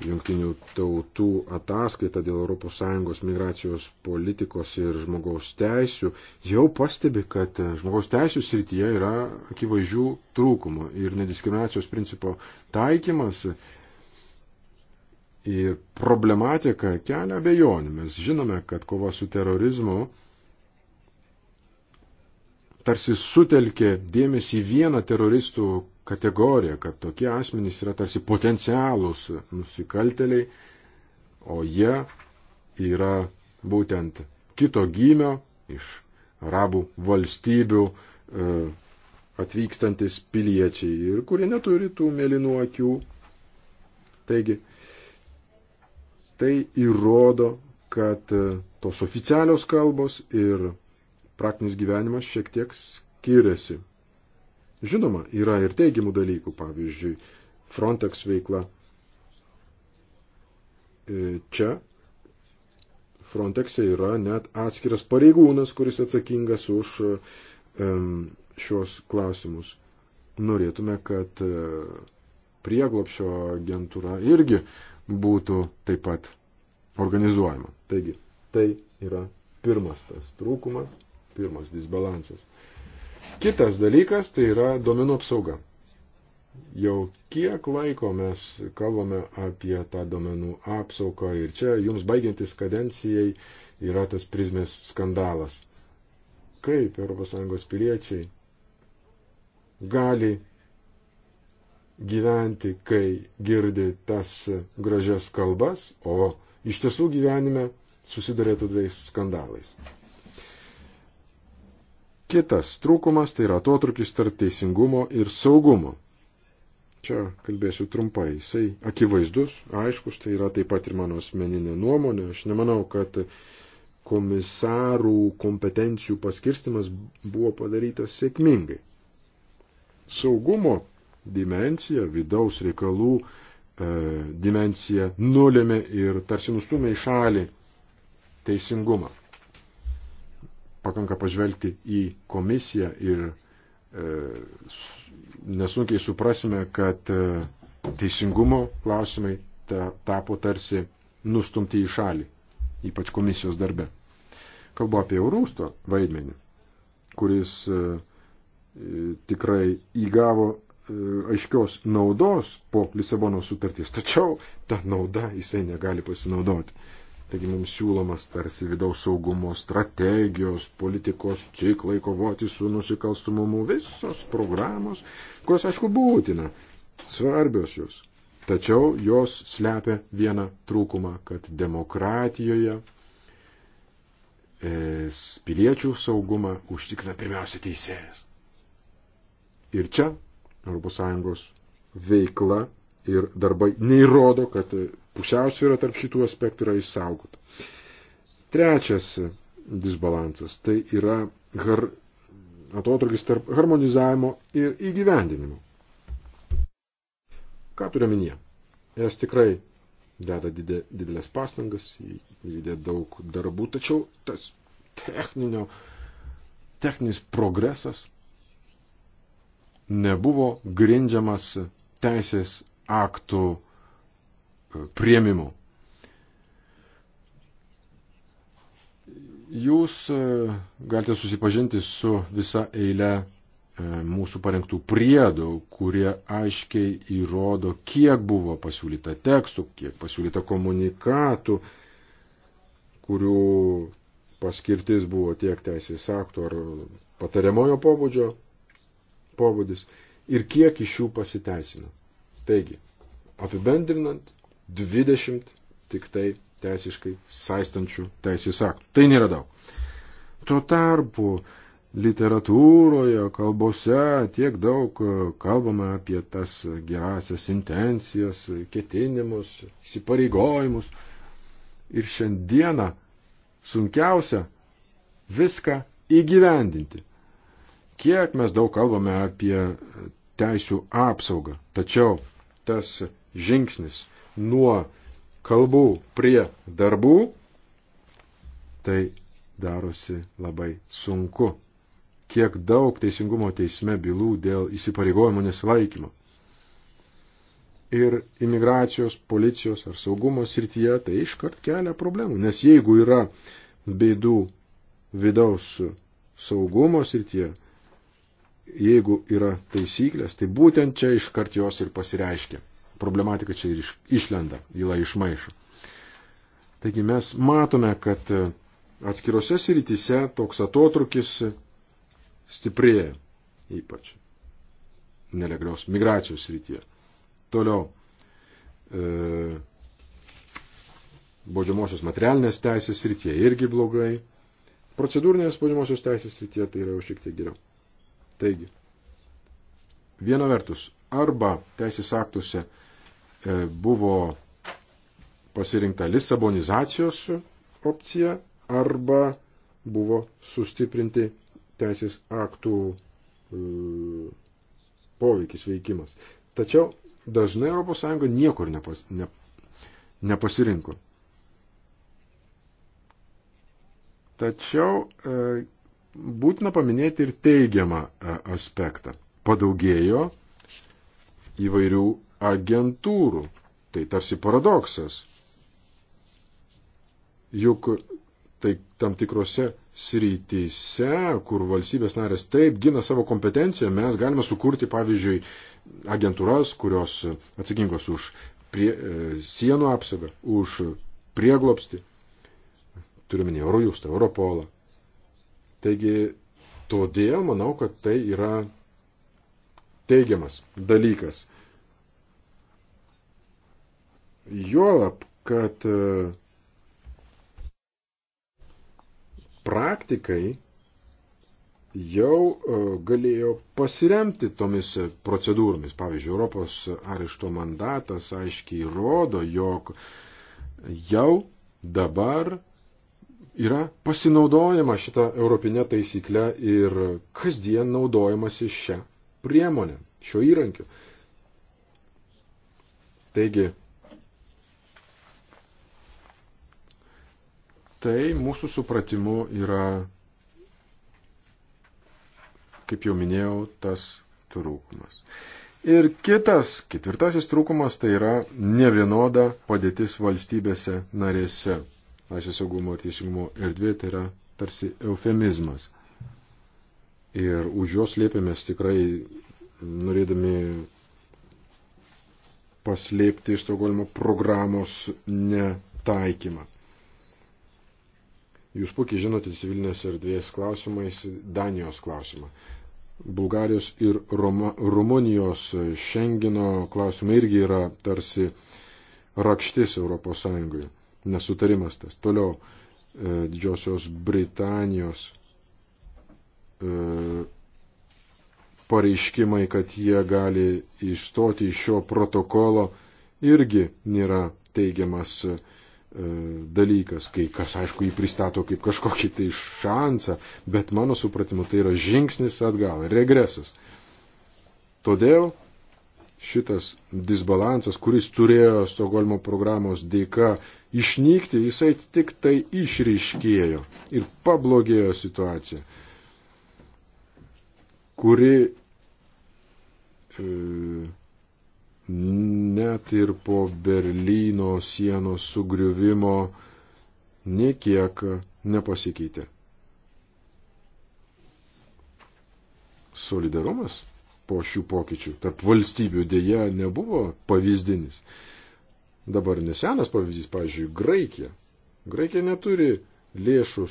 jungtinių tautų ataskaita dėl ES migracijos politikos ir žmogaus teisių jau pastebi, kad žmogaus teisių srityje yra akivaizdžių trūkumų ir nediskriminacijos principo taikymas ir problematika kelia abejonių. Mes žinome, kad kova su terorizmu tarsi sutelkė dėmesį vieną teroristų kategorija, kad tokie asmenys yra tarsi potencialūs nusikalteliai, o jie yra būtent kito gymio iš arabų valstybių e, atvykstantis piliečiai ir kurie neturi tų mėlynų akių. Taigi, tai įrodo, kad e, tos oficialios kalbos ir praktinis gyvenimas šiek tiek skiriasi. Žinoma, yra ir teigiamų dalykų, pavyzdžiui, Frontex veikla. E, čia Frontexe yra net atskiras pareigūnas, kuris atsakingas už šios klausimus. Norėtume, kad e, prieglopšio agentūra irgi būtų taip pat organizuojama. Taigi, tai yra pirmas tas trūkumas, pirmas disbalansas. Kitas dalykas tai yra domenų apsauga. Jau kiek laiko mes kalbame apie tą domenų apsaugą ir čia jums baigiantis kadencijai yra tas prizmės skandalas. Kaip ES piliečiai gali gyventi, kai girdi tas gražias kalbas, o iš tiesų gyvenime susiduria tokiais skandalais. Kitas trūkumas tai yra atotrukis tarp teisingumo ir saugumo. Čia kalbėsiu trumpai, jisai akivaizdus, aiškus, tai yra taip pat ir mano asmeninė nuomonė. Aš nemanau, kad komisarų kompetencijų paskirstimas buvo padarytas sėkmingai. Saugumo dimencija, vidaus reikalų e, dimencija nulėmė ir tarsi nustumė į šalį teisingumą pakanka pažvelgti į komisiją ir e, nesunkiai suprasime, kad e, teisingumo klausimai ta, tapo tarsi nustumti į šalį, ypač komisijos darbe. Kalbu apie Eurausto vaidmenį, kuris e, tikrai įgavo e, aiškios naudos po Lisabono sutarties, tačiau tą naudą jisai negali pasinaudoti. Taigi mums siūlomas tarsi vidaus saugumo strategijos, politikos ciklai kovoti su nusikalstumumu, visos programos, kurios aišku būtina, svarbios jos. Tačiau jos slepia vieną trūkumą, kad demokratijoje e, piliečių saugumą užtikrina pirmiausia teisėjas. Ir čia ES veikla ir darbai neįrodo, kad pusiausvyrą tarp šitų aspektų yra išsaugota. Trečias disbalansas tai yra har, atotrukis tarp harmonizavimo ir įgyvendinimo. Ką turiu minėje? Es tikrai deda didė, didelės pastangas, įdė daug darbų, tačiau tas techninio, techninis progresas nebuvo grindžiamas teisės aktų prieimimu. Jūs e, galite susipažinti su visa eile e, mūsų parengtų priedų, kurie aiškiai įrodo, kiek buvo pasiūlyta tekstų, kiek pasiūlyta komunikatų, kurių paskirtis buvo tiek teisės aktų ar patariamojo pobūdžio pobūdis ir kiek iš jų pasiteisino. Taigi, apibendrinant, 20 tik tai teisiškai saistančių teisės aktų. Tai nėra daug. Tuo tarpu literatūroje, kalbose tiek daug e, kalbama apie tas gerasias intencijas, ketinimus, įsipareigojimus. Ir šiandieną sunkiausia viską įgyvendinti. Kiek mes daug kalbame apie teisų apsaugą, tačiau tas žingsnis nuo kalbų prie darbų, tai darosi labai sunku. Kiek daug teisingumo teisme bylų dėl įsipareigojimų nesilaikymo. Ir imigracijos, policijos ar saugumo srityje tai iškart kelia problemų. Nes jeigu yra bėdų vidaus saugumo srityje, jeigu yra taisyklės, tai būtent čia iškart jos ir pasireiškia problematika čia ir išlenda, įla išmaišo. Taigi mes matome, kad atskirose srityse toks atotrukis stiprėja, ypač nelegalios migracijos srityje. Toliau, e, baudžiamosios materialinės teisės srityje irgi blogai. Procedūrinės baudžiamosios teisės srityje tai yra jau šiek tiek geriau. Taigi, viena vertus, arba teisės aktuose E, buvo pasirinkta Lisabonizacijos opcija arba buvo sustiprinti teisės aktų e, poveikis veikimas. Tačiau dažnai ES niekur nepas, ne, nepasirinko. Tačiau e, būtina paminėti ir teigiamą e, aspektą. Padaugėjo įvairių agentūrų. Tai tarsi paradoksas. Juk tai tam tikrose srityse, kur valstybės narės taip gina savo kompetenciją, mes galime sukurti, pavyzdžiui, agentūras, kurios atsakingos už prie, e, sienų apsaugą, už prieglopsti, turime ne Eurojustą, Europolą. Taigi, todėl manau, kad tai yra teigiamas dalykas. Juolab, kad e, praktikai jau e, galėjo pasiremti tomis procedūromis. Pavyzdžiui, Europos arešto mandatas aiškiai rodo, jog jau dabar yra pasinaudojama šita europinė taisyklė ir kasdien naudojamasi šią priemonę, šio įrankiu. Taigi, tai mūsų supratimu yra, kaip jau minėjau, tas trūkumas. Ir kitas, ketvirtasis trūkumas, tai yra nevienoda padėtis valstybėse narėse. Laisvės saugumo ir teisingumo erdvė tai yra tarsi eufemizmas. Ir už jos lėpėmės tikrai norėdami paslėpti Stokholmo programos netaikymą. Jūs puikiai žinote civilinės erdvės klausimais Danijos klausimą. Bulgarijos ir Roma, Rumunijos Šengino klausimai irgi yra tarsi rakštis Europos Sąjungoje. Nesutarimas tas. Toliau e, Didžiosios Britanijos e, pareiškimai, kad jie gali išstoti iš šio protokolo, irgi nėra teigiamas e, E, dalykas, kai kas, aišku, jį pristato kaip kažkokį tai šansą, bet mano supratimu tai yra žingsnis atgal, regresas. Todėl šitas disbalansas, kuris turėjo Stokholmo programos dėka išnykti, jisai tik tai išryškėjo ir pablogėjo situacija, kuri e, net ir po Berlyno sienos sugriuvimo niekiek nepasikeitė. Solidarumas po šių pokyčių tarp valstybių dėja nebuvo pavyzdinis. Dabar nesenas pavyzdys, pavyzdžiui, Graikija. Graikija neturi lėšų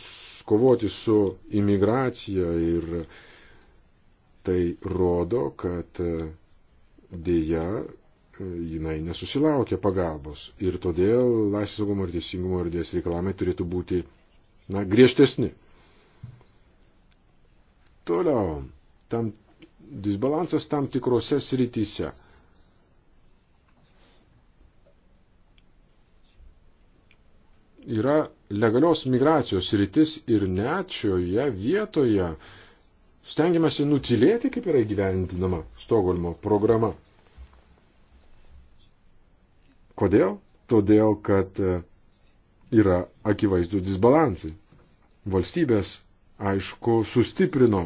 kovoti su imigracija ir tai rodo, kad dėja jinai nesusilaukia pagalbos. Ir todėl laisvės saugumo ir teisingumo erdvės reikalavimai turėtų būti na, griežtesni. Toliau, tam disbalansas tam tikrose srityse. Yra legalios migracijos sritis ir net šioje vietoje stengiamasi nutilėti, kaip yra įgyvendinama Stogolmo programa. Kodėl? Todėl, kad e, yra akivaizdų disbalansai. Valstybės, aišku, sustiprino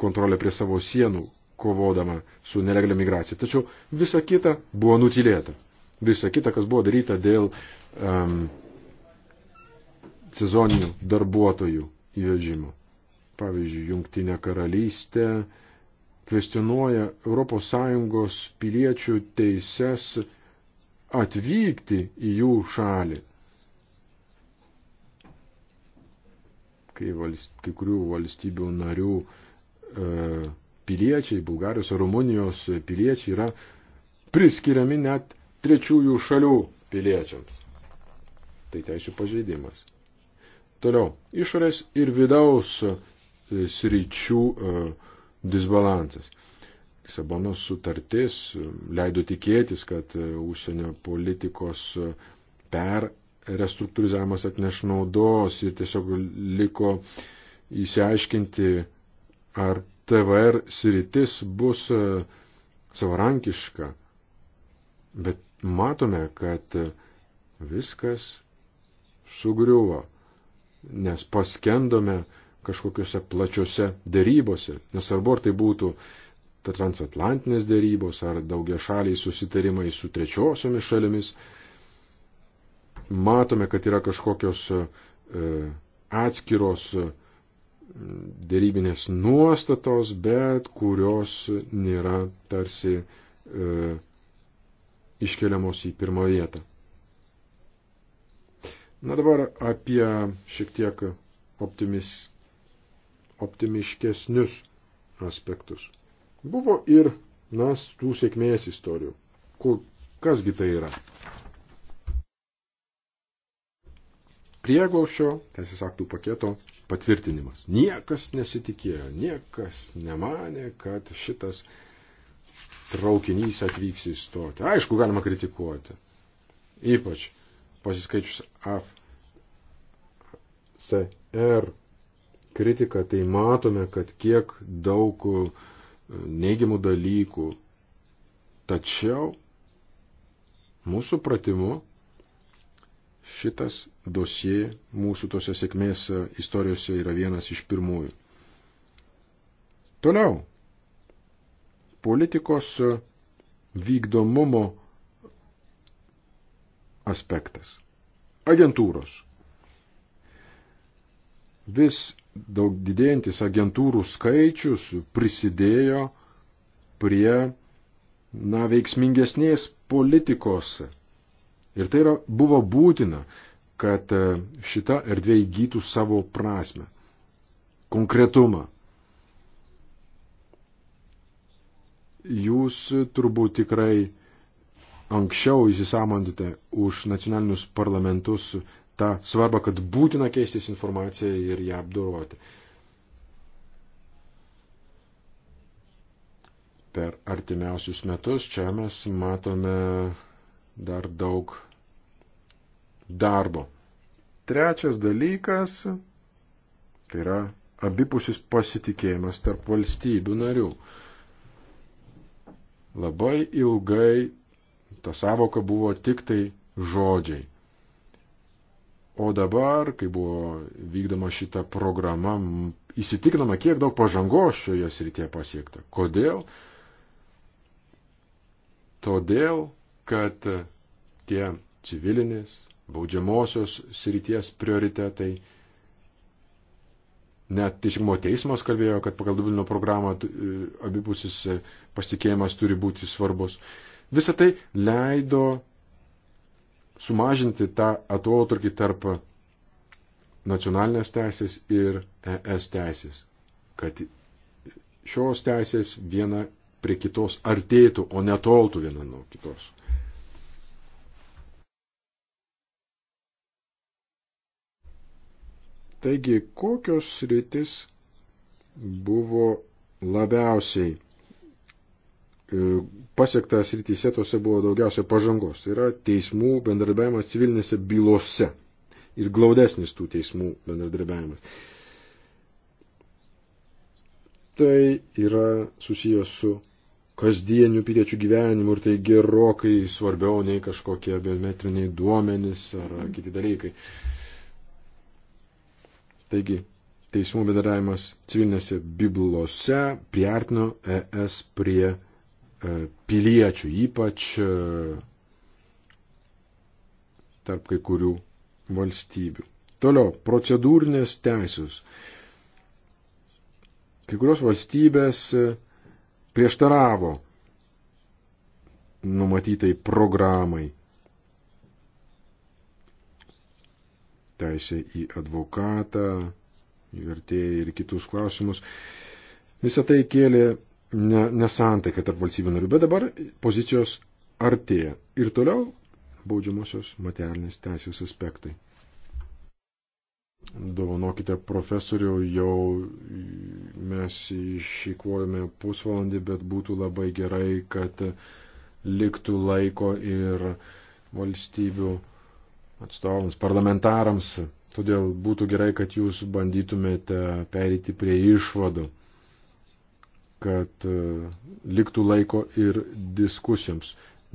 kontrolę prie savo sienų, kovodama su nelegalia migracija. Tačiau visa kita buvo nutilėta. Visa kita, kas buvo daryta dėl um, sezoninių darbuotojų įvežimo. Pavyzdžiui, Jungtinė karalystė kvestionuoja ES piliečių teises atvykti į jų šalį. Kai, valst, kai kurių valstybių narių e, piliečiai, Bulgarijos ar Rumunijos piliečiai yra priskiriami net trečiųjų šalių piliečiams. Tai teisų pažeidimas. Toliau, išorės ir vidaus e, sričių e, disbalansas. Lisabonos sutartis leido tikėtis, kad e, užsienio politikos e, per restruktūrizavimas atneš naudos ir tiesiog liko įsiaiškinti, ar TVR sritis bus e, savarankiška. Bet matome, kad viskas sugriuvo, nes paskendome kažkokiuose plačiuose dėrybose, nesvarbu ar tai būtų transatlantinės dėrybos ar daugia šaliai susitarimai su trečiosiomis šalimis, matome, kad yra kažkokios e, atskiros e, dėrybinės nuostatos, bet kurios nėra tarsi e, iškeliamos į pirmą vietą. Na dabar apie šiek tiek optimis, optimiškesnius aspektus. Buvo ir, na, tų sėkmės istorijų. Kasgi tai yra? Prieglaušio, teisės aktų paketo patvirtinimas. Niekas nesitikėjo, niekas nemanė, kad šitas traukinys atvyks į stotį. Aišku, galima kritikuoti. Ypač pasiskaičius AFCR kritiką, tai matome, kad kiek daug neigiamų dalykų. Tačiau mūsų pratimu šitas dosie mūsų tose sėkmės istorijose yra vienas iš pirmųjų. Toliau. Politikos vykdomumo aspektas. Agentūros. Vis daug didėjantis agentūrų skaičius prisidėjo prie, na, veiksmingesnės politikos. Ir tai yra, buvo būtina, kad e, šita erdvė įgytų savo prasme, konkretumą. Jūs turbūt tikrai anksčiau įsisamondote už nacionalinius parlamentus tą svarbą, kad būtina keistis informaciją ir ją apdoroti. Per artimiausius metus čia mes matome dar daug darbo. Trečias dalykas tai yra abipusis pasitikėjimas tarp valstybių narių. Labai ilgai ta savoka buvo tik tai žodžiai. O dabar, kai buvo vykdoma šita programa, įsitikinama, kiek daug pažangos šioje srityje pasiekta. Kodėl? Todėl, kad tie civilinis, baudžiamosios srities prioritetai, net teisingumo teismas kalbėjo, kad pagal Dublino programą e, abipusis pasitikėjimas turi būti svarbus. Visą tai leido sumažinti tą atotrukį tarp nacionalinės teisės ir ES teisės, kad šios teisės viena prie kitos artėtų, o netoltų viena nuo kitos. Taigi, kokios rytis buvo labiausiai E, pasiekta srityse tose buvo daugiausia pažangos. Tai yra teismų bendradarbiavimas civilinėse bylose ir glaudesnis tų teismų bendradarbiavimas. Tai yra susijęs su kasdieniu piliečių gyvenimu ir tai gerokai svarbiau nei kažkokie biometriniai duomenys ar kiti dalykai. Taigi, teismų bedaravimas civilinėse biblose priartino ES prie piliečių, ypač e, tarp kai kurių valstybių. Toliau, procedūrinės teisės. Kai kurios valstybės e, prieštaravo numatytai programai teisė į advokatą, į vertėją ir kitus klausimus. Visą tai kėlė ne, nesantaiką tarp valstybių narių, bet dabar pozicijos artėja. Ir toliau baudžiamosios materialinės teisės aspektai. Dovanokite, profesoriau, jau mes išikvojame pusvalandį, bet būtų labai gerai, kad liktų laiko ir valstybių atstovams, parlamentarams. Todėl būtų gerai, kad jūs bandytumėte perėti prie išvadų kad e, liktų laiko ir diskusijoms.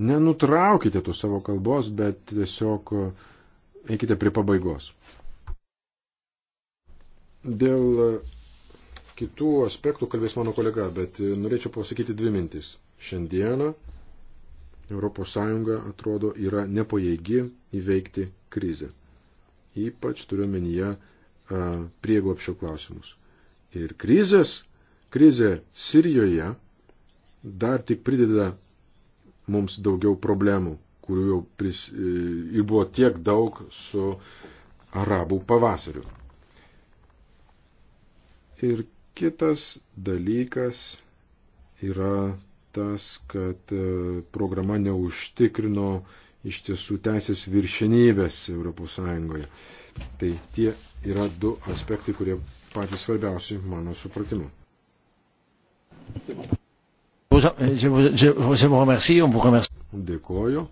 Nenutraukite tų savo kalbos, bet tiesiog e, eikite prie pabaigos. Dėl e, kitų aspektų kalbės mano kolega, bet norėčiau pasakyti dvi mintis. Šiandieną ES atrodo yra nepajėgi įveikti krizę. Ypač turiu menyje prieglopšio klausimus. Ir krizės Krizė Sirijoje dar tik prideda mums daugiau problemų, kurių jau pris, e, ir buvo tiek daug su arabų pavasariu. Ir kitas dalykas yra tas, kad e, programa neužtikrino iš tiesų teisės viršenybės ES. Tai tie yra du aspektai, kurie patys svarbiausi mano supratimu. Dėkoju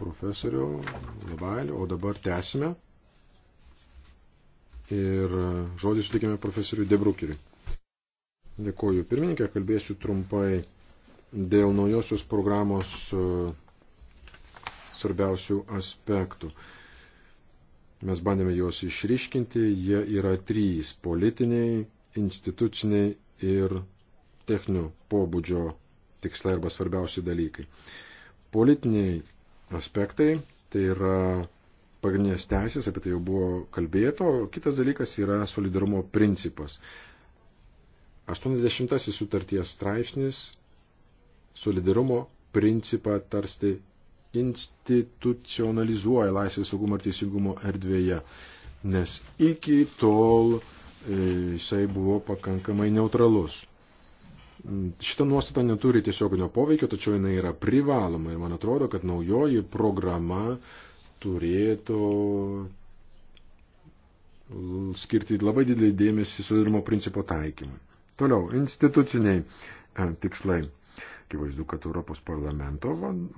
profesoriu Labailiu, o dabar tęsime. Ir e, žodį sutikime profesoriui Debrukeriui. Dėkoju pirmininkė, kalbėsiu trumpai dėl naujosios programos e, svarbiausių aspektų. Mes bandėme juos išryškinti, jie yra trys - politiniai, instituciniai ir techninio pobūdžio tikslai arba svarbiausi dalykai. Politiniai aspektai, tai yra pagrindinės teisės, apie tai jau buvo kalbėto, kitas dalykas yra solidarumo principas. 80 sutarties straipsnis solidarumo principą tarsti institucionalizuoja laisvės saugumo ir teisingumo erdvėje, nes iki tol e, jisai buvo pakankamai neutralus. Šita nuostata neturi tiesioginio poveikio, tačiau jinai yra privaloma ir man atrodo, kad naujoji programa turėtų skirti labai didelį dėmesį solidarumo principo taikymui. Toliau, instituciniai e, tikslai. Akivaizdu, kad Europos parlamento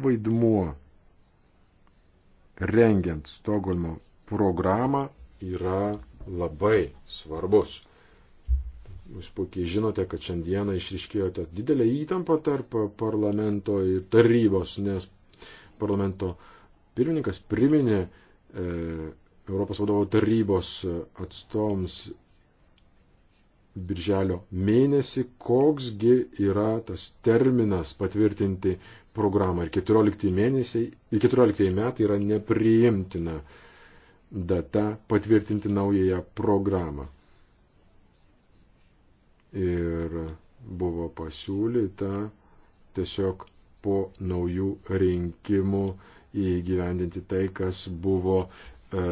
vaidmuo rengiant Stogolmo programą yra labai svarbus. Jūs puikiai žinote, kad šiandieną išriškėjote didelę įtampą tarp parlamento ir tarybos, nes parlamento pirmininkas priminė e, Europos vadovo tarybos atstovams birželio mėnesį, koksgi yra tas terminas patvirtinti programą. Ir 14, mėnesiai, ir 14 metai yra nepriimtina data patvirtinti naująją programą ir buvo pasiūlyta tiesiog po naujų rinkimų įgyvendinti tai, kas buvo e,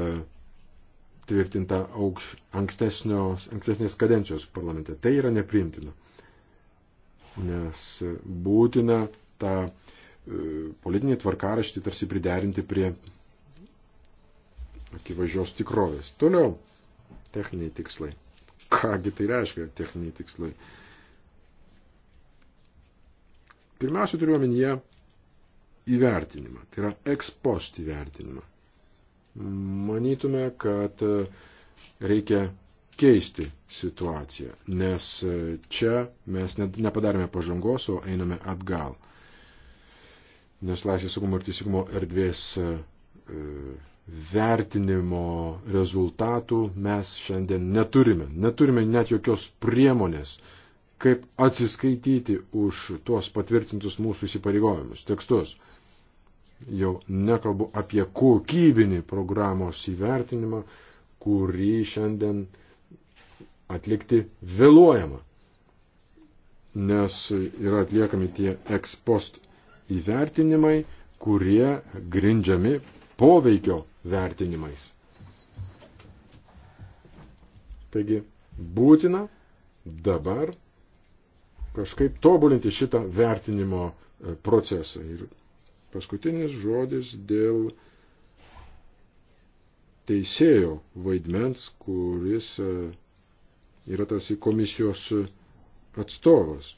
tvirtinta aukš, ankstesnės kadencijos parlamente. Tai yra nepriimtina, nes būtina tą e, politinį tvarkaraštį tarsi priderinti prie akivaizdžios tikrovės. Toliau techniniai tikslai kągi tai reiškia techniniai tikslai. Pirmiausia, turiu omenyje įvertinimą, tai yra ekspost įvertinimą. Manytume, kad e, reikia keisti situaciją, nes e, čia mes nepadarėme pažangos, o einame atgal. Nes laisvės saugumo ir teisingumo erdvės e, vertinimo rezultatų mes šiandien neturime. Neturime net jokios priemonės, kaip atsiskaityti už tuos patvirtintus mūsų įsipareigojimus, tekstus. Jau nekalbu apie kokybinį programos įvertinimą, kurį šiandien atlikti vėluojama, nes yra atliekami tie ekspost įvertinimai, kurie grindžiami poveikio vertinimais. Taigi būtina dabar kažkaip tobulinti šitą vertinimo e, procesą. Ir paskutinis žodis dėl teisėjo vaidmens, kuris e, yra tas komisijos atstovas.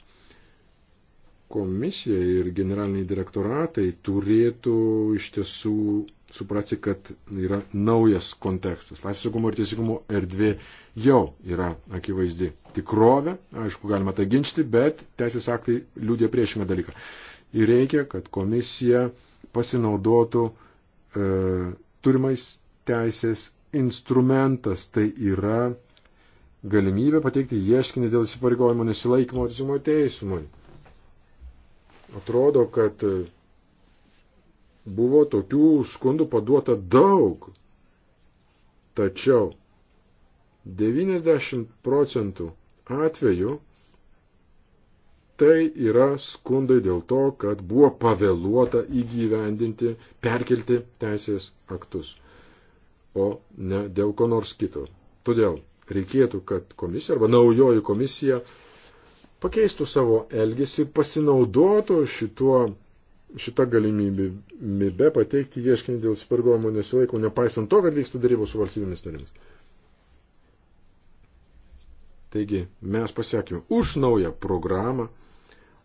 Komisija ir generaliniai direktoratai turėtų iš tiesų suprasti, kad yra naujas kontekstas. Laisvės saugumo ir teisingumo erdvė jau yra akivaizdi tikrovė, aišku, galima tai ginčyti, bet teisės aktai liūdė priešingą dalyką. Ir reikia, kad komisija pasinaudotų e, turimais teisės instrumentas, tai yra galimybė pateikti ieškinį dėl įsipareigojimo nesilaikymo teisingumo teismui. Atrodo, kad buvo tokių skundų paduota daug. Tačiau 90 procentų atveju tai yra skundai dėl to, kad buvo pavėluota įgyvendinti, perkelti teisės aktus, o ne dėl ko nors kito. Todėl reikėtų, kad komisija arba naujoji komisija pakeistų savo elgesį, pasinaudotų šituo šita galimybė pateikti ieškinį dėl įsipareigojimų nesilaiko, nepaisant to, kad vyksta darybos su valstybėmis narėmis. Taigi, mes pasiekime už naują programą,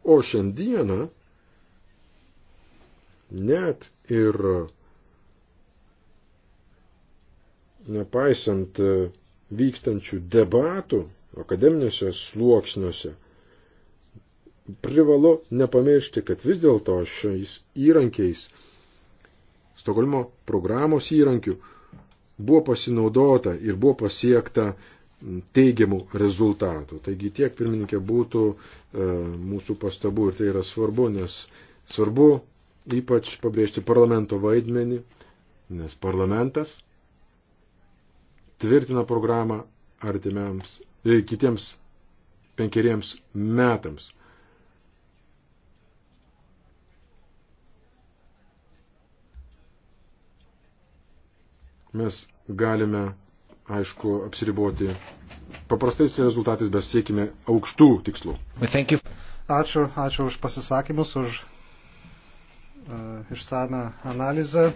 o šiandieną net ir nepaisant vykstančių debatų akademiniuose sluoksniuose, privalu nepamiršti, kad vis dėlto šiais įrankiais, Stokholmo programos įrankių, buvo pasinaudota ir buvo pasiekta teigiamų rezultatų. Taigi tiek, pirmininkė, būtų e, mūsų pastabų ir tai yra svarbu, nes svarbu ypač pabrėžti parlamento vaidmenį, nes parlamentas tvirtina programą artimiams, e, kitiems penkeriems metams. Mes galime, aišku, apsiriboti paprastais rezultatais, bet siekime aukštų tikslų. Ačiū, ačiū už pasisakymus, už uh, išsame analizę,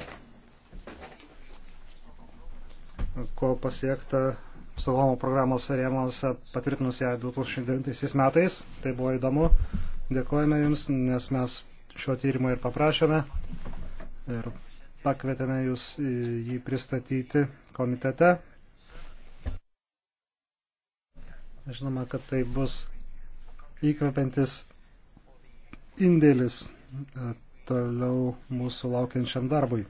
ko pasiekta Stokholmo programos rėmose patvirtinus ją 2009 metais. Tai buvo įdomu. Dėkojame Jums, nes mes šio tyrimo ir paprašėme. Ir pakvietėme jūs e, jį pristatyti komitete. Žinoma, kad tai bus įkvepiantis indėlis e, toliau mūsų laukiančiam darbui.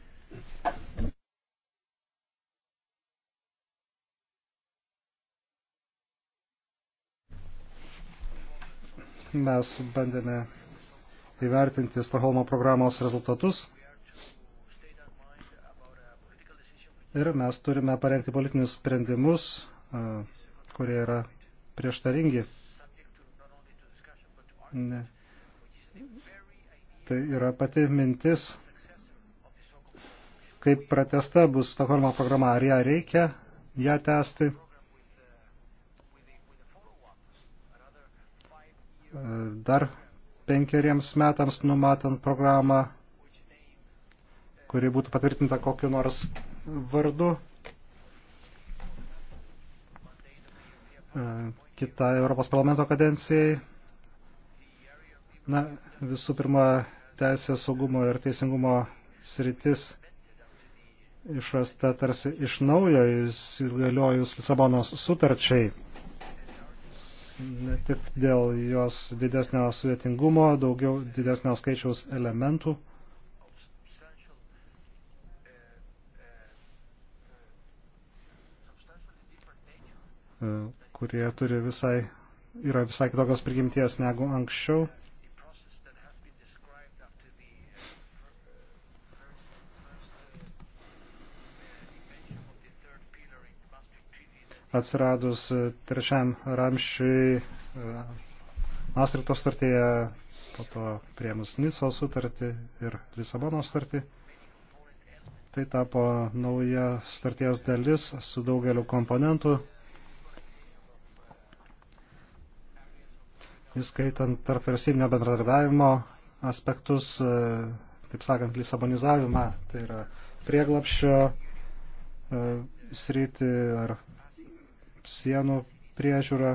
Mes bandėme įvertinti Stokholmo programos rezultatus ir mes turime parengti politinius sprendimus, kurie yra prieštaringi. Ne. Tai yra pati mintis, kaip pratesta bus Stokholmo programa, ar ją reikia ją tęsti. Dar penkeriems metams numatant programą, kuri būtų patvirtinta kokiu nors vardu e, kitai Europos parlamento kadencijai. Na, visų pirma, teisės saugumo ir teisingumo sritis išrasta tarsi iš naujo įsigaliojus Lisabonos sutarčiai. Ne tik dėl jos didesnio sudėtingumo, daugiau didesnio skaičiaus elementų. E, kurie turi visai, yra visai kitokios prigimties negu anksčiau. Atsiradus trečiam ramšiui e, Mastrito startėje, po to priemus Niso sutartį ir Lisabono sutartį. Tai tapo nauja starties dalis su daugeliu komponentų įskaitant tarp versinio bendradarbiavimo aspektus, e, taip sakant, lisabonizavimą, tai yra prieglapščio e, sritį ar sienų priežiūrą.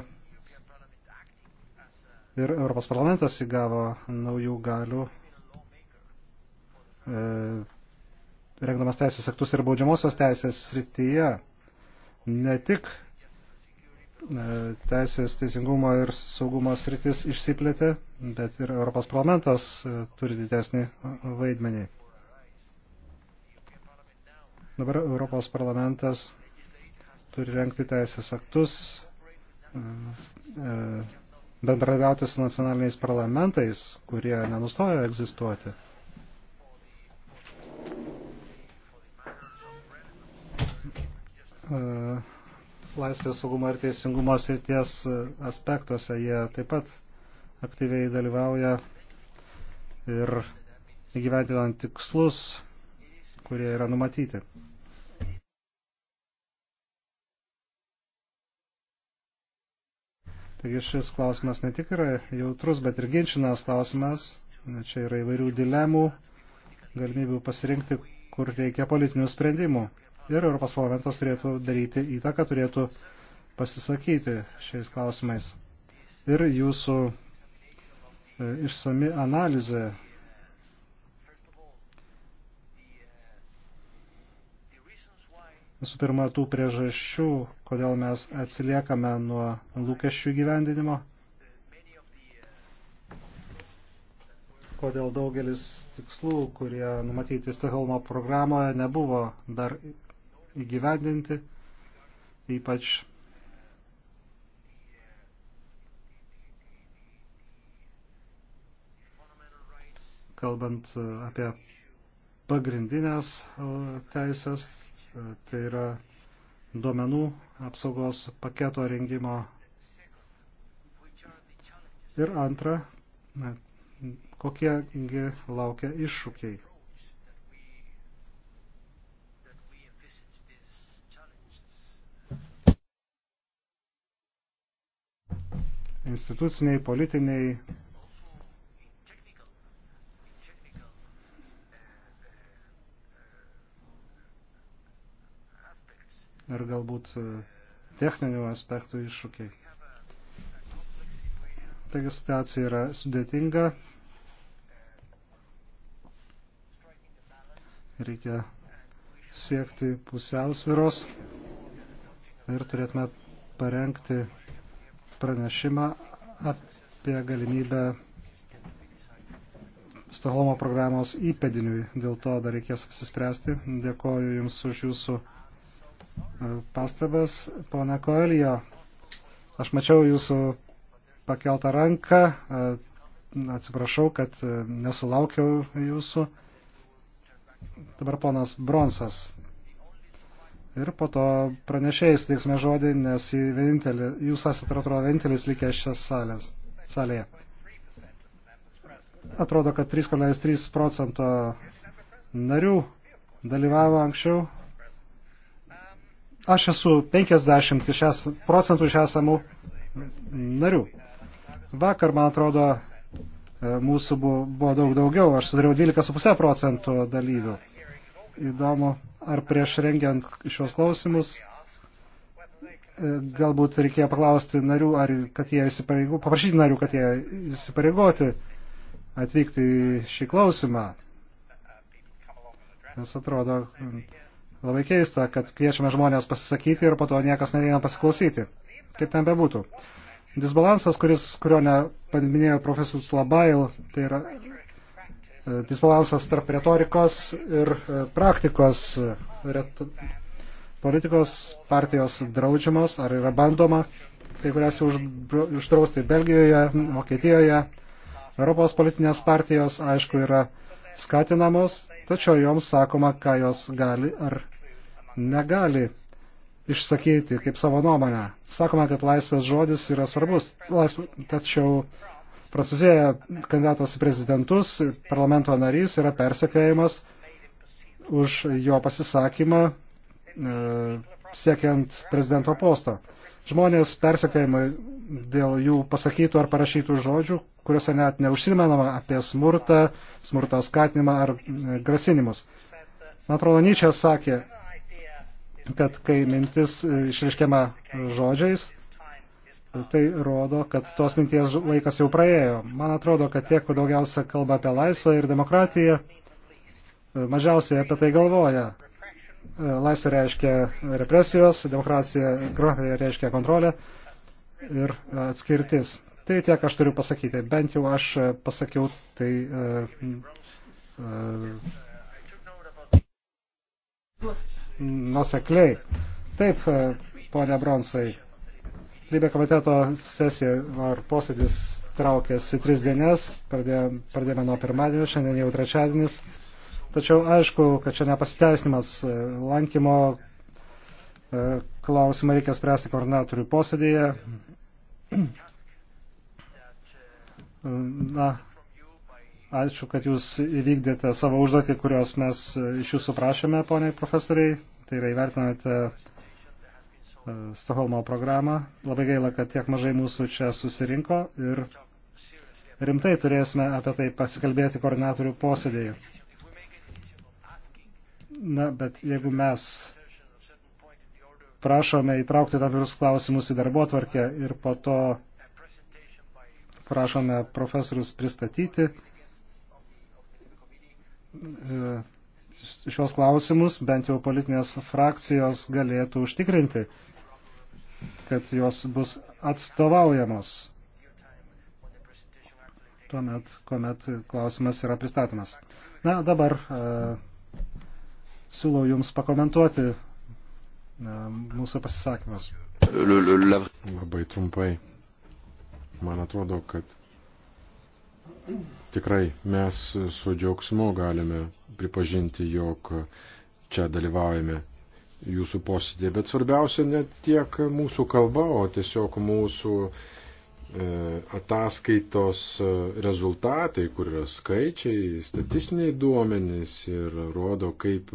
Ir Europos parlamentas įgavo naujų galių, e, rengdamas teisės aktus ir baudžiamosios teisės srityje, ne tik E, teisės, teisingumo ir saugumo sritis išsiplėtė, bet ir Europos parlamentas e, turi didesnį vaidmenį. Dabar Europos parlamentas turi renkti teisės aktus, e, bendradauti su nacionaliniais parlamentais, kurie nenustoja egzistuoti. Uh, laisvės saugumo ir teisingumo srities aspektuose. Jie taip pat aktyviai dalyvauja ir įgyventinant tikslus, kurie yra numatyti. Taigi šis klausimas ne tik yra jautrus, bet ir ginčinas klausimas. Čia yra įvairių dilemų, galimybių pasirinkti, kur reikia politinių sprendimų ir Europos parlamentas turėtų daryti įtaką, turėtų pasisakyti šiais klausimais. Ir jūsų e, išsami analizė. Visų pirma, tų priežasčių, kodėl mes atsiliekame nuo lūkesčių gyvendinimo, kodėl daugelis tikslų, kurie numatyti Stokholmo programoje, nebuvo dar įgyvendinti, ypač kalbant e, apie pagrindinės e, teisės, e, tai yra duomenų apsaugos paketo rengimo. Ir antra, kokiegi laukia iššūkiai. instituciniai, politiniai. Ir galbūt e, techninių aspektų iššūkiai. Taigi situacija yra sudėtinga. Reikia siekti pusiausviros ir turėtume parengti pranešimą apie galimybę Stokholmo programos įpėdiniui. Dėl to dar reikės apsispręsti. Dėkoju Jums už Jūsų e, pastabas. Pone Koelijo, aš mačiau Jūsų pakeltą ranką. E, atsiprašau, kad e, nesulaukiau Jūsų. Dabar ponas Bronsas ir po to pranešėjais teiksime žodį, nes jūs esate, atrodo, vienintelis likęs šias salės, salėje. Atrodo, kad 3,3 procento narių dalyvavo anksčiau. Aš esu 50 šias, procentų iš esamų narių. Vakar, man atrodo, e, mūsų buvo, buvo daug daugiau, aš sudariau 12,5 procentų dalyvių įdomu, ar prieš rengiant šios klausimus e, galbūt reikėjo paklausti narių, ar kad jie įsipareigo, paprašyti narių, kad jie įsipareigoti atvykti į šį klausimą. Nes atrodo labai keista, kad kviečiame žmonės pasisakyti ir po to niekas neina pasiklausyti. Kaip ten bebūtų. Disbalansas, kuris, kurio nepaminėjo profesorius Labail, tai yra E, disbalansas tarp retorikos ir e, praktikos ret... politikos partijos draudžiamos ar yra bandoma kai kurias už... uždrausti Belgijoje, Vokietijoje. Europos politinės partijos, aišku, yra skatinamos, tačiau joms sakoma, ką jos gali ar negali išsakyti kaip savo nuomonę. Sakoma, kad laisvės žodis yra svarbus, laisvė, tačiau Prancūzijoje kandidatas į prezidentus, parlamento narys yra persekiojamas už jo pasisakymą e, siekiant prezidento posto. Žmonės persekiojama dėl jų pasakytų ar parašytų žodžių, kuriuose net neužsimenama apie smurtą, smurto skatinimą ar e, grasinimus. Man atrodo, Nyčia sakė, kad kai mintis e, išriškiama žodžiais, tai rodo, kad tos minties laikas jau praėjo. Man atrodo, kad tie, kur daugiausia kalba apie laisvę ir demokratiją, mažiausiai apie tai galvoja. Laisvė reiškia represijos, demokratija reiškia kontrolę ir atskirtis. Tai tiek aš turiu pasakyti. Bent jau aš pasakiau tai. Uh, e, uh, e, nusekliai. Taip, e, ponia Bronsai. Lybė komiteto sesija ar posėdis traukėsi tris dienas, pradėjome, pradėjome nuo pirmadienio, šiandien jau trečiadienis. Tačiau aišku, kad čia nepasiteisnimas e, lankymo e, klausimą reikia spręsti koordinatorių posėdėje. Na, ačiū, kad jūs įvykdėte savo užduotį, kurios mes e, iš jūsų prašėme, poniai profesoriai. Tai yra įvertinate E, Stokholmo programą. Labai gaila, kad tiek mažai mūsų čia susirinko ir rimtai turėsime apie tai pasikalbėti koordinatorių posėdėje. Na, bet jeigu mes prašome įtraukti tam tikrus klausimus į darbo tvarkę ir po to prašome profesorius pristatyti e, šios klausimus, bent jau politinės frakcijos galėtų užtikrinti kad jos bus atstovaujamos tuomet, kuomet klausimas yra pristatomas. Na, dabar e, siūlau Jums pakomentuoti e, mūsų pasisakymus. Labai trumpai. Man atrodo, kad tikrai mes su džiaugsmu galime pripažinti, jog čia dalyvaujame jūsų posėdė. Bet svarbiausia ne tiek mūsų kalba, o tiesiog mūsų e, ataskaitos e, rezultatai, kur yra skaičiai, statistiniai duomenys ir rodo, kaip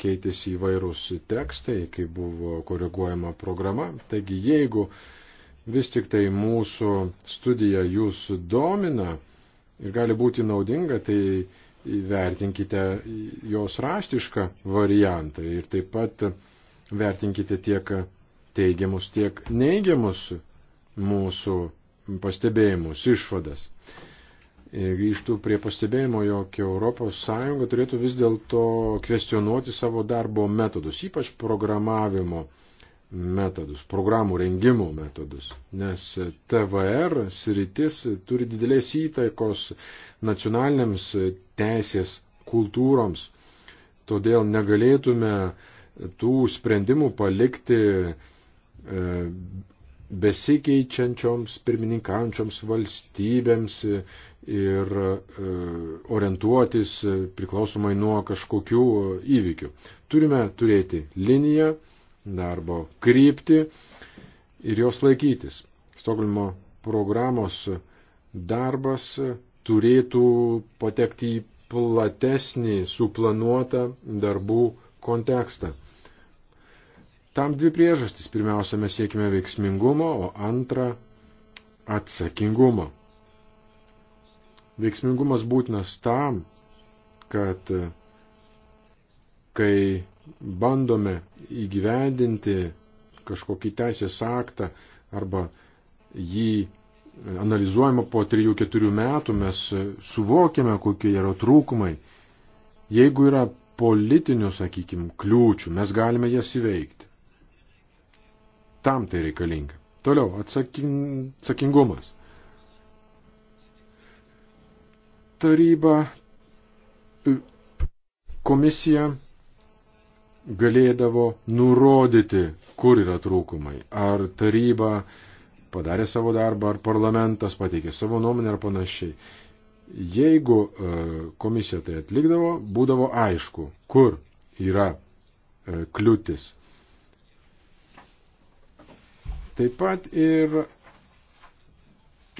keitėsi įvairūs tekstai, kaip buvo koreguojama programa. Taigi, jeigu vis tik tai mūsų studija jūs domina ir gali būti naudinga, tai įvertinkite jos raštišką variantą ir taip pat vertinkite tiek teigiamus, tiek neigiamus mūsų pastebėjimus, išvadas. Ir grįžtų prie pastebėjimo, jog ES turėtų vis dėlto kvestionuoti savo darbo metodus, ypač programavimo metodus, programų rengimo metodus, nes TVR sritis turi didelės įtaikos nacionaliniams teisės kultūroms. Todėl negalėtume tų sprendimų palikti e, besikeičiančioms pirmininkančioms valstybėms ir e, orientuotis priklausomai nuo kažkokių įvykių. Turime turėti liniją, darbo kryptį ir jos laikytis. Stokholmo programos darbas turėtų patekti į platesnį suplanuotą darbų kontekstą. Tam dvi priežastys. Pirmiausia, mes siekime veiksmingumo, o antra - atsakingumo. Veiksmingumas būtinas tam, kad kai bandome įgyvendinti kažkokį teisės aktą arba jį analizuojama po 3-4 metų, mes suvokiame, kokie yra trūkumai. Jeigu yra politinių, sakykime, kliūčių, mes galime jas įveikti. Tam tai reikalinga. Toliau, atsakin, atsakingumas. Taryba, komisija galėdavo nurodyti, kur yra trūkumai. Ar taryba padarė savo darbą, ar parlamentas pateikė savo nuomonę ar panašiai. Jeigu e, komisija tai atlikdavo, būdavo aišku, kur yra e, kliūtis. Taip pat ir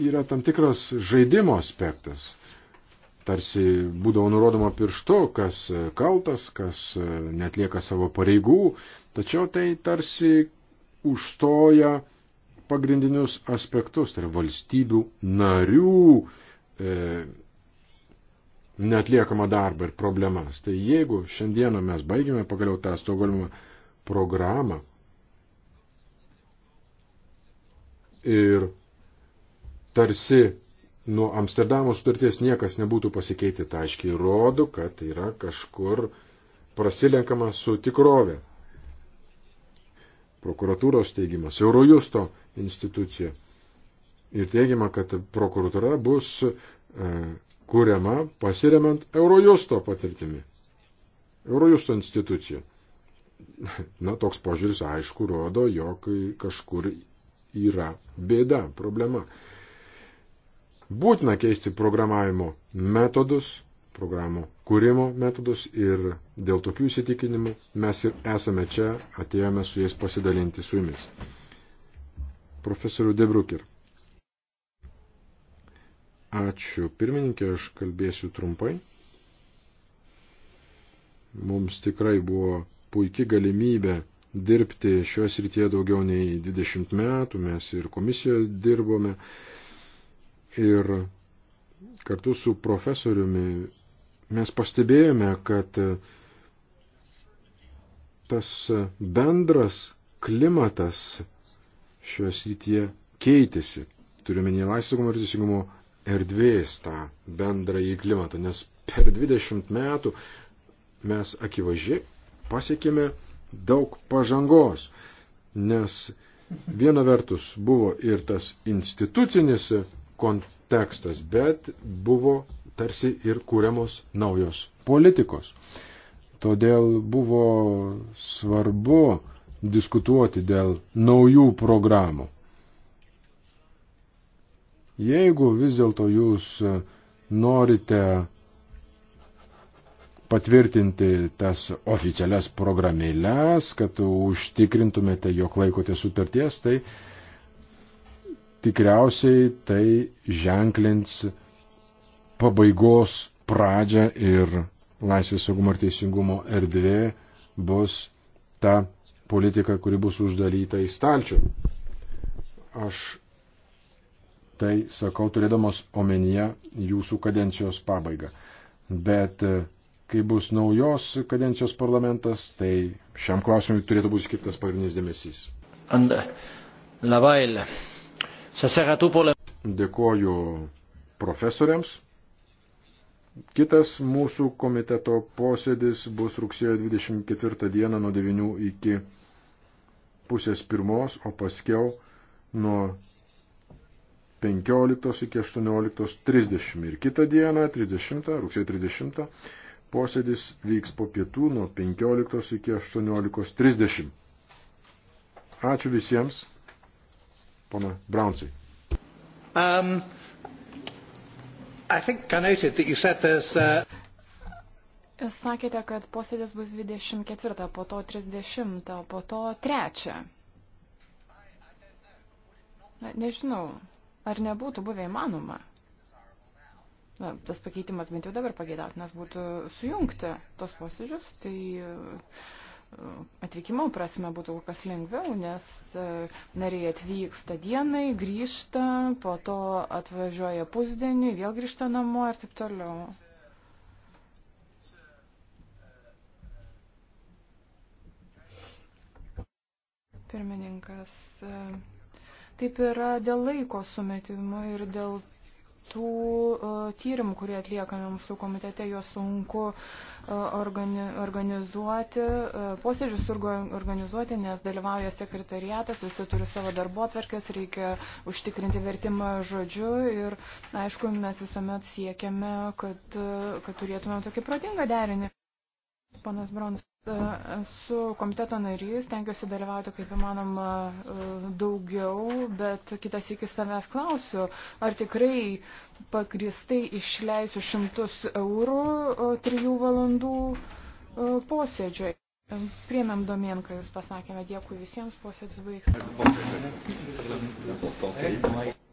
yra tam tikras žaidimo aspektas tarsi būdavo nurodoma pirštu, kas kaltas, kas netlieka savo pareigų, tačiau tai tarsi užstoja pagrindinius aspektus, tai yra valstybių narių e, netliekama darba ir problemas. Tai jeigu šiandieną mes baigėme pagaliau tą Stokholmo programą ir tarsi nuo Amsterdamo sutarties niekas nebūtų pasikeitę, tai aiškiai rodo, kad yra kažkur prasilenkama su tikrovė. Prokuratūros teigimas, Eurojusto institucija. Ir teigiama, kad prokuratūra bus e, kuriama pasiremant Eurojusto patirtimi. Eurojusto institucija. Na, toks požiūris aišku rodo, jog kažkur yra bėda, problema. Būtina keisti programavimo metodus, programų kūrimo metodus ir dėl tokių įsitikinimų mes ir esame čia, atėjome su jais pasidalinti su jumis. Profesorių Debrukir. Ačiū pirmininkė, aš kalbėsiu trumpai. Mums tikrai buvo puikia galimybė dirbti šios rytie daugiau nei 20 metų, mes ir komisijoje dirbome. Ir kartu su profesoriumi mes pastebėjome, kad tas bendras klimatas šioje srityje keitėsi. Turiuomenį laisvumo ir teisingumo erdvės tą bendrąjį klimatą, nes per 20 metų mes akivaizdžiai pasiekėme daug pažangos, nes viena vertus buvo ir tas institucinis kontekstas, bet buvo tarsi ir kūriamos naujos politikos. Todėl buvo svarbu diskutuoti dėl naujų programų. Jeigu vis dėlto jūs norite patvirtinti tas oficialias programėlės, kad užtikrintumėte, jog laikote sutarties, tai uh, tikriausiai tai ženklins pabaigos pradžią ir laisvės saugumo ir teisingumo erdvė bus ta politika, kuri bus uždaryta į stalčių. Aš tai sakau turėdamas omenyje jūsų kadencijos pabaigą. Bet e, kai bus naujos kadencijos parlamentas, tai šiam klausimui turėtų būti skirtas pagrindinis dėmesys. And, uh, Dėkoju profesoriams. Kitas mūsų komiteto posėdis bus rugsėjo 24 dieną nuo 9 iki pusės pirmos, o paskiau nuo 15 iki 18.30 ir kitą dieną, 30, rugsėjo 30, posėdis vyks po pietų nuo 15 iki 18.30. Ačiū visiems. Pana Braunsai. Um, I think I noted that you said there's uh... Sakėte, kad posėdis bus 24, po to 30, po to 3. Na, nežinau, ar nebūtų buvę įmanoma. Na, tas pakeitimas bent jau dabar pageidautinas būtų sujungti tos posėdžius, tai atvykimo prasme būtų kur kas lengviau, nes e, nariai atvyksta dienai, grįžta, po to atvažiuoja pusdienį, vėl grįžta namo ir taip toliau. Pirmininkas. E, taip yra dėl laiko sumetimų ir dėl tų e, tyrimų, kurie atliekami mūsų komitete, juos sunku e, organi organizuoti, e, posėdžius organizuoti, nes dalyvauja sekretariatas, visi turi savo darbo atverkės, reikia užtikrinti vertimą žodžiu ir, aišku, mes visuomet siekiame, kad, kad turėtume tokį protingą derinį. Panas Brons, e, esu komiteto narys, tenkiuosi dalyvauti kaip įmanoma e, daugiau, bet kitas iki savęs klausiu, ar tikrai pagristai išleisiu šimtus eurų e, trijų valandų posėdžiui. Priemėm domien, ką Jūs pasakėme. Dėkui visiems, posėdis baigtas.